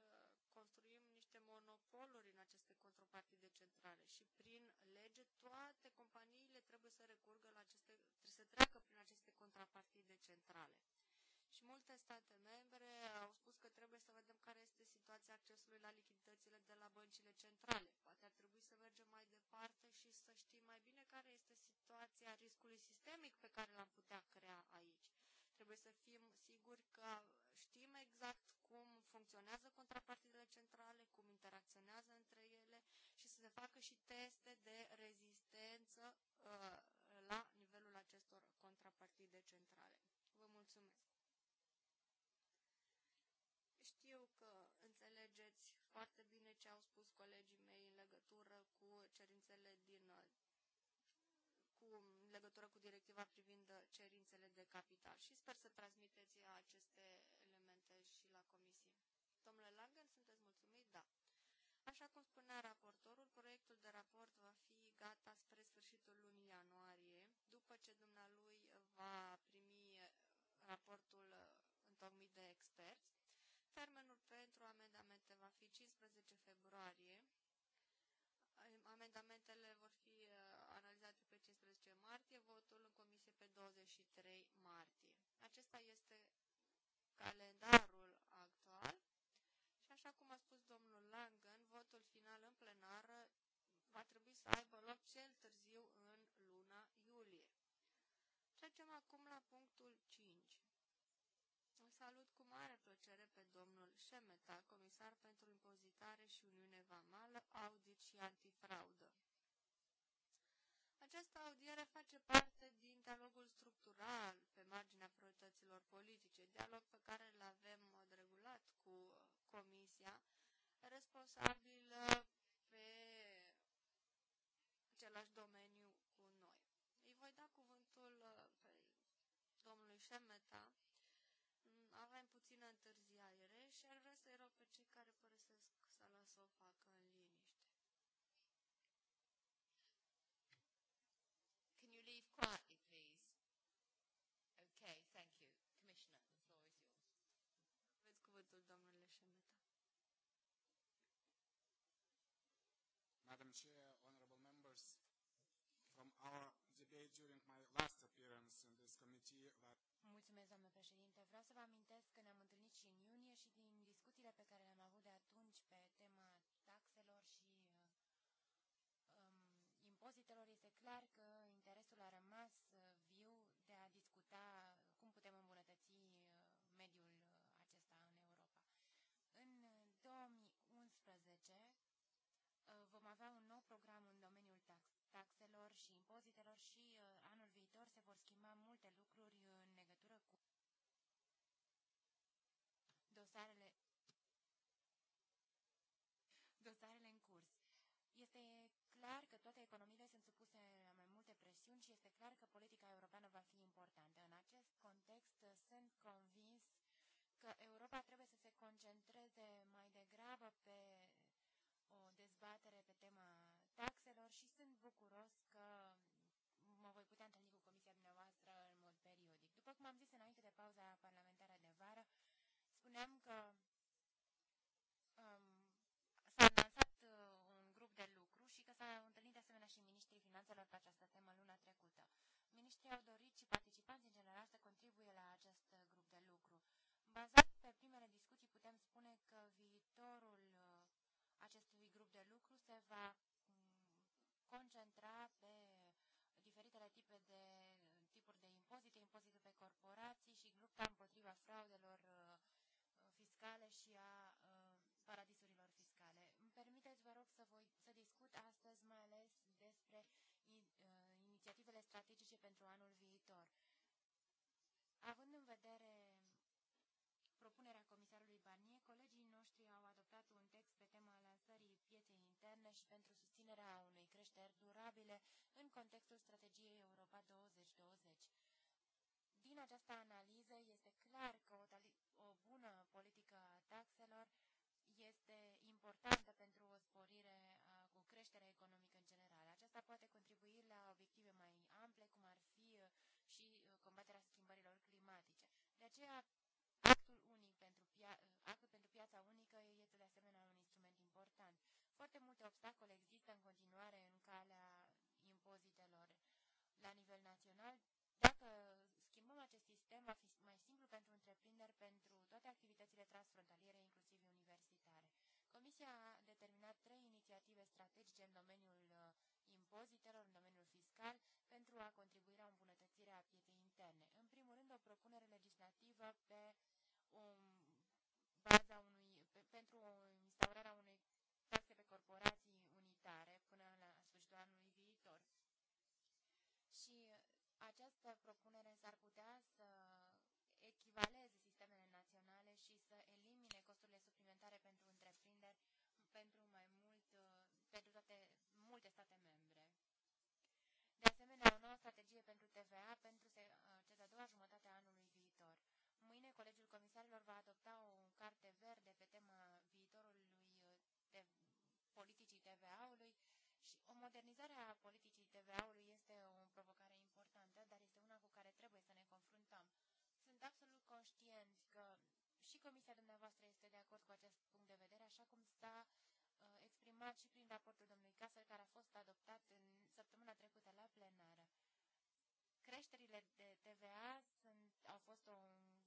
construim niște monopoluri în aceste contrapartide centrale și prin lege toate companiile trebuie să recurgă la aceste, trebuie să treacă prin aceste contrapartide centrale. Și multe state membre au spus că trebuie să vedem care este situația accesului la lichiditățile de la băncile centrale. Poate ar trebui să mergem mai departe și să știm mai bine care este situația riscului sistemic pe care l-am putea crea aici. Trebuie să fim siguri că știm exact cum funcționează contrapartidele centrale, cum interacționează între ele și să se facă și teste de rezistență uh, la nivelul acestor contrapartide centrale. Vă mulțumesc! Știu că înțelegeți foarte bine ce au spus colegii mei în legătură cu cerințele din directiva privind uh, cerințele de capital și sper să transmiteți uh, aceste elemente și la comisie. Domnule Langen, sunteți mulțumit? Da. Așa cum spunea raportorul, proiectul de raport va fi gata spre sfârșitul lunii ianuarie, după ce dumnealui va primi uh, raportul întocmit de experți. Termenul pentru amendamente va fi 15 februarie. Amendamentele vor fi e votul în comisie pe 23 martie. Acesta este calendarul actual și așa cum a spus domnul Langen, votul final în plenară va trebui să aibă loc cel târziu în luna iulie. Trecem acum la punctul 5. Îl salut cu mare plăcere pe domnul Șemeta, comisar pentru impozitare și Uniune Vamală, audit și antifraudă. Această audiere Șemeta. Mm, avem puțină întârziere și ar vrea să-i rog pe cei care părăsesc să lasă o facă în liniște. Can you leave quietly, please? Okay, thank you. Commissioner, the floor is yours. Aveți cuvântul, domnule Șemeta. Mulțumesc, doamnă președinte. Vreau să vă amintesc că ne-am întâlnit și în iunie și din discuțiile pe care le-am avut de atunci pe tema taxelor și um, impozitelor, este clar că interesul a rămas uh, viu de a discuta cum putem îmbunătăți uh, mediul uh, acesta în Europa. În 2011 vom avea un nou program în domeniul taxelor și impozitelor și anul viitor se vor schimba multe lucruri dosarele, dosarele în curs. Este clar că toate economiile sunt supuse la mai multe presiuni și este clar că politica europeană va fi importantă. În acest context, sunt convins că Europa trebuie să se concentreze mai degrabă pe o dezbatere pe tema taxelor și sunt bucuros că mă voi putea întâlni cu comisia dumneavoastră în mod periodic. După cum am zis înainte de pauza parlamentară spuneam că um, s-a lansat uh, un grup de lucru și că s au întâlnit de asemenea și ministrii finanțelor pe această temă luna trecută. Ministrii au dorit și participanții în general să contribuie la acest uh, grup de lucru. Bazat pe primele discuții putem spune că viitorul uh, acestui grup de lucru se va mm, concentra pe diferitele tipe de tipuri de impozite, impozite pe corporații și lupta împotriva fraudelor uh, fiscale și a uh, paradisurilor fiscale. Îmi permiteți, vă rog, să, voi, să discut astăzi mai ales despre in, uh, inițiativele strategice pentru anul viitor. Având în vedere propunerea comisarului Barnier, colegii noștri au adoptat un text pe tema lansării pieței interne și pentru susținerea unei creșteri durabile în contextul strategiei Europa 2020. Din această analiză este clar că o economică în general. Aceasta poate contribui la obiective mai ample, cum ar fi uh, și uh, combaterea schimbărilor climatice. De aceea, actul, unic pentru uh, actul pentru piața unică este de asemenea un instrument important. Foarte multe obstacole există în continuare în calea impozitelor la nivel național. Dacă schimbăm acest sistem, va fi mai simplu pentru întreprinderi, pentru toate activitățile transfrontaliere Comisia a determinat trei inițiative strategice în domeniul uh, impozitelor, în domeniul fiscal, pentru a contribui la îmbunătățirea pieței interne. În primul rând, o propunere legislativă pe um, baza unui, pe, pentru instaurarea unei taxe pe corporații unitare până la sfârșitul anului viitor. Și uh, această propunere s-ar putea reglementare pentru întreprinderi pentru mai mult, uh, pentru toate, multe state membre. De asemenea, o nouă strategie pentru TVA pentru uh, cea de-a doua jumătate a anului viitor. Mâine, Colegiul Comisarilor va adopta o carte verde pe tema viitorului de uh, politicii TVA-ului și o modernizare a politicii TVA-ului este o provocare importantă, dar este una cu care trebuie să ne confruntăm. Sunt absolut conștient că și comisia dumneavoastră este de acord cu acest punct de vedere, așa cum s-a uh, exprimat și prin raportul domnului Casăr, care a fost adoptat în săptămâna trecută la plenară. Creșterile de TVA sunt, au fost o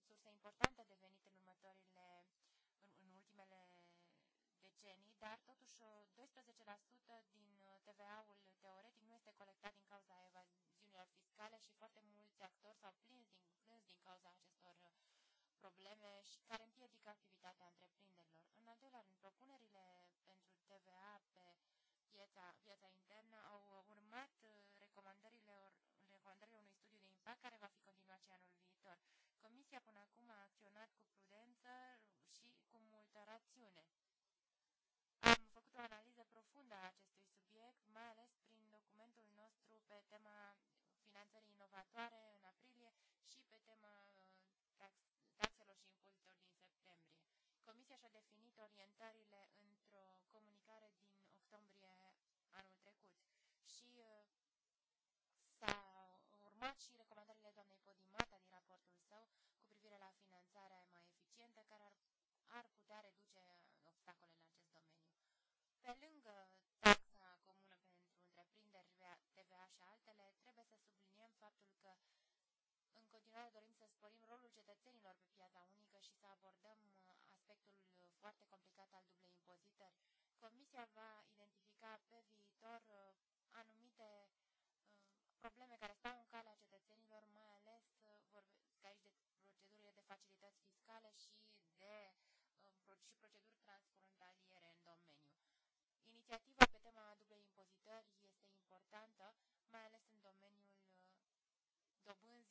sursă importantă de venit în următoarele, în, în ultimele decenii, dar totuși 12% uh, din uh, TVA-ul teoretic nu este colectat din cauza evaziunilor fiscale și foarte mulți actori s-au plâns din, din cauza acestor uh, probleme și care împiedică activitatea întreprinderilor. În al doilea rând, propunerile pentru TVA pe piața, piața internă au urmat uh, recomandările, recomandările unui studiu de impact care va fi continuat și anul viitor. Comisia până acum a acționat cu prudență și cu multă rațiune. Am făcut o analiză profundă a acestui subiect, mai ales prin documentul nostru pe tema finanțării inovatoare în aprilie și pe tema uh, tax Comisia și-a definit orientările într-o comunicare din octombrie anul trecut și uh, s-au urmat și recomandările doamnei Podimata din raportul său cu privire la finanțarea mai eficientă care ar, ar putea reduce obstacolele în acest domeniu. Pe lângă taxa comună pentru întreprinderi, TVA și altele, trebuie să subliniem faptul că în continuare dorim să sporim rolul cetățenilor pe piața unică și să abordăm uh, aspectul uh, foarte complicat al dublei impozitări. Comisia va identifica pe viitor uh, anumite uh, probleme care stau în calea cetățenilor, mai ales vorbesc aici de procedurile de facilități fiscale și de um, și proceduri transfrontaliere în domeniu. Inițiativa pe tema dublei impozitări este importantă, mai ales în domeniul dobânzii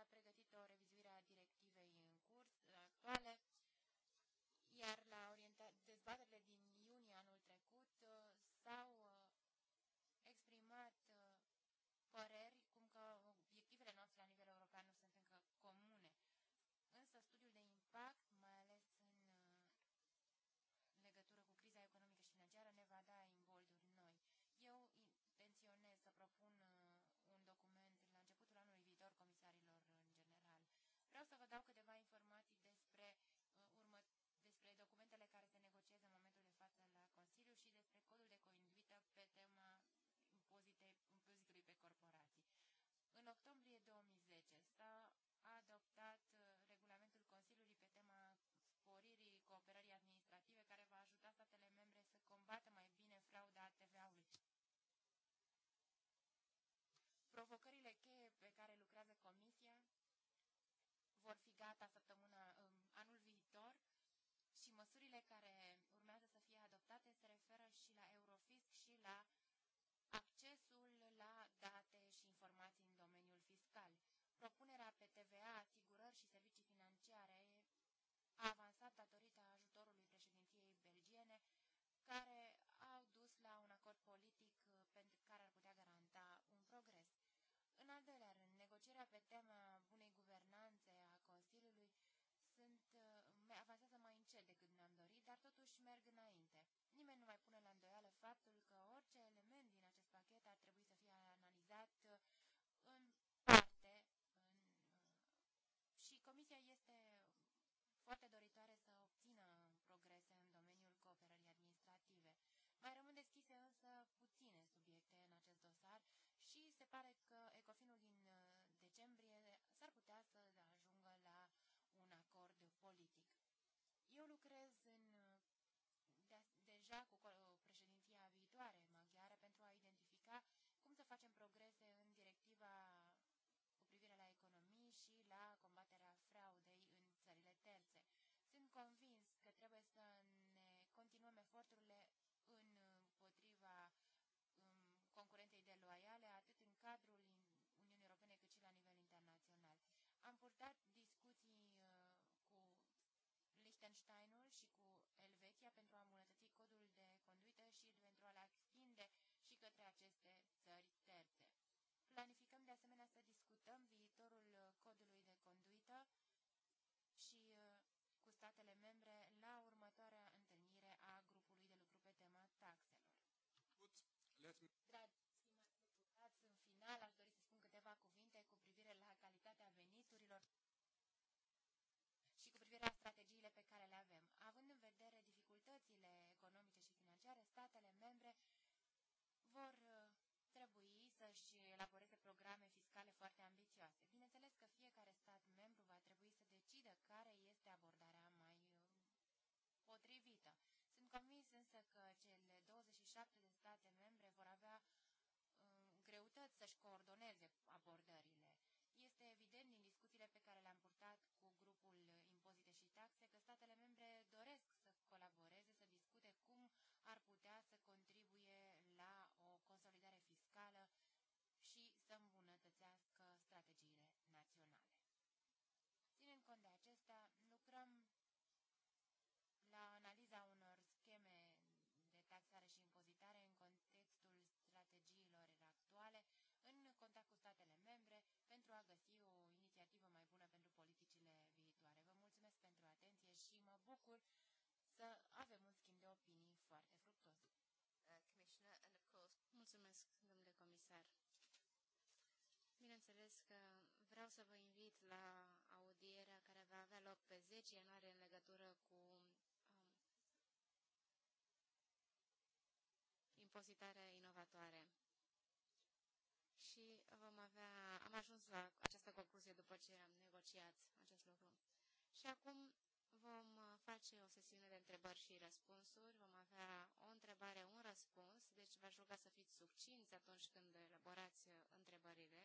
s-a pregătit o revizuire a directivei în curs actuale dau câteva informații despre, uh, urmă, despre documentele care se negociază în momentul de față la Consiliu și despre codul de conduită pe tema impozitei impozitului pe corporații. În octombrie 2010 s-a adoptat uh, regulamentul Consiliului pe tema sporirii cooperării administrative care va ajuta statele membre să combată vor fi gata săptămâna, um, anul viitor și măsurile care urmează să fie adoptate se referă și la Eurofisc și la accesul la date și informații în domeniul fiscal. Propunerea pe TVA, asigurări și servicii financiare a avansat datorită ajutorului președinției belgiene, care au dus la un acord politic uh, pentru care ar putea garanta un progres. În al doilea rând, negocierea pe tema totuși merg înainte. Nimeni nu mai pune la îndoială faptul că orice element din acest pachet ar trebui să fie analizat uh, în parte în, uh, și Comisia este foarte doritoare să obțină progrese în domeniul cooperării administrative. Mai rămân deschise însă puține subiecte în acest dosar și se pare că Ecofinul din uh, decembrie s-ar putea să ajungă la un acord politic. Eu lucrez deja cu uh, președinția viitoare maghiară pentru a identifica cum să facem progrese în directiva cu privire la economii și la combaterea fraudei în țările terțe. Sunt convins că trebuie să ne continuăm eforturile în împotriva um, concurenței de deloiale, atât în cadrul Uniunii Europene cât și la nivel internațional. Am purtat discuții uh, cu Liechtensteinul și cu și pentru a le extinde și către aceste țări terțe. Planificăm de asemenea să discutăm viitorul codului de conduită financiare, statele membre vor uh, trebui să-și elaboreze programe fiscale foarte ambițioase. Bineînțeles că fiecare stat membru va trebui să decidă care este abordarea mai uh, potrivită. Sunt convins însă că cele 27 de state membre vor avea uh, greutăți să-și coordoneze abordările. Este evident din discuțiile pe care le-am purtat cu grupul impozite și taxe că statele membre acestea lucrăm la analiza unor scheme de taxare și impozitare în contextul strategiilor actuale, în contact cu statele membre, pentru a găsi o inițiativă mai bună pentru politicile viitoare. Vă mulțumesc pentru atenție și mă bucur să avem un schimb de opinii foarte fructos. Uh, mulțumesc, domnule comisar. Bineînțeles că vreau să vă invit la va avea loc pe 10 ianuarie în legătură cu um, impozitarea inovatoare. Și vom avea, am ajuns la această concluzie după ce am negociat acest lucru. Și acum vom uh, face o sesiune de întrebări și răspunsuri, vom avea o întrebare, un răspuns, deci v-aș ruga să fiți succinți atunci când elaborați uh, întrebările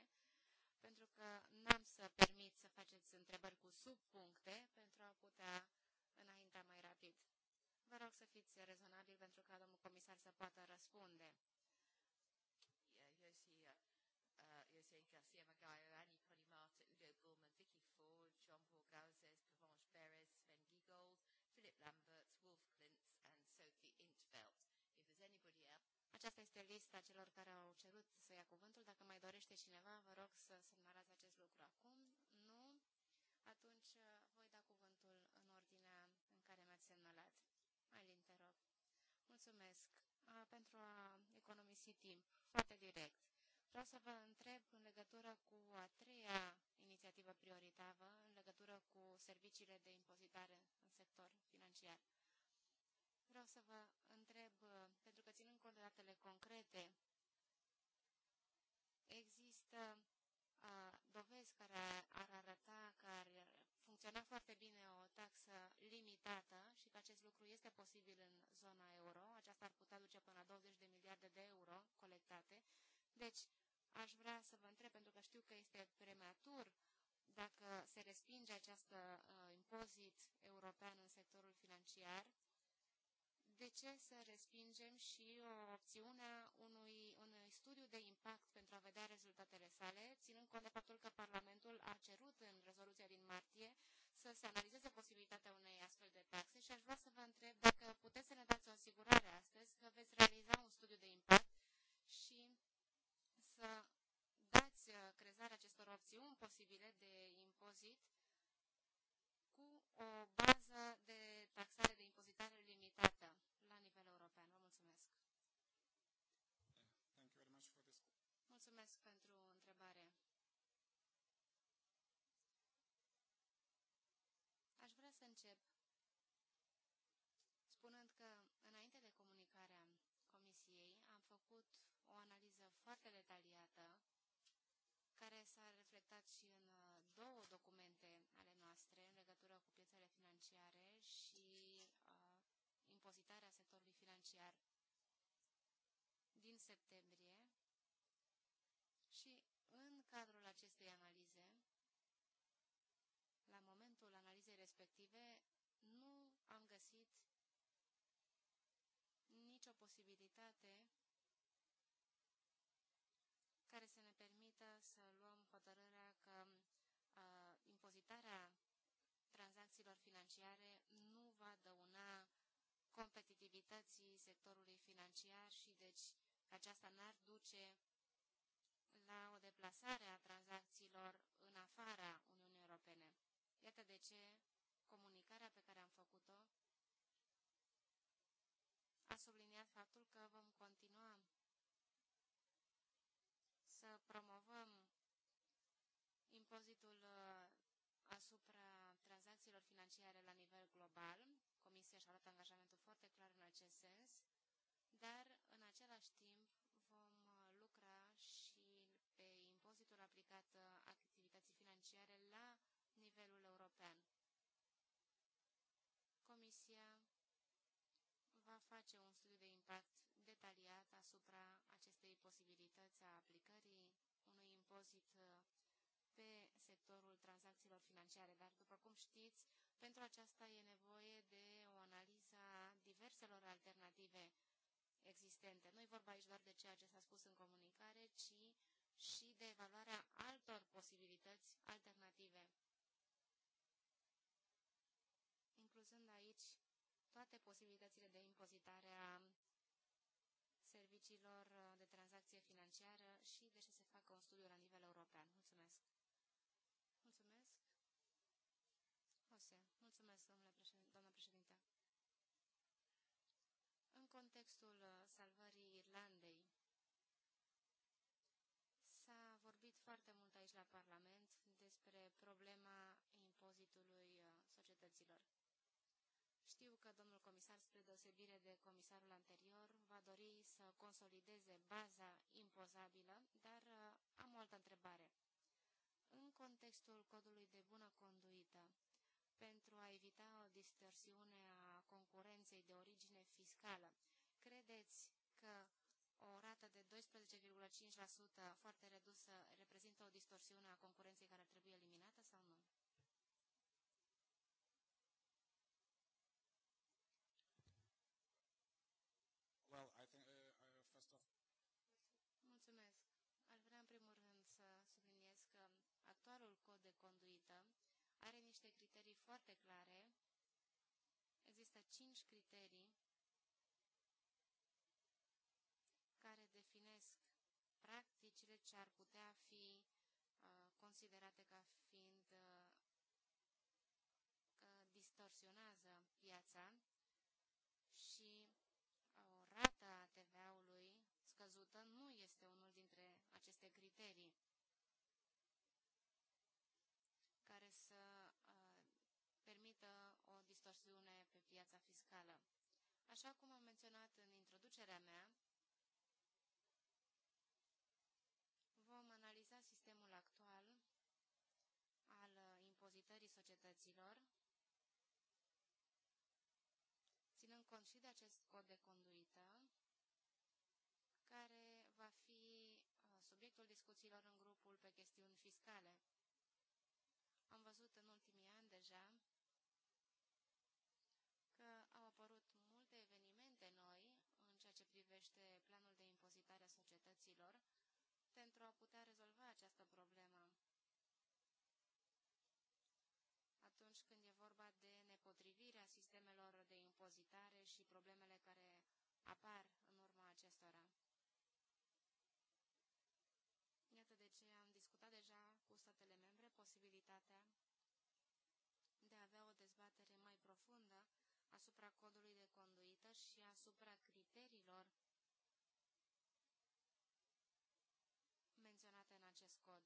pentru că n-am să permit să faceți întrebări cu subpuncte pentru a putea înainta mai rapid. Vă rog să fiți rezonabil pentru ca domnul comisar să poată răspunde. lista celor care au cerut să ia cuvântul. Dacă mai dorește cineva, vă rog să semnalați acest lucru acum. Nu? Atunci uh, voi da cuvântul în ordinea în care mi-ați semnalat. Alin, te rog. Mulțumesc. A, uh, pentru a economisi timp, foarte direct. Vreau să vă întreb în legătură cu a treia inițiativă prioritară, în legătură cu serviciile de impozitare în sector financiar vreau să vă întreb, uh, pentru că ținând cont de datele concrete, există uh, dovezi care ar arăta că ar funcționa foarte bine o taxă limitată și că acest lucru este posibil în zona euro. Aceasta ar putea duce până la 20 de miliarde de euro colectate. Deci, aș vrea să vă întreb, pentru că știu că este prematur dacă se respinge acest uh, impozit european în sectorul financiar, de ce să respingem și uh, opțiunea unui, unui studiu de impact pentru a vedea rezultatele sale, ținând cont de faptul că Parlamentul a cerut în rezoluția din martie să se analizeze posibilitatea unei astfel de taxe și aș vrea să vă întreb dacă puteți să ne dați o asigurare astăzi că veți realiza un studiu de impact și să dați uh, crezarea acestor opțiuni posibile de impozit cu o bază de taxare mulțumesc pentru întrebare. Aș vrea să încep spunând că, înainte de comunicarea Comisiei, am făcut o analiză foarte detaliată, care s-a reflectat și în uh, două documente ale noastre în legătură cu piețele financiare și uh, impozitarea sectorului financiar din septembrie motive, nu am găsit nicio posibilitate care să ne permită să luăm hotărârea că uh, impozitarea tranzacțiilor financiare nu va dăuna competitivității sectorului financiar și deci aceasta n-ar duce la o deplasare a tranzacțiilor în afara Uniunii Europene. Iată de ce comunicarea pe care am făcut-o a subliniat faptul că vom continua să promovăm impozitul uh, asupra tranzacțiilor financiare la nivel global. Comisia și-a luat angajamentul foarte clar în acest sens, dar în același timp vom uh, lucra și pe impozitul aplicat uh, face un studiu de impact detaliat asupra acestei posibilități a aplicării unui impozit uh, pe sectorul tranzacțiilor financiare, dar, după cum știți, pentru aceasta e nevoie de o analiză a diverselor alternative existente. Nu e vorba aici doar de ceea ce s-a spus în comunicare, ci și de evaluarea altor posibilități alternative. toate posibilitățile de impozitare a serviciilor de tranzacție financiară și de ce se facă un studiu la nivel european. Mulțumesc! Mulțumesc! Jose, mulțumesc, domnule președinte, doamna președinte. În contextul uh, salvării Irlandei, s-a vorbit foarte mult aici la Parlament despre problema impozitului uh, societăților. Știu că domnul comisar, spre deosebire de comisarul anterior, va dori să consolideze baza impozabilă, dar uh, am o altă întrebare. În contextul codului de bună conduită, pentru a evita o distorsiune a concurenței de origine fiscală, credeți că o rată de 12,5% foarte redusă reprezintă o distorsiune a concurenței care trebuie eliminată sau nu? are niște criterii foarte clare. Există cinci criterii care definesc practicile ce ar putea fi uh, considerate ca fiind uh, că distorsionează piața și o uh, rata TVA-ului scăzută nu este unul dintre aceste criterii. convergența fiscală. Așa cum am menționat în introducerea mea, vom analiza sistemul actual al impozitării societăților, ținând cont și de acest cod de conduită, care va fi uh, subiectul discuțiilor în grupul pe chestiuni fiscale. Am văzut în ultimii ani deja țărilor pentru a putea rezolva această problemă. Atunci când e vorba de nepotrivirea sistemelor de impozitare și problemele care apar în urma acestora. Iată de ce am discutat deja cu statele membre posibilitatea de a avea o dezbatere mai profundă asupra codului de conduită și asupra criteriilor acest cod.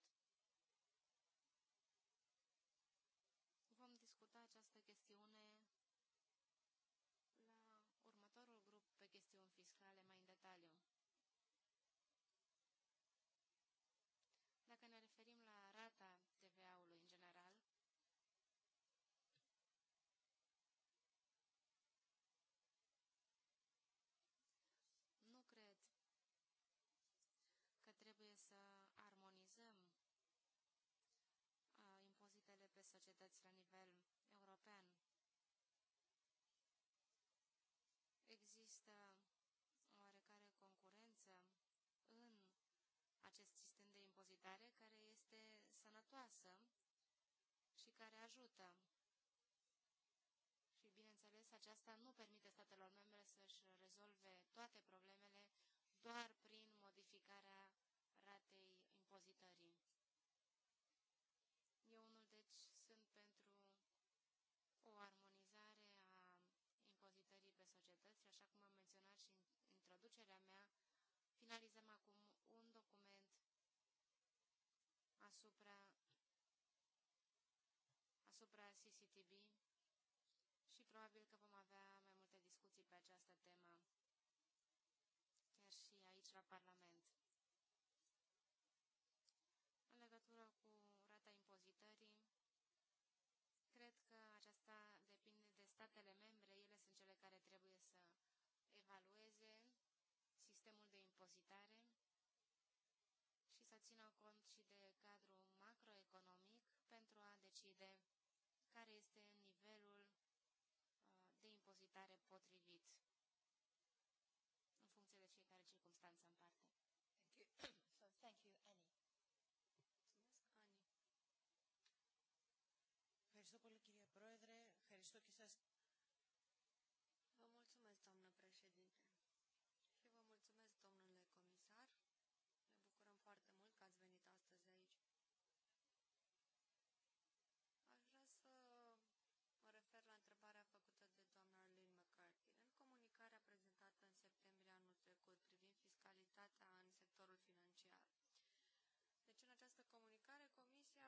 acest sistem de impozitare care este sănătoasă și care ajută. Și, bineînțeles, aceasta nu permite statelor membre să-și rezolve toate problemele doar prin modificarea ratei impozitării. Eu unul, deci, sunt pentru o armonizare a impozitării pe societăți, așa cum am menționat și în introducerea mea, Finalizăm acum un document asupra, asupra CCTB și probabil că vom avea mai multe discuții pe această temă chiar și aici la Parlament. impozitare și să țină cont și de cadrul macroeconomic pentru a decide care este nivelul uh, de impozitare potrivit în funcție de fiecare circunstanță în parte. Thank you, Annie. Annie. Ευχαριστώ πολύ κυρία Πρόεδρε. Ευχαριστώ και σας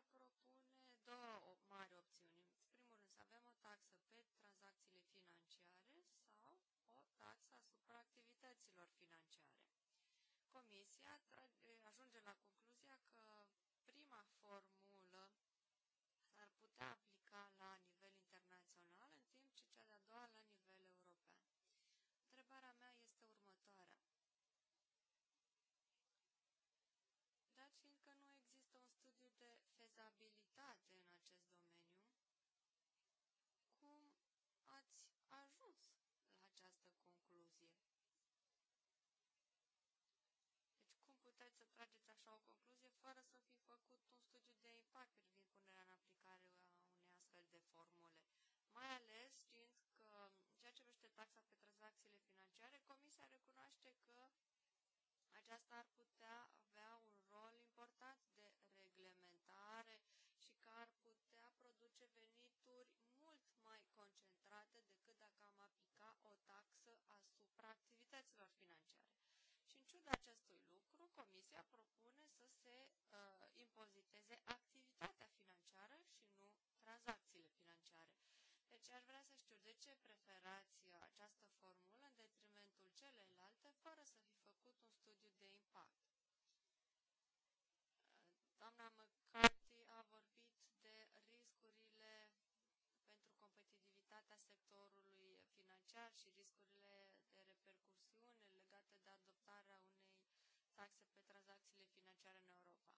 Comisia propune două mari opțiuni. Primul rând, să avem o taxă pe tranzacțiile financiare sau o taxă asupra activităților financiare. Comisia ajunge la trageți așa o concluzie fără să fi făcut un studiu de impact privind punerea în aplicare a unei astfel de formule. Mai ales știind că, ceea ce privește taxa pe tranzacțiile financiare, Comisia recunoaște că aceasta ar putea virtud acestui lucru, Comisia propune să se uh, impoziteze activitatea financiară și nu tranzacțiile financiare. Deci ar vrea să știu de ce preferați această formulă în detrimentul celelalte, fără să fi făcut un studiu de impact. Doamna McCarthy a vorbit de riscurile pentru competitivitatea sectorului financiar și riscurile de repercursiune adoptarea unei taxe pe tranzacțiile financiare în Europa.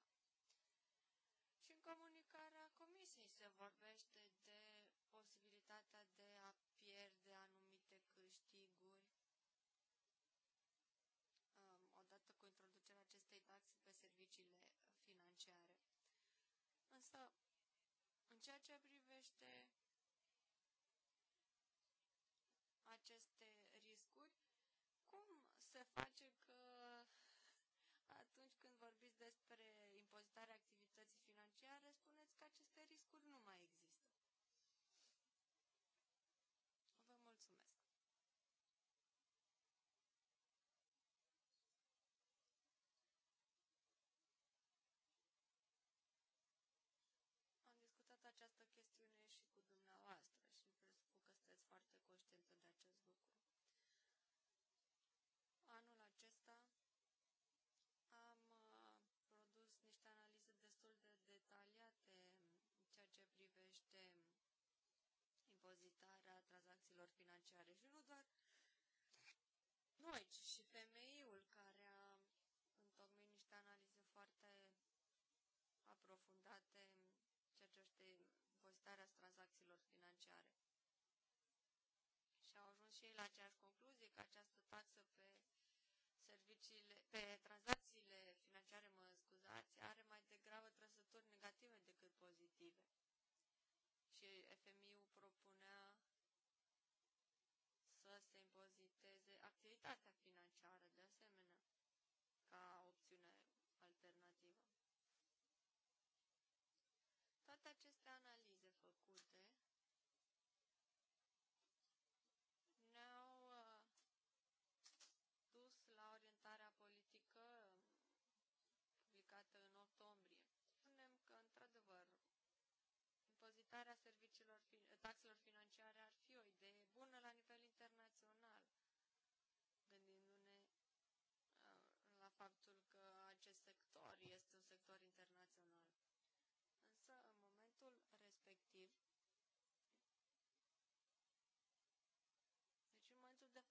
Și în comunicarea Comisiei se vorbește de posibilitatea de a pierde anumite câștiguri um, odată cu introducerea acestei taxe pe serviciile financiare. Însă, în ceea ce privește acest privește impozitarea tranzacțiilor financiare și nu doar noi, ci și femeiul care a întocmit niște analize foarte aprofundate ceea ce este impozitarea tranzacțiilor financiare. Și au ajuns și ei la aceeași concluzie că această taxă pe serviciile, pe tranzacții toate aceste analize făcute ne-au uh, dus la orientarea politică publicată în octombrie. Spunem că, într-adevăr, impozitarea serviciilor, taxelor financiare ar fi o idee bună la nivel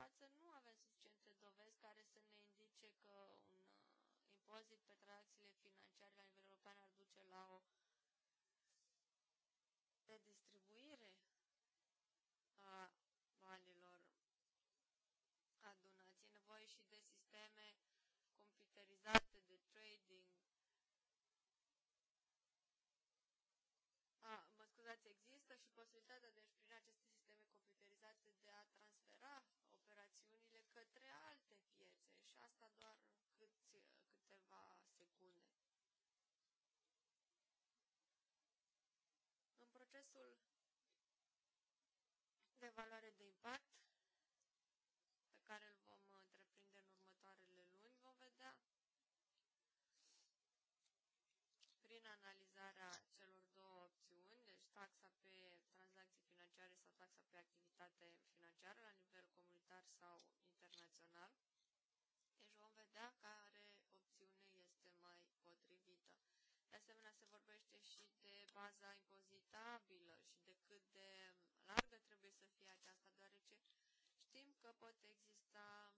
față nu avem suficiente dovezi care să ne indice că un uh, impozit pe tranzacțiile financiare la nivel european ar duce la o procesul de valoare de impact pe care îl vom întreprinde în următoarele luni, vom vedea prin analizarea celor două opțiuni, deci taxa pe tranzacții financiare sau taxa pe activitate financiară la nivel comunitar sau internațional. Deci vom vedea care opțiune este mai potrivită. De asemenea, se vorbește și de baza impozitabilă pot exista um,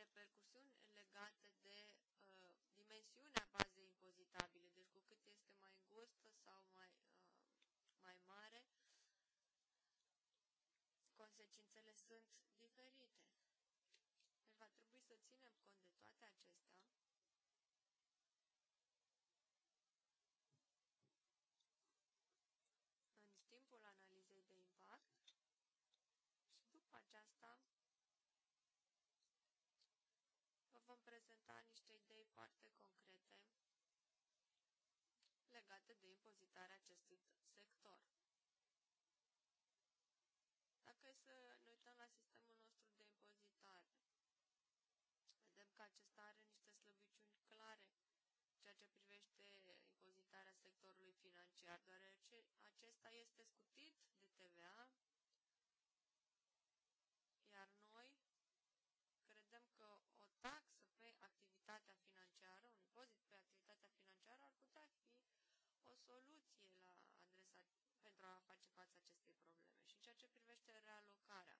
repercusiuni legate de uh, dimensiunea bazei impozitabile, deci cu cât este mai îngustă sau mai, uh, mai mare, consecințele sunt diferite. Deci va trebui să ținem cont de toate acestea foarte concrete legate de impozitarea acestui sector. Dacă e să ne uităm la sistemul nostru de impozitare, vedem că acesta are niște slăbiciuni clare ceea ce privește impozitarea sectorului financiar, deoarece acesta este scutit soluție la adresa pentru a face față acestei probleme. Și în ceea ce privește realocarea,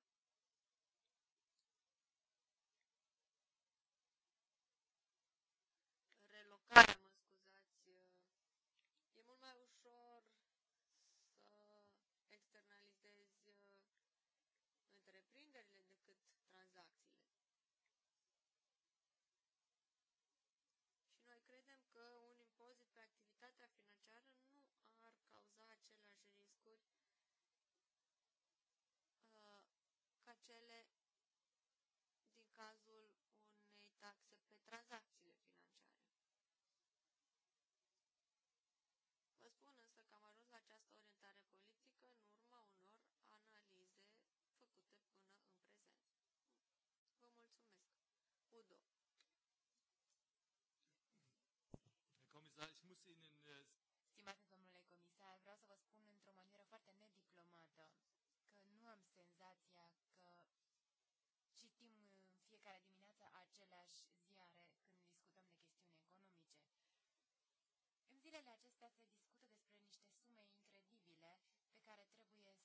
acestea se discută despre niște sume incredibile pe care trebuie să le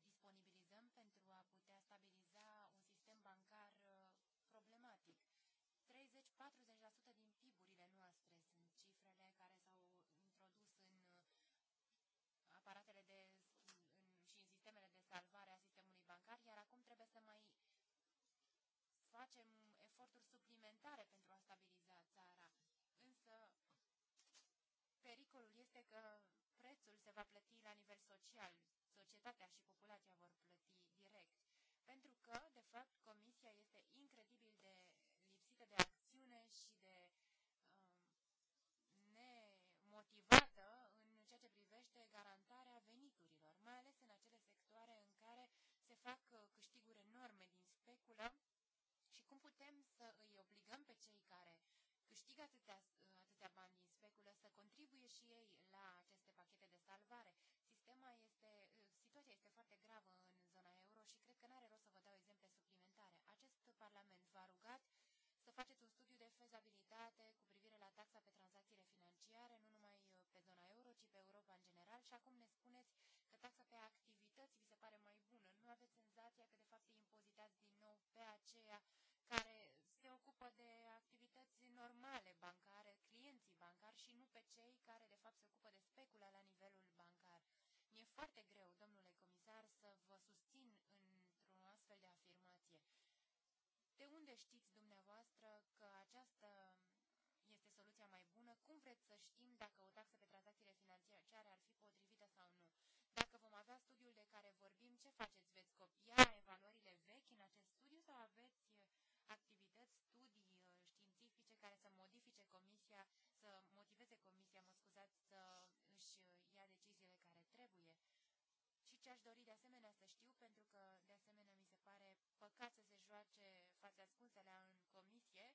disponibilizăm pentru a putea stabiliza un sistem bancar uh, problematic. 30-40% din PIB-urile noastre sunt cifrele care s-au introdus în uh, aparatele de, în, și în sistemele de salvare a sistemului bancar, iar acum trebuie să mai facem eforturi suplimentare pentru este că prețul se va plăti la nivel social. Societatea și populația vor plăti direct. Pentru că, de fapt, Comisia este incredibil de lipsită de acțiune și de uh, nemotivată în ceea ce privește garantarea veniturilor, mai ales în acele sectoare în care se fac uh, câștiguri enorme din speculă și cum putem să îi obligăm pe cei care câștigă atâtea uh, atâția bani din speculă să contribuie și ei la aceste pachete de salvare. Sistema este, uh, situația este foarte gravă în zona euro și cred că n-are rost să vă dau exemple suplimentare. Acest Parlament v-a rugat să faceți un studiu de fezabilitate cu privire la taxa pe tranzacțiile financiare, nu numai uh, pe zona euro, ci pe Europa în general și acum ne spuneți că taxa pe activități vi se pare mai bună. Nu aveți senzația că de fapt îi impozitați din nou pe aceea care se ocupă de activități normale, nu pe cei care, de fapt, se ocupă de specula la nivelul bancar. Mi-e foarte greu, domnule comisar, să vă susțin într-o astfel de afirmație. De unde știți dumneavoastră că această este soluția mai bună? Cum vreți să știm dacă o taxă pe tranzacțiile financiare ar fi potrivită sau nu? Dacă vom avea studiul de care vorbim, ce faceți? Veți copii? aș dori de asemenea să știu, pentru că de asemenea mi se pare păcat să se joace fața ascunselea în comisie,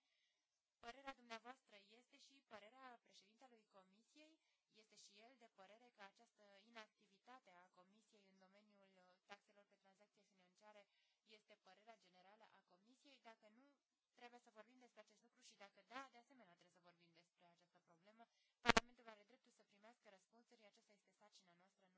părerea dumneavoastră este și părerea președintelui comisiei, este și el de părere că această inactivitate a comisiei în domeniul taxelor pe tranzacții financiare este părerea generală a comisiei, dacă nu, trebuie să vorbim despre acest lucru și dacă da, de asemenea trebuie să vorbim despre această problemă. Parlamentul are dreptul să primească răspunsuri, aceasta este sacina noastră în numele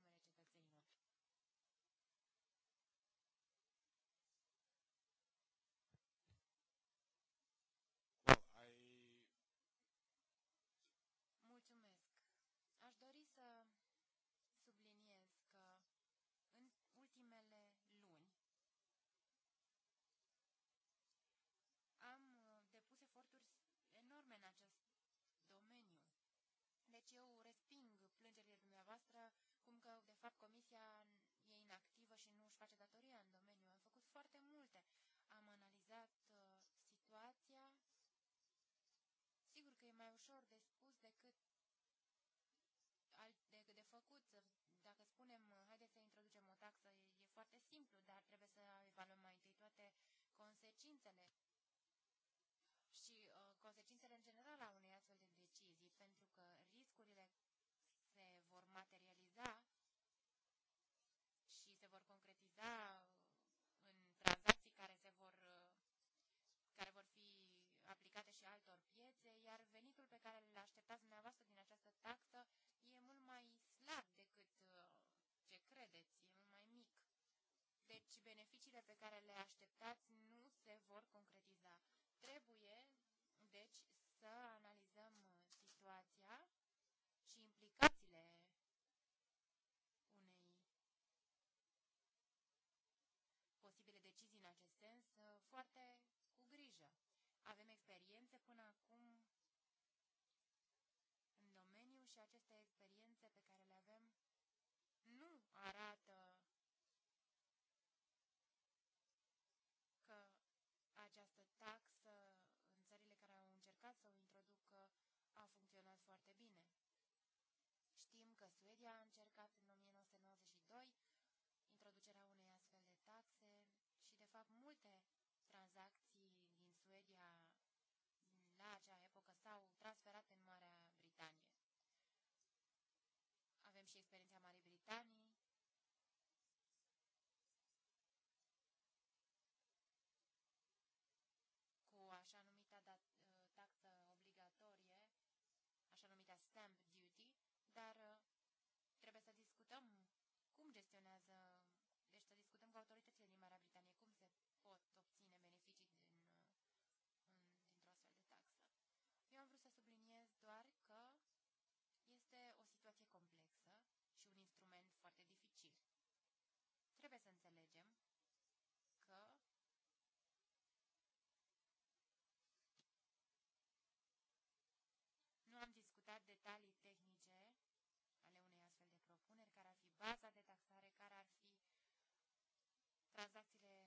Deci eu resping plângerile dumneavoastră, cum că, de fapt, comisia e inactivă și nu își face datoria în domeniu. Am făcut foarte multe. Am analizat uh, situația. Sigur că e mai ușor de spus decât de, de făcut. Dacă spunem, uh, haideți să introducem o taxă, e, e foarte simplu, dar trebuie să evaluăm mai întâi toate consecințele și uh, consecințele în general a unei venitul pe care îl așteptați dumneavoastră din această taxă e mult mai slab decât uh, ce credeți, e mult mai mic. Deci beneficiile pe care le așteptați nu se vor concretiza. Trebuie, deci, să analizăm uh, situația și implicațiile unei posibile decizii în acest sens uh, foarte cu grijă. Avem experiențe până acum și aceste experiențe pe care le avem nu arată că această taxă în țările care au încercat să o introducă a funcționat foarte bine. Știm că Suedia a încercat în 1992 introducerea unei astfel de taxe și, de fapt, multe tranzacții din Suedia la acea epocă s-au experiența Marii Britanii, cu așa numita dat, uh, taxă obligatorie, așa numita stamp duty, dar uh, trebuie să discutăm cum gestionează, deci să discutăm cu autoritățile din Marea Britanie baza de taxare, care ar fi tranzacțiile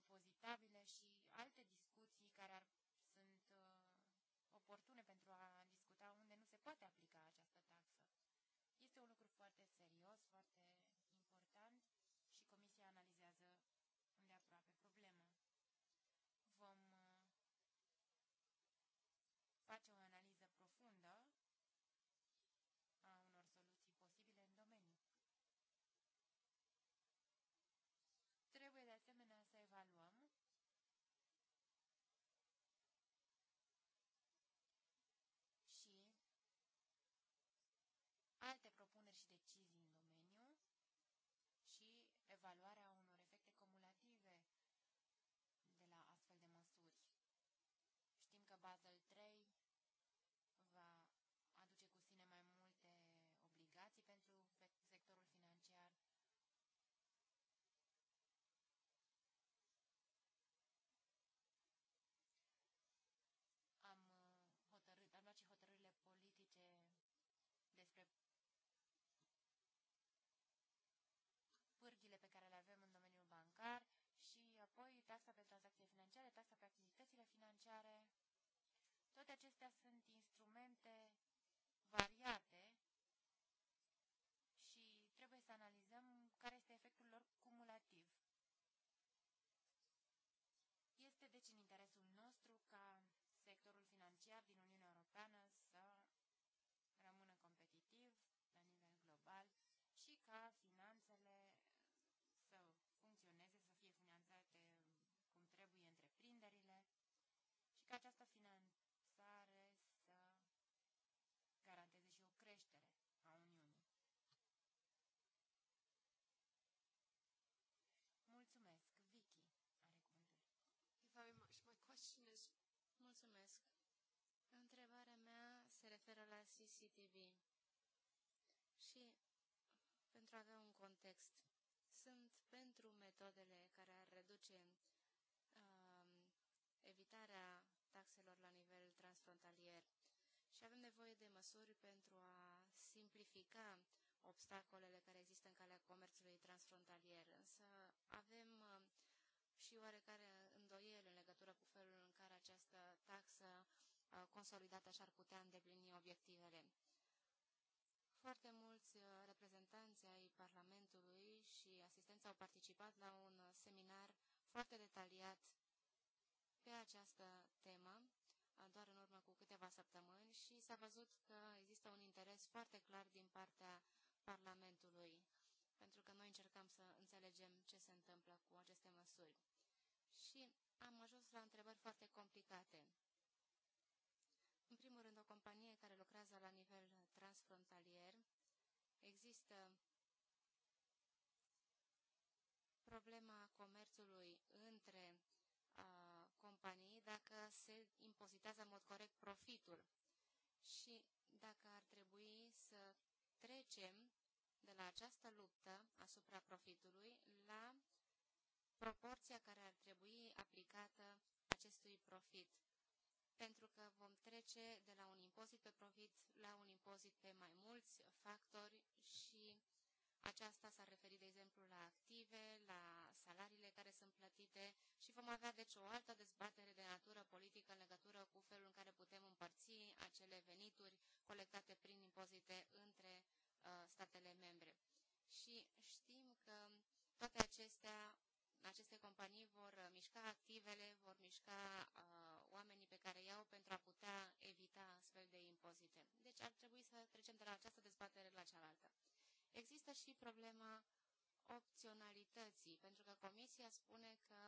impozitabile și alte discuții care ar, sunt uh, oportune pentru a discuta unde nu se poate aplica această taxă. Este un lucru foarte serios, foarte acestea sunt instrumente variate și trebuie să analizăm care este efectul lor cumulativ. Este deci în interesul nostru ca sectorul financiar din Uniunea Europeană referă la CCTV și pentru a avea un context. Sunt pentru metodele care ar reduce uh, evitarea taxelor la nivel transfrontalier și avem nevoie de măsuri pentru a simplifica obstacolele care există în calea comerțului transfrontalier, însă avem uh, și oarecare îndoieli în legătură cu felul în care această taxă consolidată și ar putea îndeplini obiectivele. Foarte mulți uh, reprezentanți ai Parlamentului și asistenți au participat la un seminar foarte detaliat pe această temă, doar în urmă cu câteva săptămâni, și s-a văzut că există un interes foarte clar din partea Parlamentului, pentru că noi încercăm să înțelegem ce se întâmplă cu aceste măsuri. Și am ajuns la întrebări foarte complicate. lucrează la nivel uh, transfrontalier. Există problema comerțului între a, uh, companii dacă se impozitează în mod corect profitul și dacă ar trebui să trecem de la această luptă asupra profitului la proporția care ar trebui aplicată acestui profit pentru că vom trece de la un impozit pe profit la un impozit pe mai mulți factori și aceasta s a referit de exemplu, la active, la salariile care sunt plătite și vom avea, deci, o altă dezbatere de natură politică în legătură cu felul în care putem împărți acele venituri colectate prin impozite între uh, statele membre. Și știm că toate acestea, aceste companii vor uh, mișca activele, vor mișca uh, oamenii pe care iau pentru a putea evita astfel de impozite. Deci ar trebui să trecem de la această dezbatere la cealaltă. Există și problema opționalității, pentru că Comisia spune că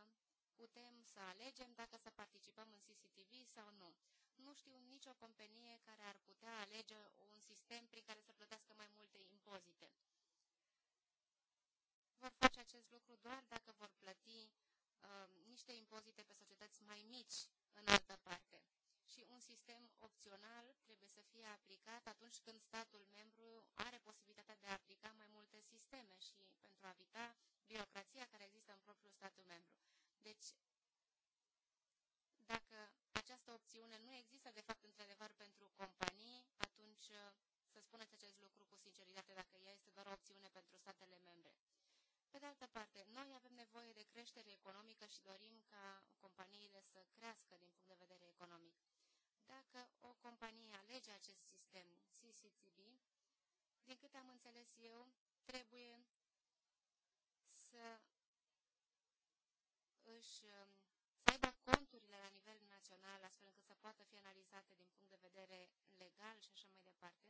putem să alegem dacă să participăm în CCTV sau nu. Nu știu nicio companie care ar putea alege un sistem prin care să plătească mai multe impozite. Vor face acest lucru doar dacă vor plăti Um, niște impozite pe societăți mai mici în altă parte. Și un sistem opțional trebuie să fie aplicat atunci când statul membru are posibilitatea de a aplica mai multe sisteme și pentru a evita birocrația care există în propriul statul membru. Deci, dacă această opțiune nu există, de fapt, într-adevăr, pentru companii, atunci uh, să spuneți acest lucru cu sinceritate dacă ea este doar o opțiune pentru statele membre. Pe de altă parte, noi avem nevoie de creștere economică și dorim ca companiile să crească din punct de vedere economic. Dacă o companie alege acest sistem CCTB, din câte am înțeles eu, trebuie să își să aibă conturile la nivel național, astfel încât să poată fi analizate din punct de vedere legal și așa mai departe.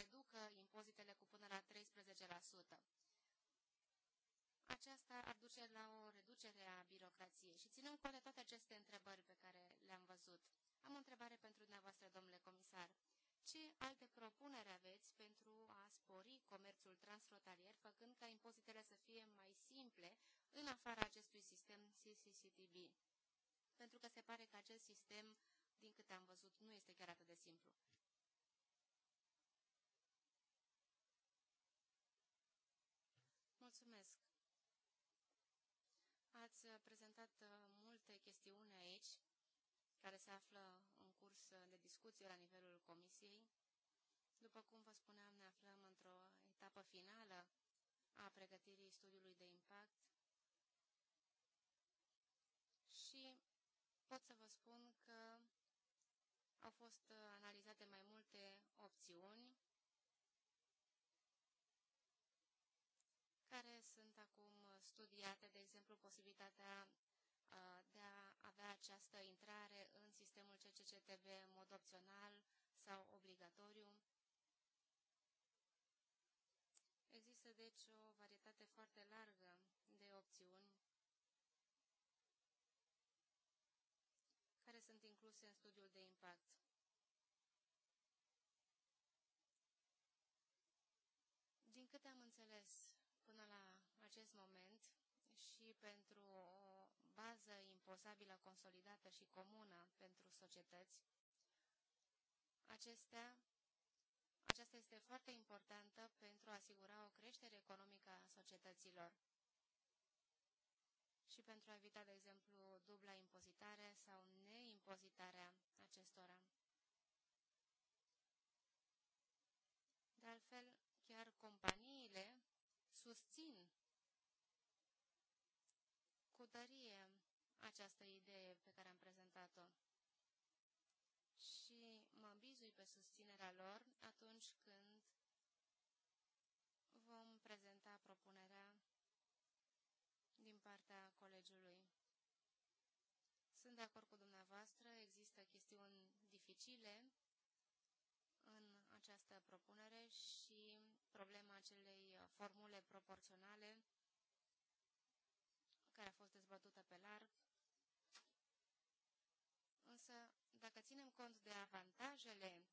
reducă impozitele cu până la 13%. Aceasta ar duce la o reducere a birocrației și ținând cont de toate aceste întrebări pe care le-am văzut. Am o întrebare pentru dumneavoastră, domnule comisar. Ce alte propuneri aveți pentru a spori comerțul transfrontalier, făcând ca impozitele să fie mai simple în afara acestui sistem CCCTB? Pentru că se pare că acest sistem, din câte am văzut, nu este chiar atât de simplu. prezentat uh, multe chestiuni aici, care se află în curs uh, de discuție la nivelul comisiei. După cum vă spuneam, ne aflăm într-o etapă finală a pregătirii studiului de impact și pot să vă spun că au fost uh, analizate mai multe opțiuni care sunt acum studiate, de exemplu, posibilitatea de a avea această intrare în sistemul CCCTV în mod opțional sau obligatoriu. Există deci o varietate foarte largă de opțiuni care sunt incluse în studiul de impact. Din câte am înțeles până la acest moment și pentru o bază imposabilă consolidată și comună pentru societăți, acestea, aceasta este foarte importantă pentru a asigura o creștere economică a societăților și pentru a evita, de exemplu, dubla impozitare sau neimpozitarea acestora. De altfel, această idee pe care am prezentat-o și mă bizui pe susținerea lor atunci când vom prezenta propunerea din partea colegiului. Sunt de acord cu dumneavoastră, există chestiuni dificile în această propunere și problema acelei formule proporționale care a fost dezbătută pe larg Însă, dacă ținem cont de avantajele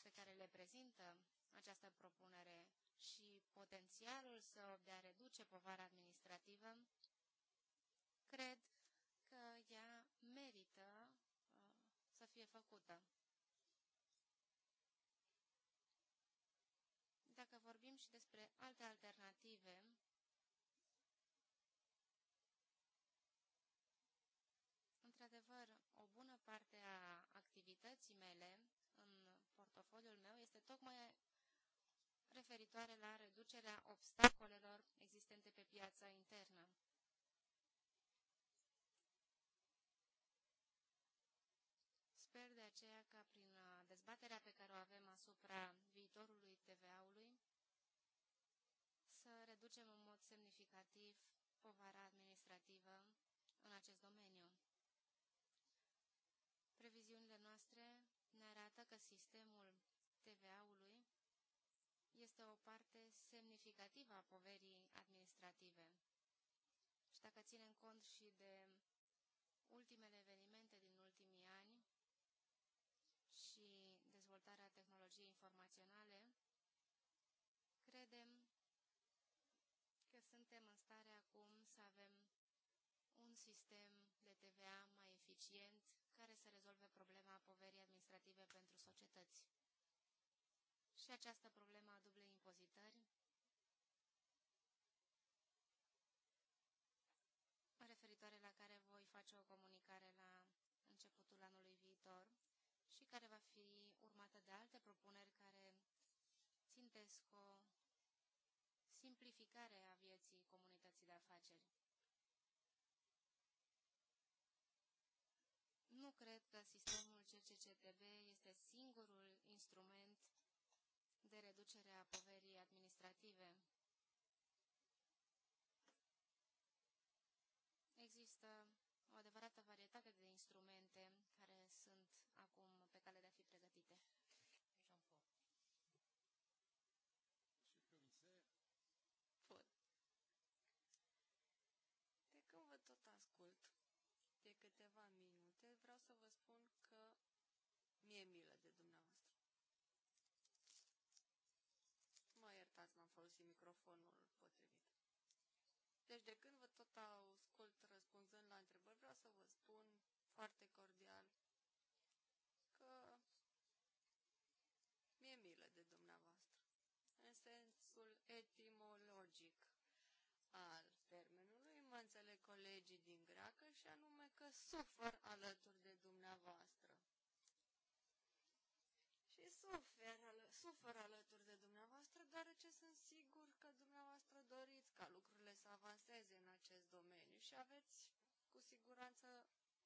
pe care le prezintă această propunere și potențialul său de a reduce povara administrativă, cred că ea merită uh, să fie făcută. Dacă vorbim și despre alte alternative, tocmai referitoare la reducerea obstacolelor existente pe piața internă. Sper de aceea ca prin uh, dezbaterea pe care o avem asupra viitorului TVA-ului să reducem în mod semnificativ povara administrativă în acest domeniu. Previziunile noastre ne arată că sistemul TVA-ului este o parte semnificativă a poverii administrative. Și dacă ținem cont și de ultimele evenimente din ultimii ani și dezvoltarea tehnologiei informaționale, credem că suntem în stare acum să avem un sistem de TVA mai eficient care să rezolve problema poverii administrative pentru societăți și această problemă a dublei impozitări referitoare la care voi face o comunicare la începutul anului viitor și care va fi urmată de alte propuneri care țintesc o simplificare a vieții comunității de afaceri. Nu cred că sistemul CCCTB este singurul instrument de reducerea a poverii administrative. Există o adevărată varietate de instrumente care sunt acum pe cale de a fi pregătite. tot ascult de câteva minute, vreau să vă spun că mi-e milă. folosi microfonul potrivit. Deci de când vă tot ascult răspunzând la întrebări, vreau să vă spun foarte cordial că mi-e milă de dumneavoastră. În sensul etimologic al termenului, mă înțeleg colegii din greacă și anume că sufăr alături de dumneavoastră. Și sufer, ală, sufăr alături de dumneavoastră, deoarece sunt dacă dumneavoastră doriți ca lucrurile să avanseze în acest domeniu și aveți cu siguranță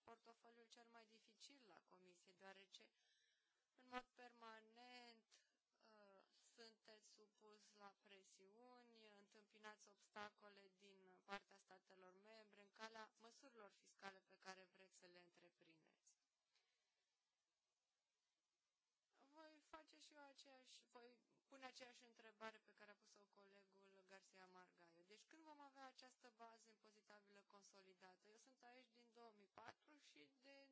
portofoliul cel mai dificil la comisie, deoarece în mod permanent uh, sunteți supus la presiuni, întâmpinați obstacole din partea statelor membre în calea măsurilor fiscale pe care vreți să le întreprindeți. Voi face și eu aceeași, voi pune aceeași întrebare pe care a pus-o colegul Garcia Margaiu. Deci când vom avea această bază impozitabilă consolidată? Eu sunt aici din 2004 și de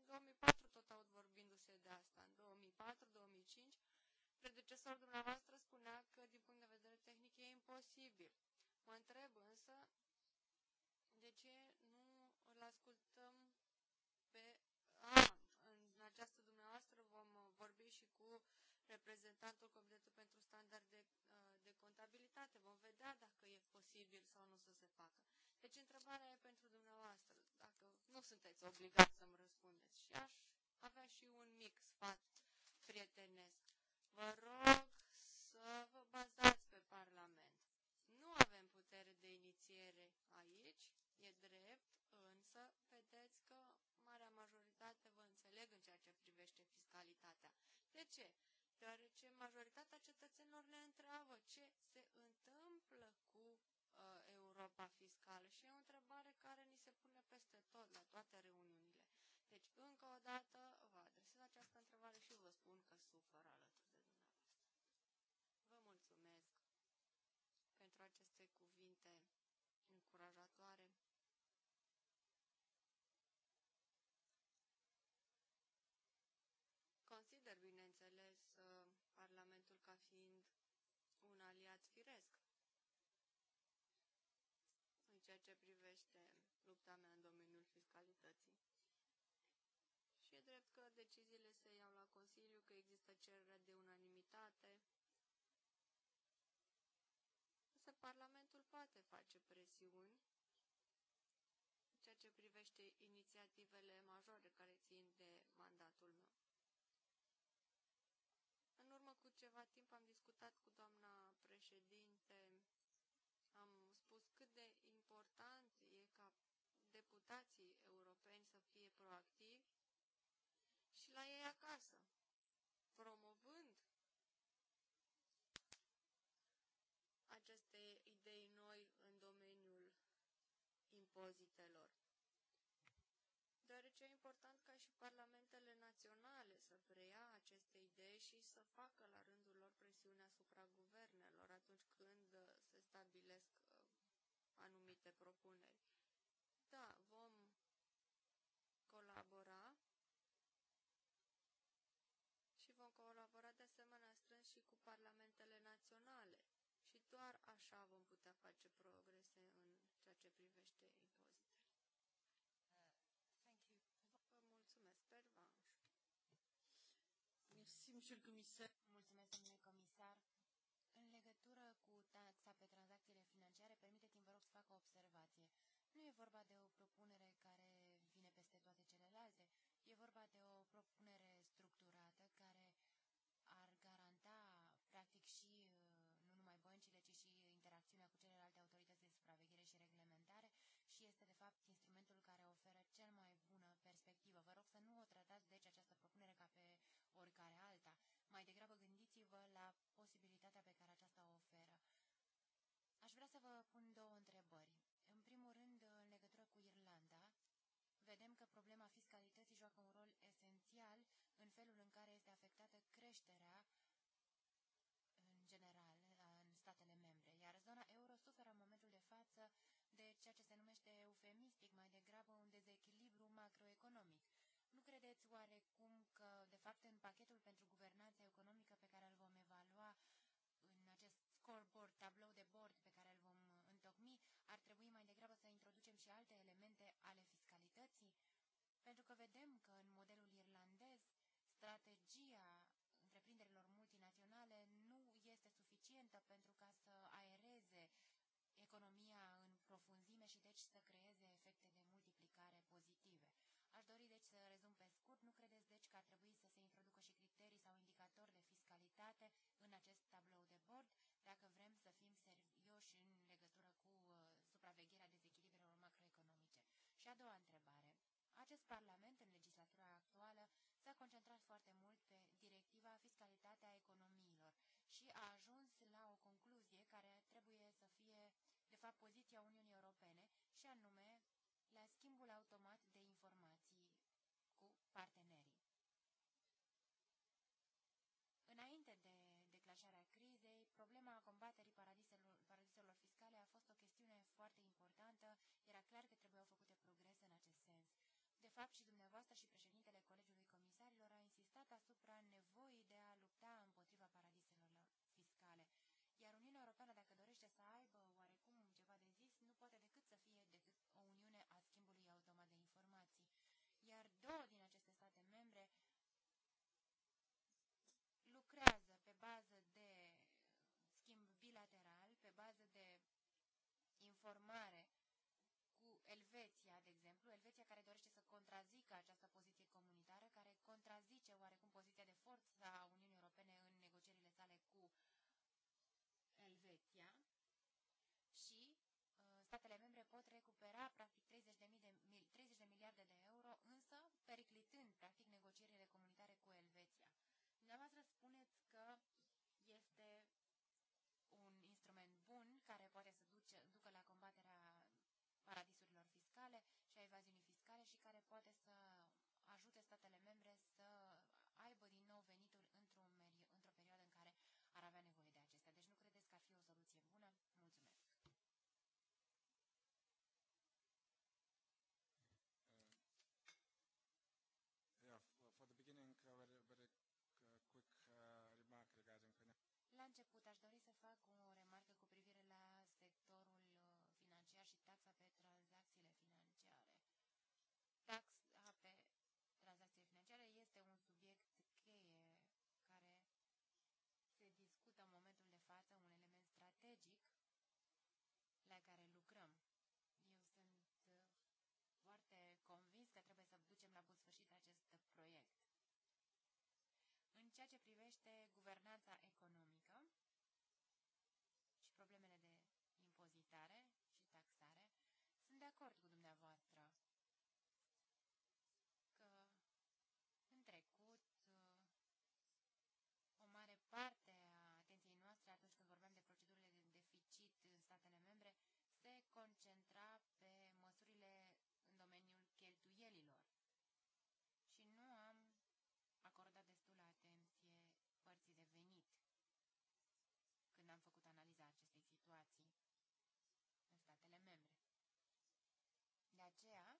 2004 tot aud vorbindu-se de asta. În 2004-2005, predecesorul dumneavoastră spunea că din punct de vedere tehnic e imposibil. Mă întreb însă de ce nu îl ascultăm pe... A, în această dumneavoastră vom vorbi și cu reprezentanții Deci, întrebarea pentru dumneavoastră, dacă nu sunteți obligați să-mi răspundeți. Și aș avea și un mic sfat prietenesc. Vă rog să vă bazați pe Parlament. Nu avem putere de inițiere aici, e drept, însă vedeți că marea majoritate vă înțeleg în ceea ce privește fiscalitatea. De ce? Deoarece majoritatea cetățenilor le întreabă ce se întâmplă Europa fiscală și e o întrebare care ni se pune peste tot, la toate reuniunile. Deci, încă o dată, vă adresez această întrebare și vă spun că supăr alături de dumneavoastră. Vă mulțumesc pentru aceste cuvinte încurajatoare. Consider, bineînțeles, uh, Parlamentul ca fiind un aliat firesc ce privește lupta mea în domeniul fiscalității. Și e drept că deciziile se iau la Consiliu, că există cerere de unanimitate. Însă Parlamentul poate face presiuni în ceea ce privește inițiativele majore care țin de mandatul meu. În urmă cu ceva timp am discutat cu doamna președinte la ei acasă, promovând aceste idei noi în domeniul impozitelor. Deoarece e important ca și parlamentele naționale să preia aceste idei și să facă la rândul lor presiune asupra guvernelor atunci când se stabilesc uh, anumite propuneri. Da, asemenea strâns și cu parlamentele naționale și doar așa vom putea face progrese în ceea ce privește impozitele. Monsieur le Comisar. Mulțumesc, domnule comisar. În legătură cu taxa pe tranzacțiile financiare, permiteți-mi, vă rog, să fac o observație. Nu e vorba de o propunere care vine peste toate celelalte, e vorba de o propunere fapt, instrumentul care oferă cel mai bună perspectivă. Vă rog să nu o tratați, deci, această propunere ca pe oricare alta. Mai degrabă gândiți-vă la posibilitatea pe care aceasta o oferă. Aș vrea să vă pun două întrebări. În primul rând, în legătură cu Irlanda, vedem că problema fiscalității joacă un rol esențial în felul în care este afectată creșterea degrabă un dezechilibru macroeconomic. Nu credeți oarecum că, de fapt, în pachetul pentru guvernanța economică pe care îl vom evalua în acest scoreboard, tablou de bord pe care îl vom întocmi, ar trebui mai degrabă să introducem și alte elemente ale fiscalității? Pentru că vedem că în modelul irlandez, strategia întreprinderilor multinaționale nu este suficientă pentru ca să aereze economia în profunzime și deci să creeze efecte de pozitive. Aș dori deci să rezum pe scurt, nu credeți deci că ar trebui să se introducă și criterii sau indicatori de fiscalitate în acest tablou de bord, dacă vrem să fim serioși în legătură cu uh, supravegherea dezechilibrelor macroeconomice. Și a doua întrebare. Acest Parlament, în legislatura actuală, s-a concentrat foarte mult pe directiva fiscalitatea economiilor și a ajuns la o concluzie care trebuie să fie, de fapt, poziția Uniunii Europene, și anume schimbul automat de informații cu partenerii. Înainte de declanșarea crizei, problema combaterii paradiselor, fiscale a fost o chestiune foarte importantă, era clar că trebuiau făcute progrese în acest sens. De fapt, și dumneavoastră și președintele Colegiului Comisarilor a insistat asupra nevoii de informare cu Elveția, de exemplu, Elveția care dorește să contrazică această poziție comunitară, care contrazice oarecum poziția de forță a Uniunii Europene în negocierile sale cu Elveția și uh, statele membre pot recupera practic 30 de, mii de, 30 de miliarde de euro, însă periclit. poate să ajute statele membre să aibă din nou venituri într-o, într perioadă în care ar avea nevoie de acestea. Deci nu credeți că ar fi o soluție bună? Mulțumesc! La început aș dori să fac o remarcă strategic la care lucrăm. Eu sunt uh, foarte convins că trebuie să ducem la bun sfârșit acest proiect. În ceea ce privește guvernanța economică și problemele de impozitare și taxare, sunt de acord cu dumneavoastră. concentra pe măsurile în domeniul cheltuielilor și nu am acordat destulă atenție părții de venit când am făcut analiza acestei situații în statele membre. De aceea,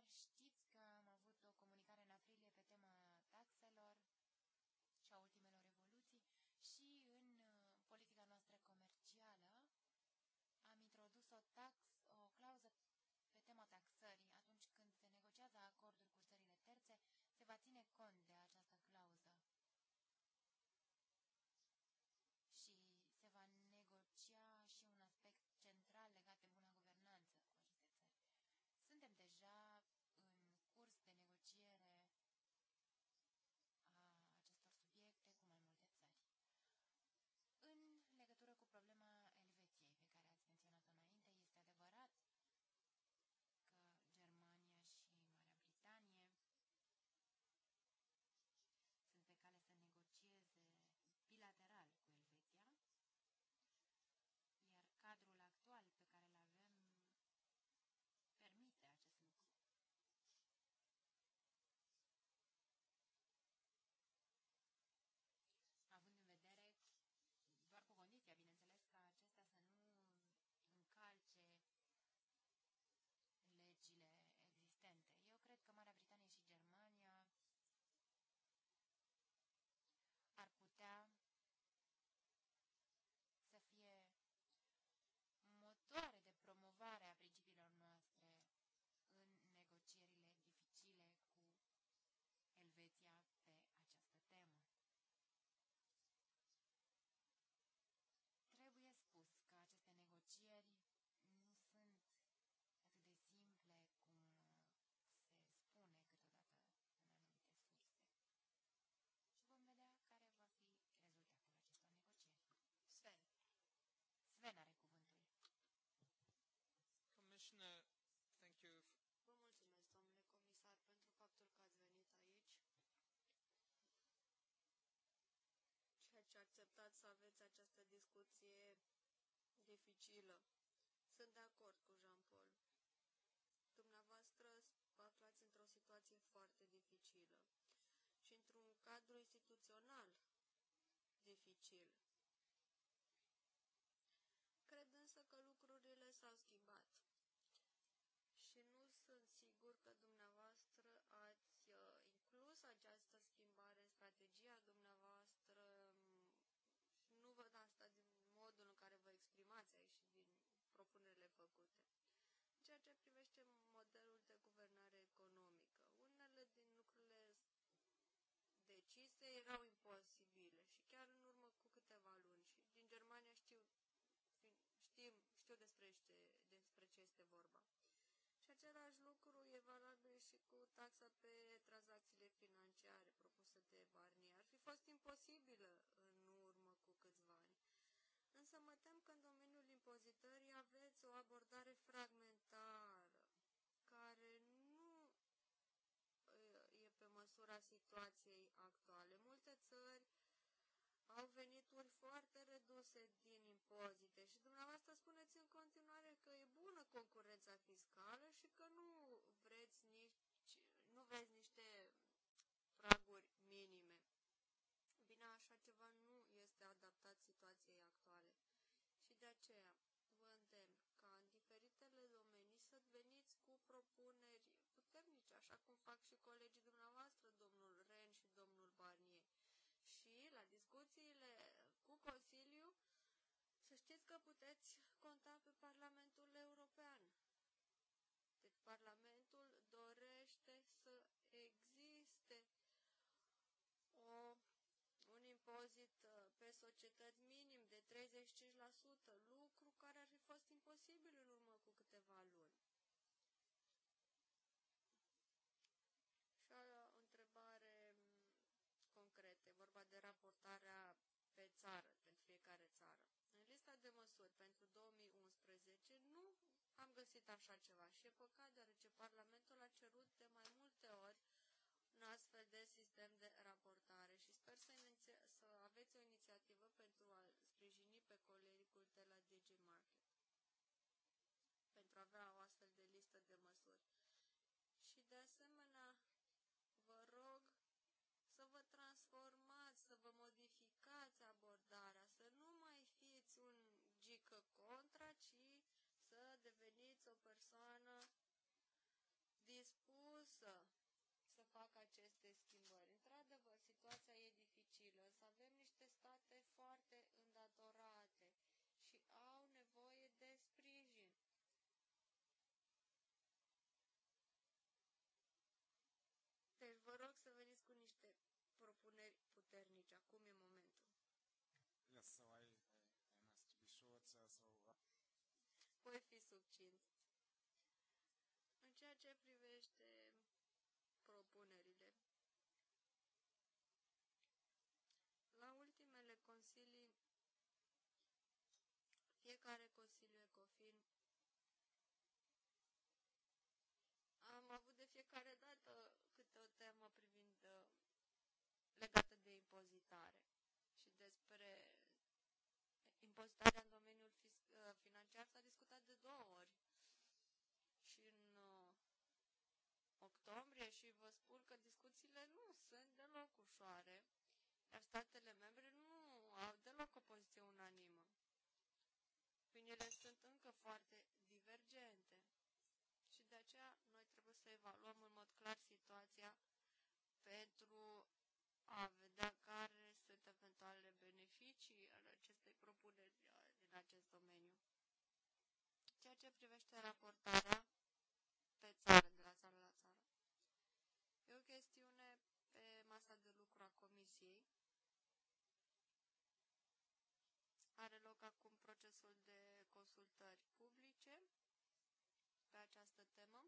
Dar știți că am avut o comunicare în aprilie pe tema taxelor și a ultimelor evoluții și în uh, politica noastră comercială am introdus o, tax, o clauză pe tema taxării. Atunci când se negociază acorduri cu țările terțe, se va ține cont de această discuție dificilă. Sunt de acord cu Jean-Paul. Dumneavoastră vă aflați într-o situație foarte dificilă și într-un cadru instituțional dificil. Cred însă că lucrurile s-au schimbat. propunerile făcute. În ceea ce privește modelul de guvernare economică, unele din lucrurile decise erau imposibile și chiar în urmă cu câteva luni. Și din Germania știu, știm, știu despre, ce despre ce este vorba. Și același lucru e valabil și cu taxa pe tranzacțiile financiare propusă de Barnier. Ar fi fost imposibilă în urmă cu câțiva ani. Însă mă tem că în domeniul impozitării aveți o abordare fragmentară, care nu e pe măsura situației actuale. Multe țări au venituri foarte reduse din impozite și dumneavoastră spuneți în continuare că e bună concurența fiscală și că nu vreți nici, nu vreți aceea vă îndemn ca în diferitele domenii să veniți cu propuneri puternice, așa cum fac și colegii dumneavoastră, domnul Ren și domnul Barnier. Și la discuțiile cu Consiliu, să știți că puteți conta pe Parlamentul European. 25%, lucru care ar fi fost imposibil în urmă cu câteva luni. Și o întrebare concretă, vorba de raportarea pe țară, pentru fiecare țară. În lista de măsuri pentru 2011 nu am găsit așa ceva și e păcat deoarece Parlamentul a cerut de mai multe ori un astfel de sistem de raportare. pe colegul de la DG Market. so I, I, I must be shorter, so... Voi fi subțint. În ceea ce privește propunerile, la ultimele consilii, fiecare impozitarea în domeniul uh, financiar s-a discutat de două ori. Și în uh, octombrie și vă spun că discuțiile nu sunt deloc ușoare, iar statele membre nu au deloc o poziție unanimă. Opiniile sunt încă foarte divergente și de aceea noi trebuie să evaluăm în mod clar situația pentru a vedea ce privește raportarea pe țară, de la țară la țară, e o chestiune pe masa de lucru a Comisiei. Are loc acum procesul de consultări publice pe această temă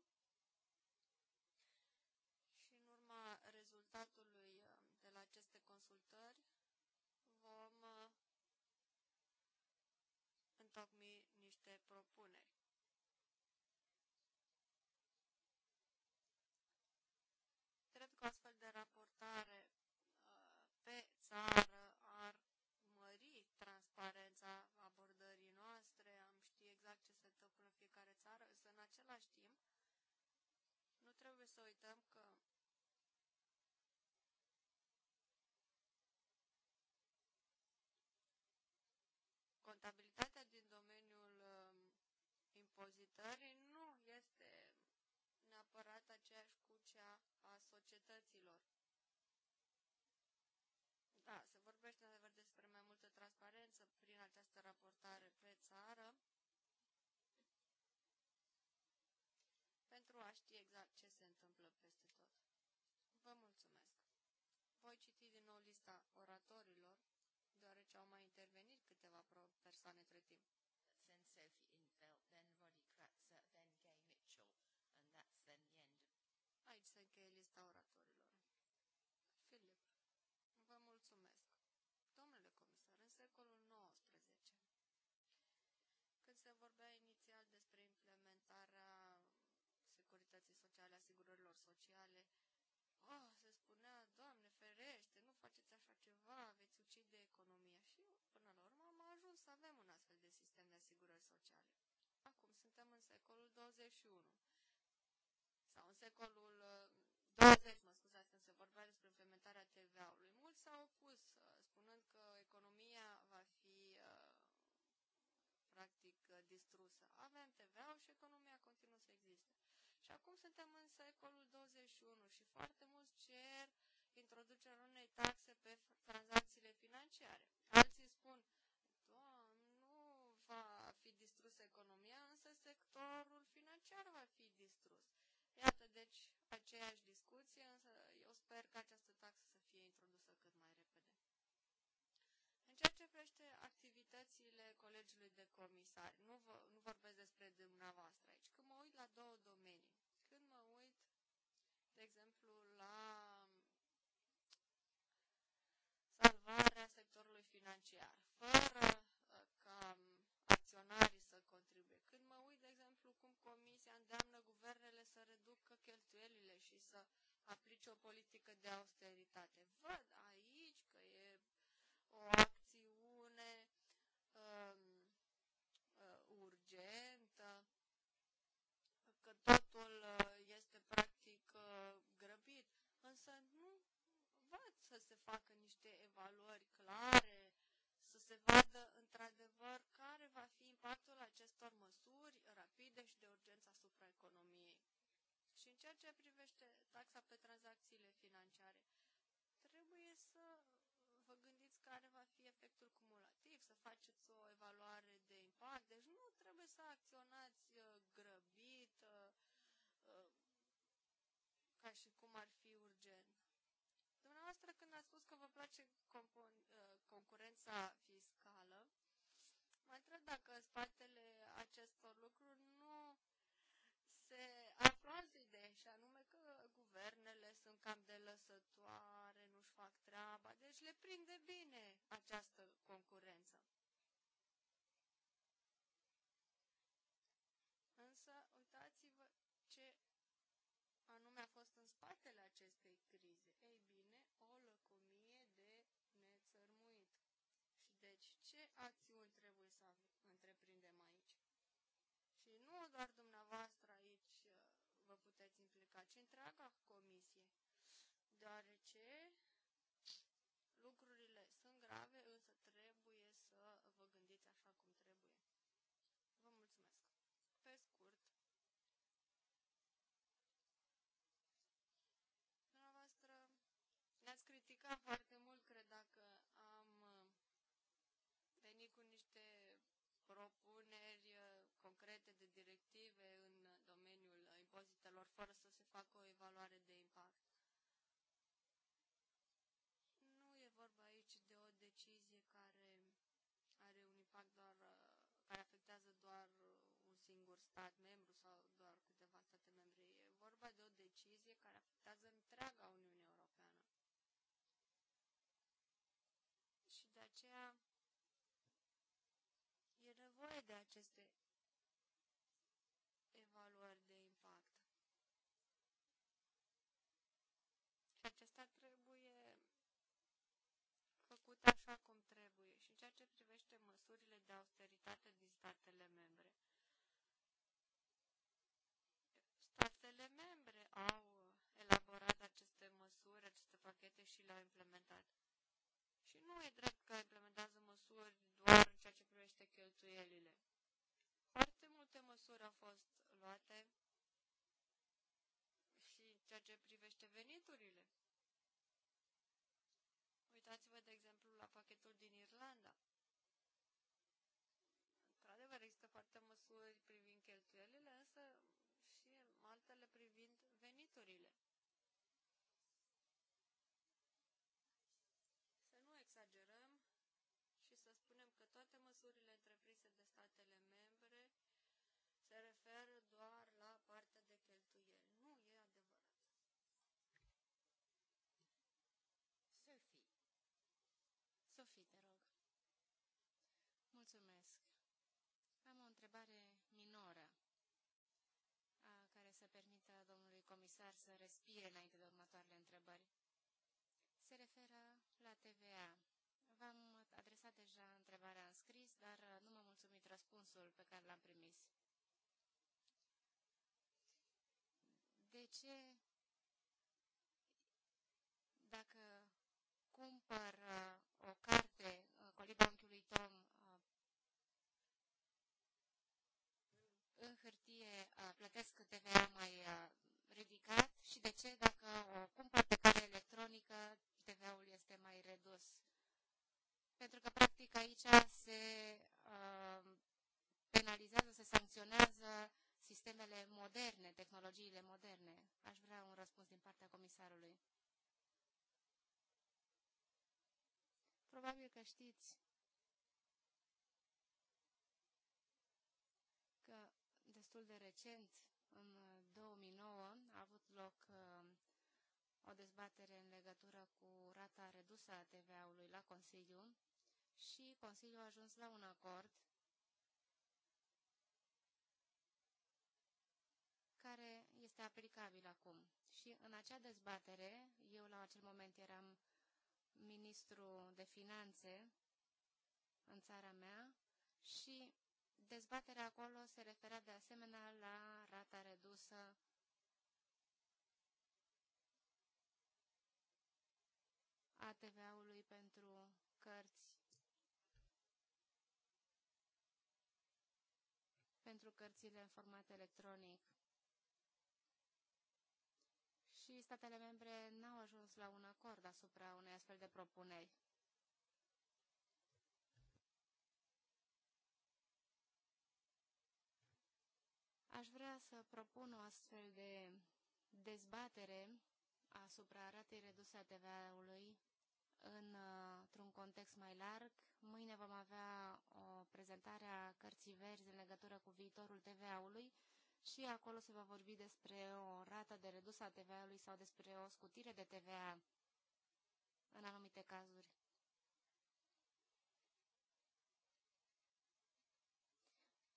și în urma rezultatului uh, de la aceste consultări vom uh, întocmi niște propuneri. că astfel de raportare uh, pe țară ar mări transparența abordării noastre, am ști exact ce se întâmplă în fiecare țară, însă în același timp nu trebuie să uităm că contabilitatea din domeniul um, impozitării nu este neapărat aceeași societăților. Da, se vorbește într-adevăr despre mai multă transparență prin această raportare pe țară pentru a ști exact ce se întâmplă peste tot. Vă mulțumesc! Voi citi din nou lista oratorilor, deoarece au mai intervenit câteva persoane între timp. Aici se încheie lista oratorilor. vorbea inițial despre implementarea securității sociale, asigurărilor sociale. Oh, se spunea, Doamne ferește, nu faceți așa ceva, veți ucide economia. Și până la urmă am ajuns să avem un astfel de sistem de asigurări sociale. Acum suntem în secolul 21 sau în secolul 20, uh, mă scuzați, când se vorbea despre implementarea TVA-ului. Mulți s-au opus uh, aveam TVA-ul și economia continuă să existe. Și acum suntem în secolul 21 și foarte mulți cer introducerea unei taxe pe tranzacțiile financiare. Alții spun, Doamne, nu va fi distrusă economia, însă sectorul financiar va fi distrus. Iată, deci, aceeași discuție, însă eu sper că această taxă să fie privește activitățile colegiului de comisari, nu, vă, nu vorbesc despre dumneavoastră aici, când mă uit la două domenii, când mă uit, de exemplu, la salvarea sectorului financiar, fără uh, ca acționarii să contribuie, când mă uit, de exemplu, cum comisia îndeamnă guvernele să reducă cheltuielile și să aplice o politică de austeritate, facă niște evaluări clare, să se vadă într-adevăr care va fi impactul acestor măsuri rapide și de urgență asupra economiei. Și în ceea ce privește taxa pe tranzacțiile financiare, trebuie să vă gândiți care va fi efectul cumulativ, să faceți o evaluare de impact, deci nu trebuie să acționați uh, grăbit, uh, ca și cum ar fi urgent dumneavoastră când ați spus că vă place uh, concurența fiscală, mă întreb dacă în spatele acestor lucruri nu se află alte idei, și anume că guvernele sunt cam de lăsătoare, nu-și fac treaba, deci le prinde bine această concurență. acțiuni trebuie să întreprindem aici. Și nu doar dumneavoastră aici uh, vă puteți implica, ci întreaga comisie, deoarece lucrurile sunt grave, însă trebuie să vă gândiți așa cum trebuie. Vă mulțumesc. Pe scurt, dumneavoastră ne-ați criticat foarte mult fără să se facă o evaluare de impact. Nu e vorba aici de o decizie care are un impact doar, care afectează doar un singur stat membru sau doar câteva state membre. E vorba de o decizie care afectează întreaga Uniune Europeană. Și de aceea e nevoie de aceste acesta trebuie făcut așa cum trebuie și în ceea ce privește măsurile de austeritate din statele membre. Statele membre au elaborat aceste măsuri, aceste pachete și le-au implementat. Și nu e drept că implementează măsuri doar în ceea ce privește cheltuielile. Foarte multe măsuri au fost luate și în ceea ce privește veniturile. Uitați-vă, de exemplu, la pachetul din Irlanda. Într-adevăr, există foarte măsuri privind cheltuielile, însă și altele privind veniturile. Să nu exagerăm și să spunem că toate măsurile întreprinse de statele membre se Mulțumesc. Am o întrebare minoră care să permită domnului comisar să respire înainte de următoarele întrebări. Se referă la TVA. V-am adresat deja întrebarea în scris, dar uh, nu m-a mulțumit răspunsul pe care l-am primit. De ce Și de ce, dacă o cumpăr pe cale electronică, TVA-ul este mai redus? Pentru că, practic, aici se uh, penalizează, se sancționează sistemele moderne, tehnologiile moderne. Aș vrea un răspuns din partea comisarului. Probabil că știți că destul de recent dezbatere în legătură cu rata redusă a TVA-ului la Consiliu și Consiliul a ajuns la un acord care este aplicabil acum. Și în acea dezbatere, eu la acel moment eram ministru de finanțe în țara mea și dezbaterea acolo se referea de asemenea la rata redusă TVA-ului pentru cărți, pentru cărțile în format electronic. Și statele membre n-au ajuns la un acord asupra unei astfel de propuneri. Aș vrea să propun o astfel de dezbatere asupra ratei reduse a TVA-ului Uh, într-un context mai larg. Mâine vom avea o prezentare a cărții verzi în legătură cu viitorul TVA-ului și acolo se va vorbi despre o rată de redusă a TVA-ului sau despre o scutire de TVA în anumite cazuri.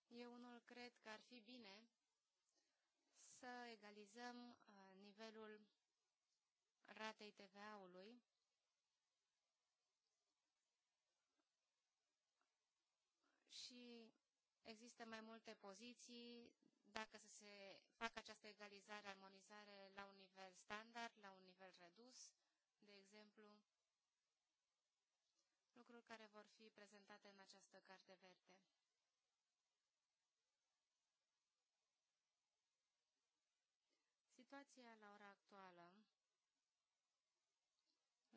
Eu unul cred că ar fi bine să egalizăm uh, nivelul ratei TVA-ului există mai multe poziții, dacă să se facă această egalizare, armonizare la un nivel standard, la un nivel redus, de exemplu, lucruri care vor fi prezentate în această carte verde. Situația la ora actuală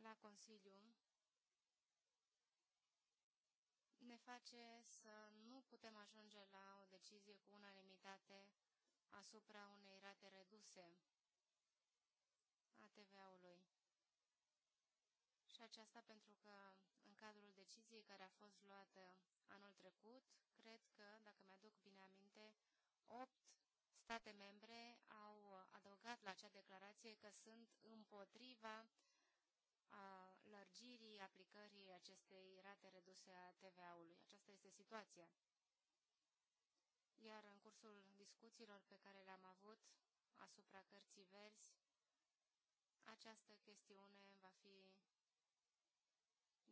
la Consiliu face să nu putem ajunge la o decizie cu unanimitate asupra unei rate reduse a TVA-ului. Și aceasta pentru că în cadrul deciziei care a fost luată anul trecut, cred că, dacă mi-aduc bine aminte, 8 state membre au adăugat la acea declarație că sunt împotriva a, lărgirii aplicării acestei rate reduse a TVA-ului. Aceasta este situația. Iar în cursul discuțiilor pe care le-am avut asupra cărții verzi, această chestiune va fi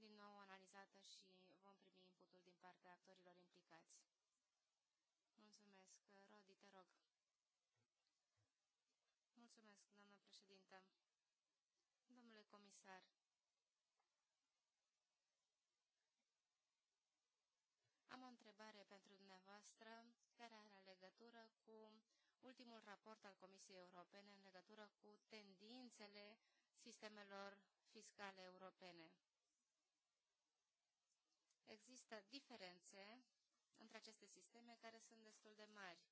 din nou analizată și vom primi inputul din partea actorilor implicați. Mulțumesc, Rodi, te rog. Mulțumesc, doamnă președintă. Domnule comisar, care are legătură cu ultimul raport al Comisiei Europene în legătură cu tendințele sistemelor fiscale europene. Există diferențe între aceste sisteme care sunt destul de mari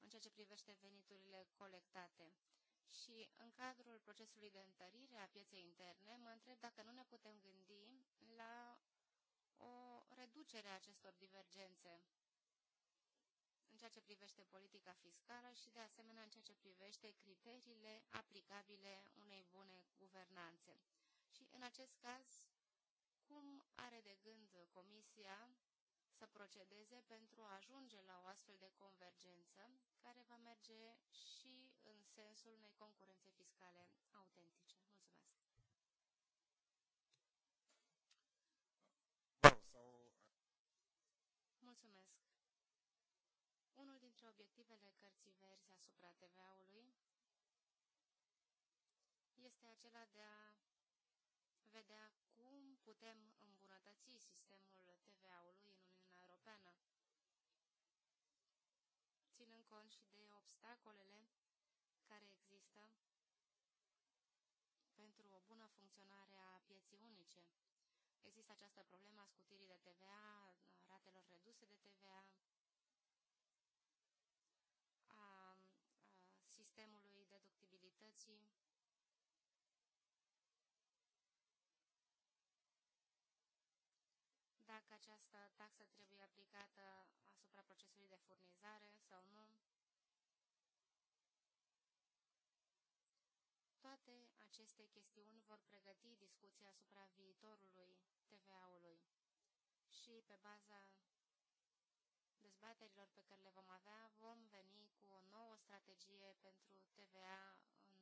în ceea ce privește veniturile colectate. Și în cadrul procesului de întărire a pieței interne, mă întreb dacă nu ne putem gândi la o reducerea acestor divergențe în ceea ce privește politica fiscală și, de asemenea, în ceea ce privește criteriile aplicabile unei bune guvernanțe. Și, în acest caz, cum are de gând Comisia să procedeze pentru a ajunge la o astfel de convergență care va merge și în sensul unei concurențe fiscale autentice. Mulțumesc! despre obiectivele cărții verzi asupra TVA-ului este acela de a vedea cum putem îmbunătăți sistemul TVA-ului în Uniunea Europeană, ținând cont și de obstacolele care există pentru o bună funcționare a pieții unice. Există această problemă a scutirii de TVA, ratelor reduse de TVA, această taxă trebuie aplicată asupra procesului de furnizare sau nu. Toate aceste chestiuni vor pregăti discuția asupra viitorului TVA-ului și pe baza dezbaterilor pe care le vom avea, vom veni cu o nouă strategie pentru TVA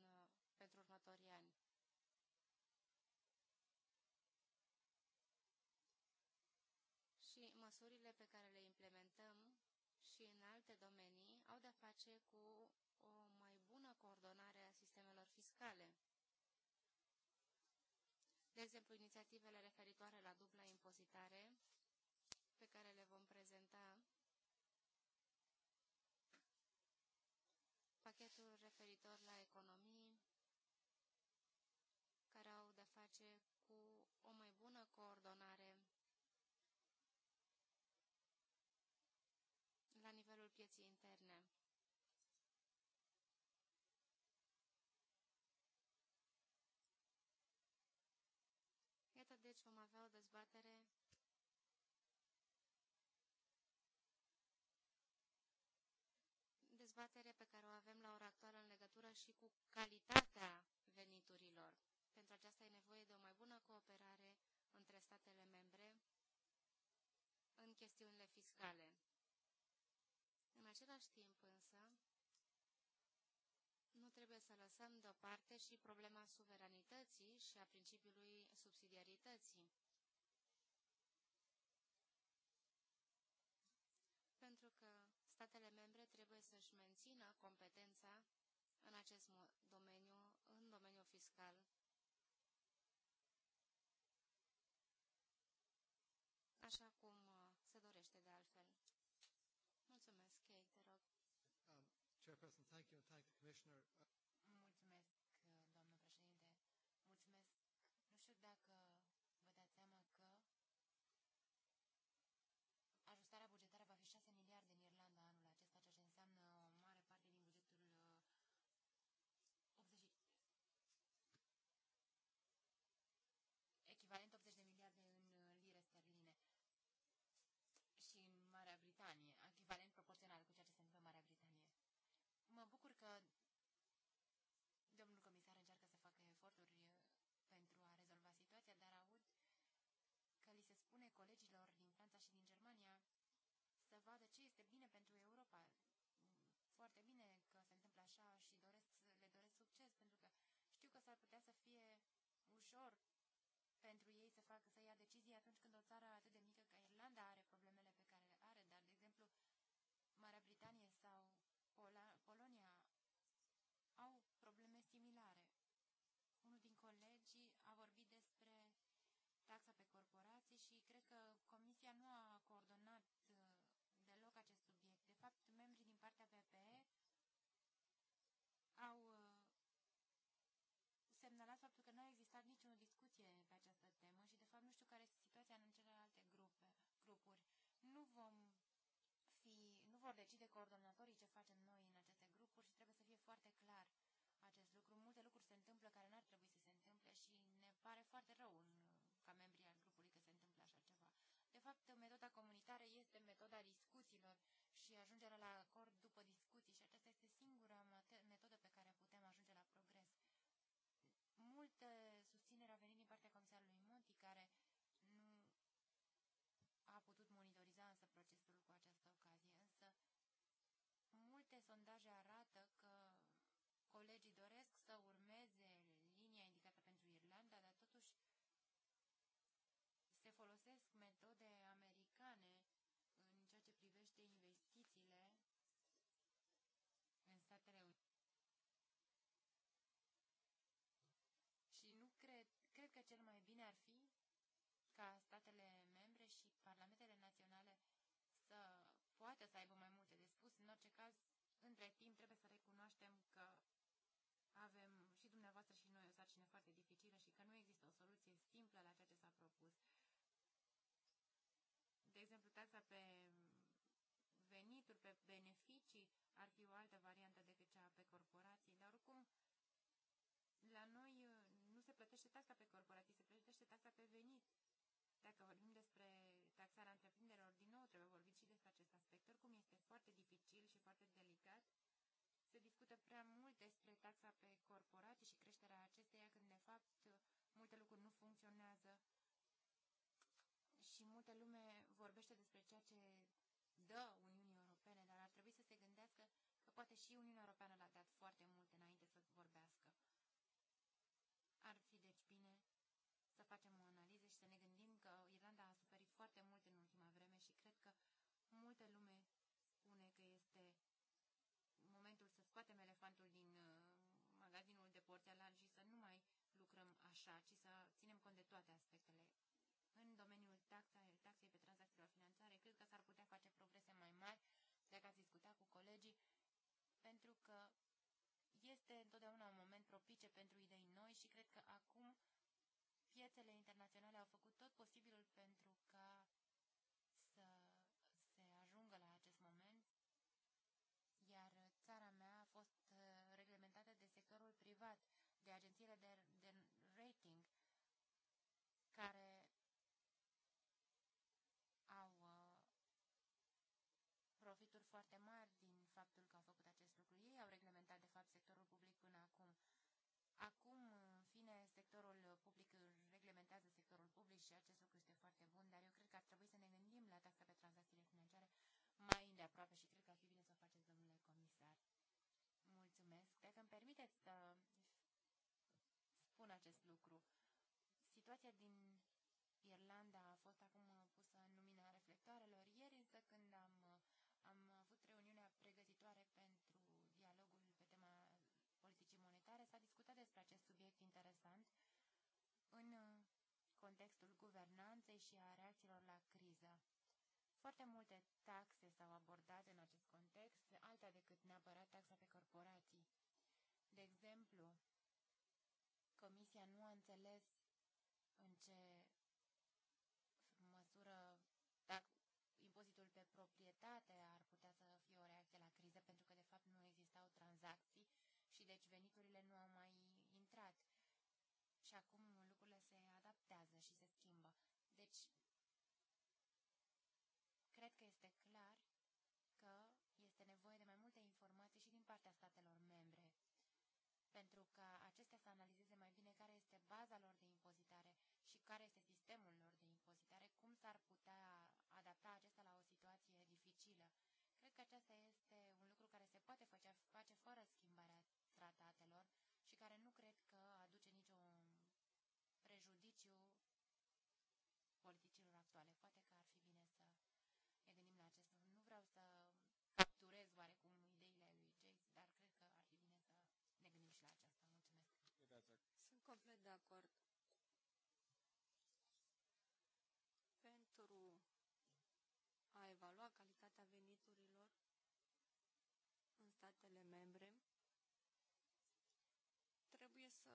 în, pentru următorii ani. măsurile pe care le implementăm și în alte domenii au de-a face cu o mai bună coordonare a sistemelor fiscale. De exemplu, inițiativele referitoare la dubla impozitare, pe care le vom prezenta, pachetul referitor la economii, pieții interne. Iată, deci vom avea o dezbatere dezbatere pe care o avem la ora actuală în legătură și cu calitatea veniturilor. Pentru aceasta e nevoie de o mai bună cooperare între statele membre în chestiunile fiscale același timp însă, nu trebuie să lăsăm deoparte și problema suveranității și a principiului subsidiarității. Pentru că statele membre trebuie să-și mențină competența în acest domeniu, în domeniul fiscal Commissioner. Uh, colegilor din Franța și din Germania să vadă ce este bine pentru Europa. Foarte bine că se întâmplă așa și doresc, le doresc succes, pentru că știu că s-ar putea să fie ușor pentru ei să facă să ia decizii atunci când o țară atât de mică ca Irlanda are probleme informații și cred că Comisia nu a coordonat uh, deloc acest subiect. De fapt, membrii din partea PPE au uh, semnalat faptul că nu a existat niciun discuție pe această temă și, de fapt, nu știu care este situația în celelalte grupe, grupuri. Nu vom fi, nu vor decide coordonatorii ce facem noi în aceste grupuri și trebuie să fie foarte clar acest lucru. Multe lucruri se întâmplă care n-ar trebui să se întâmple și ne pare foarte rău în, ca membrii fapt, metoda comunitară este metoda discuțiilor și ajungerea la acord după discuții și aceasta este singura metodă pe care putem ajunge la progres. Multă susținere a venit din partea comisarului Monti, care nu a putut monitoriza însă procesul cu această ocazie, însă multe sondaje arată că orice caz, între timp trebuie să recunoaștem că avem și dumneavoastră și noi o sarcină foarte dificilă și că nu există o soluție simplă la ceea ce s-a propus. De exemplu, taxa pe venituri, pe beneficii ar fi o altă variantă decât cea pe corporații, dar oricum la noi uh, nu se plătește taxa pe corporații, se plătește taxa pe venit. Dacă vorbim despre taxarea întreprinderilor, din nou trebuie vorbit și despre acest aspect. Oricum este foarte dificil și foarte delicat. Se discută prea mult despre taxa pe corporații și creșterea acesteia, când de fapt multe lucruri nu funcționează și multă lume vorbește despre ceea ce dă Uniunii Europene, dar ar trebui să se gândească că poate și Uniunea Europeană l-a dat foarte mult înainte să vorbească. multă lume spune că este momentul să scoatem elefantul din uh, magazinul de porțelan și să nu mai lucrăm așa, ci să ținem cont de toate aspectele. În domeniul taxa, taxei pe tranzacțiilor financiare, cred că s-ar putea face progrese mai mari dacă ați discuta cu colegii, pentru că este întotdeauna un moment propice pentru idei noi și cred că acum piețele internaționale au făcut tot posibilul pentru ca foarte mari din faptul că au făcut acest lucru. Ei au reglementat, de fapt, sectorul public până acum. Acum, în fine, sectorul public reglementează sectorul public și acest lucru este foarte bun, dar eu cred că ar trebui să ne gândim la taxa pe tranzacțiile financiare mai îndeaproape și cred că ar fi bine să o faceți, domnule comisar. Mulțumesc. Dacă îmi permiteți să spun acest lucru, situația din Irlanda a fost acum pusă în lumina reflectoarelor. interesant în uh, contextul guvernanței și a reacțiilor la criză. Foarte multe taxe s-au abordat în acest context, alta decât neapărat taxa pe corporații. De exemplu, Comisia nu a înțeles în ce și acum lucrurile se adaptează și se schimbă. Deci, cred că este clar că este nevoie de mai multe informații și din partea statelor membre, pentru ca acestea să analizeze mai bine care este baza lor de impozitare și care este sistemul lor de impozitare, cum s-ar putea adapta acesta la o situație dificilă. Cred că acesta este un lucru care se poate face, face fără schimbarea tratatelor și care nu cred actuale. Poate că ar fi bine să ne gândim la acest lucru. Nu vreau să capturez oarecum ideile lui Jace, dar cred că ar fi bine să ne gândim și la aceasta. Mulțumesc. Sunt complet de acord. Pentru a evalua calitatea veniturilor în statele membre, trebuie să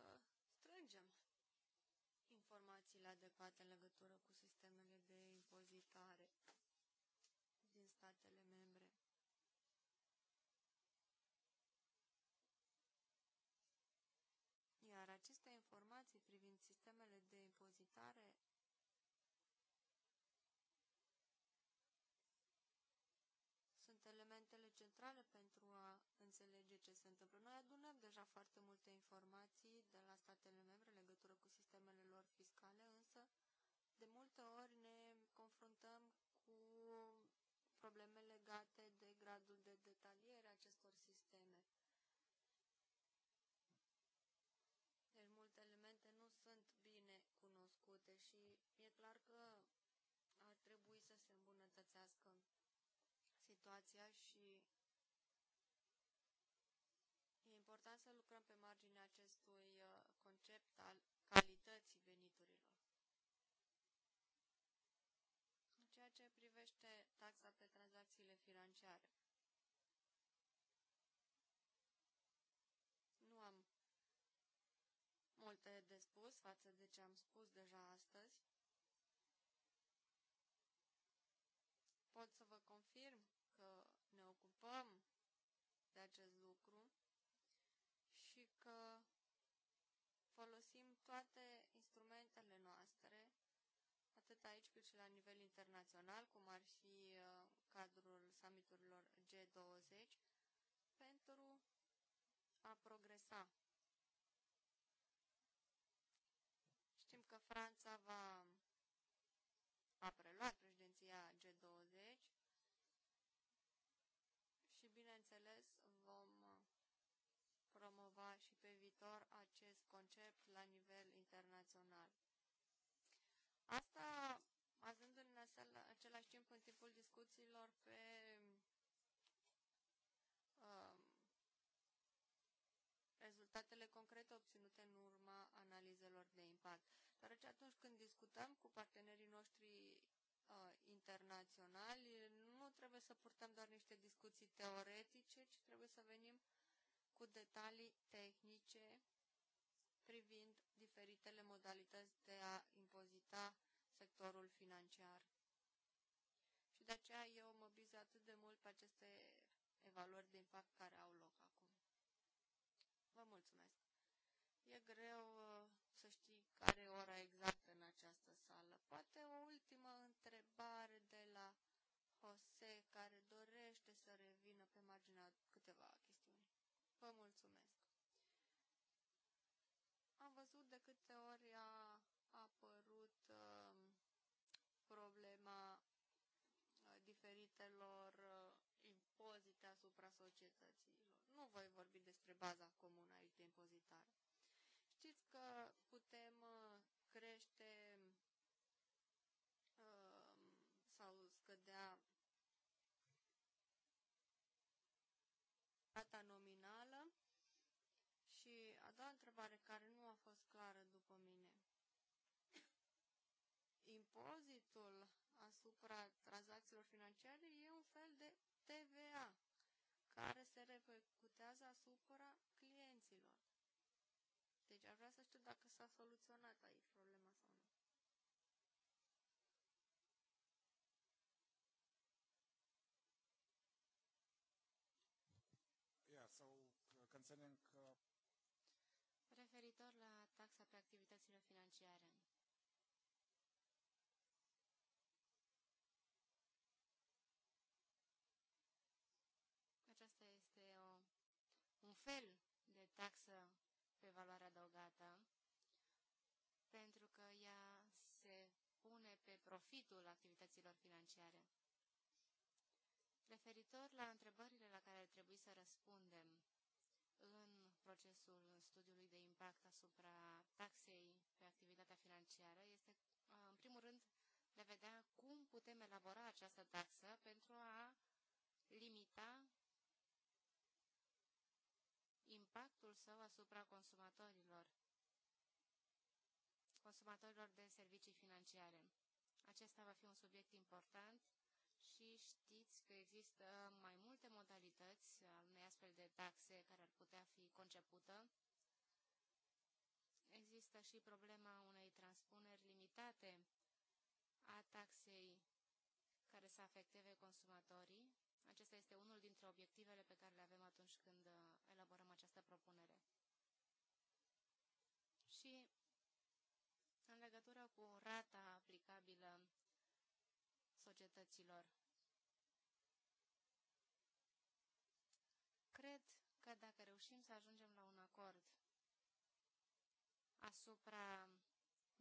informațiile adecvate în legătură cu sistemele de impozitare din statele membre. Iar aceste informații privind sistemele de impozitare sunt elementele centrale pentru a înțelege ce se întâmplă. Noi adunăm deja foarte multe informații de la statele membre legătură cu sistemele de multe ori ne confruntăm cu probleme legate de gradul de detaliere acestor sisteme. Deci multe elemente nu sunt bine cunoscute și e clar că ar trebui să se îmbunătățească situația și e important să lucrăm pe marginea acestui uh, concept al ce privește taxa pe tranzacțiile financiare. Nu am multe de spus față de ce am spus deja astăzi. atât aici cât și la nivel internațional, cum ar fi uh, cadrul summiturilor G20, pentru a progresa. Știm că Franța va rezultatele concrete obținute în urma analizelor de impact. Deoarece atunci când discutăm cu partenerii noștri uh, internaționali, nu trebuie să purtăm doar niște discuții teoretice, ci trebuie să venim cu detalii tehnice privind diferitele modalități de a impozita sectorul financiar. Și de aceea eu mă bizez atât de mult pe aceste evaluări de impact care au loc acum. Vă mulțumesc. E greu uh, să știi care e ora exactă în această sală. Poate o ultimă întrebare de la Jose, care dorește să revină pe marginea câteva chestiuni. Vă mulțumesc. Am văzut de câte ori a apărut uh, problema uh, diferitelor voi vorbi despre baza comună a de impozitare. Știți că putem uh, crește uh, sau scădea rata nominală și a doua întrebare care nu a fost clară după mine. Impozitul asupra tranzacțiilor financiare e un fel de TVA. dacă s-a soluționat aici problema sau nu. Yeah, so concerning uh... Referitor la taxa pe activitățile financiare. Aceasta este o, un fel de taxă pe valoarea adăugată profitul activităților financiare. Referitor la întrebările la care ar trebui să răspundem în procesul studiului de impact asupra taxei pe activitatea financiară, este, în primul rând, de vedea cum putem elabora această taxă pentru a limita impactul său asupra consumatorilor, consumatorilor de servicii financiare. Acesta va fi un subiect important și știți că există mai multe modalități al unei astfel de taxe care ar putea fi concepută. Există și problema unei transpuneri limitate a taxei care să afecteze consumatorii. Acesta este unul dintre obiectivele pe care le avem atunci când elaborăm această propunere. cu rata aplicabilă societăților. Cred că dacă reușim să ajungem la un acord asupra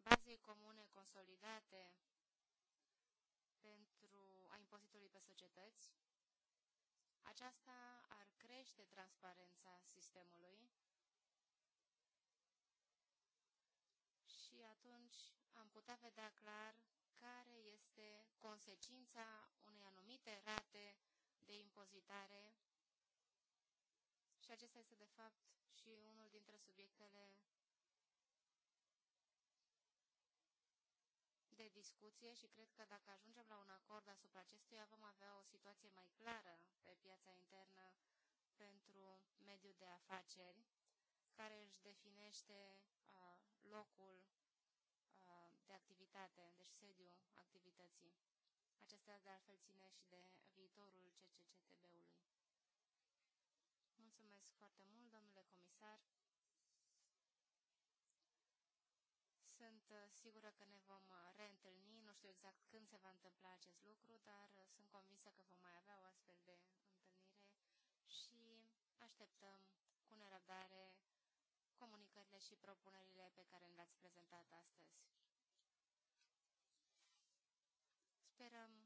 bazei comune consolidate pentru a impozitului pe societăți, aceasta ar crește transparența sistemului și atunci putea vedea clar care este consecința unei anumite rate de impozitare și acesta este, de fapt, și unul dintre subiectele de discuție și cred că dacă ajungem la un acord asupra acestuia vom avea o situație mai clară pe piața internă pentru mediul de afaceri care își definește locul de activitate, deci sediu activității. Acestea de altfel ține și de viitorul CCCTB-ului. Mulțumesc foarte mult, domnule comisar. Sunt uh, sigură că ne vom uh, reîntâlni, nu știu exact când se va întâmpla acest lucru, dar uh, sunt convinsă că vom mai avea o astfel de întâlnire și așteptăm cu nerăbdare comunicările și propunerile pe care le-ați prezentat astăzi. Sperăm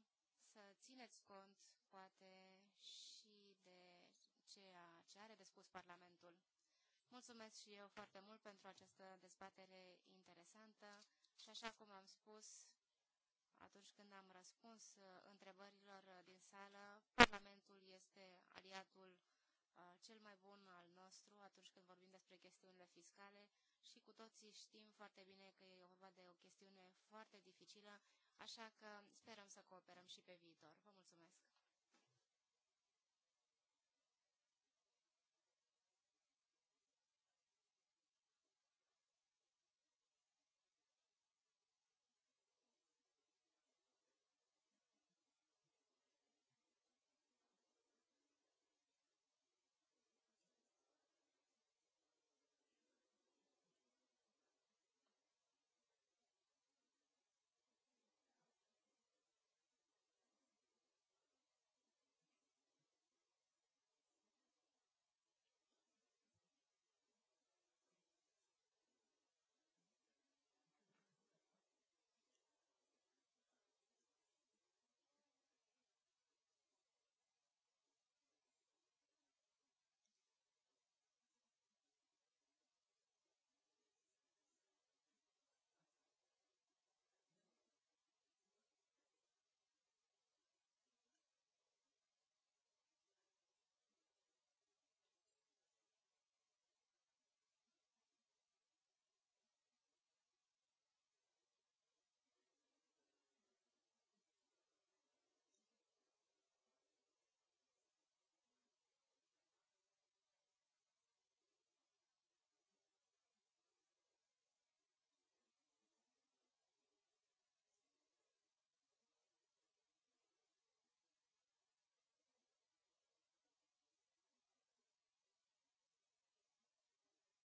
să țineți cont, poate, și de ceea ce are de spus Parlamentul. Mulțumesc și eu foarte mult pentru această dezbatere interesantă și așa cum am spus atunci când am răspuns uh, întrebărilor uh, din sală, Parlamentul este aliatul cel mai bun al nostru atunci când vorbim despre chestiunile fiscale și cu toții știm foarte bine că e vorba de o chestiune foarte dificilă, așa că sperăm să cooperăm și pe viitor. Vă mulțumesc!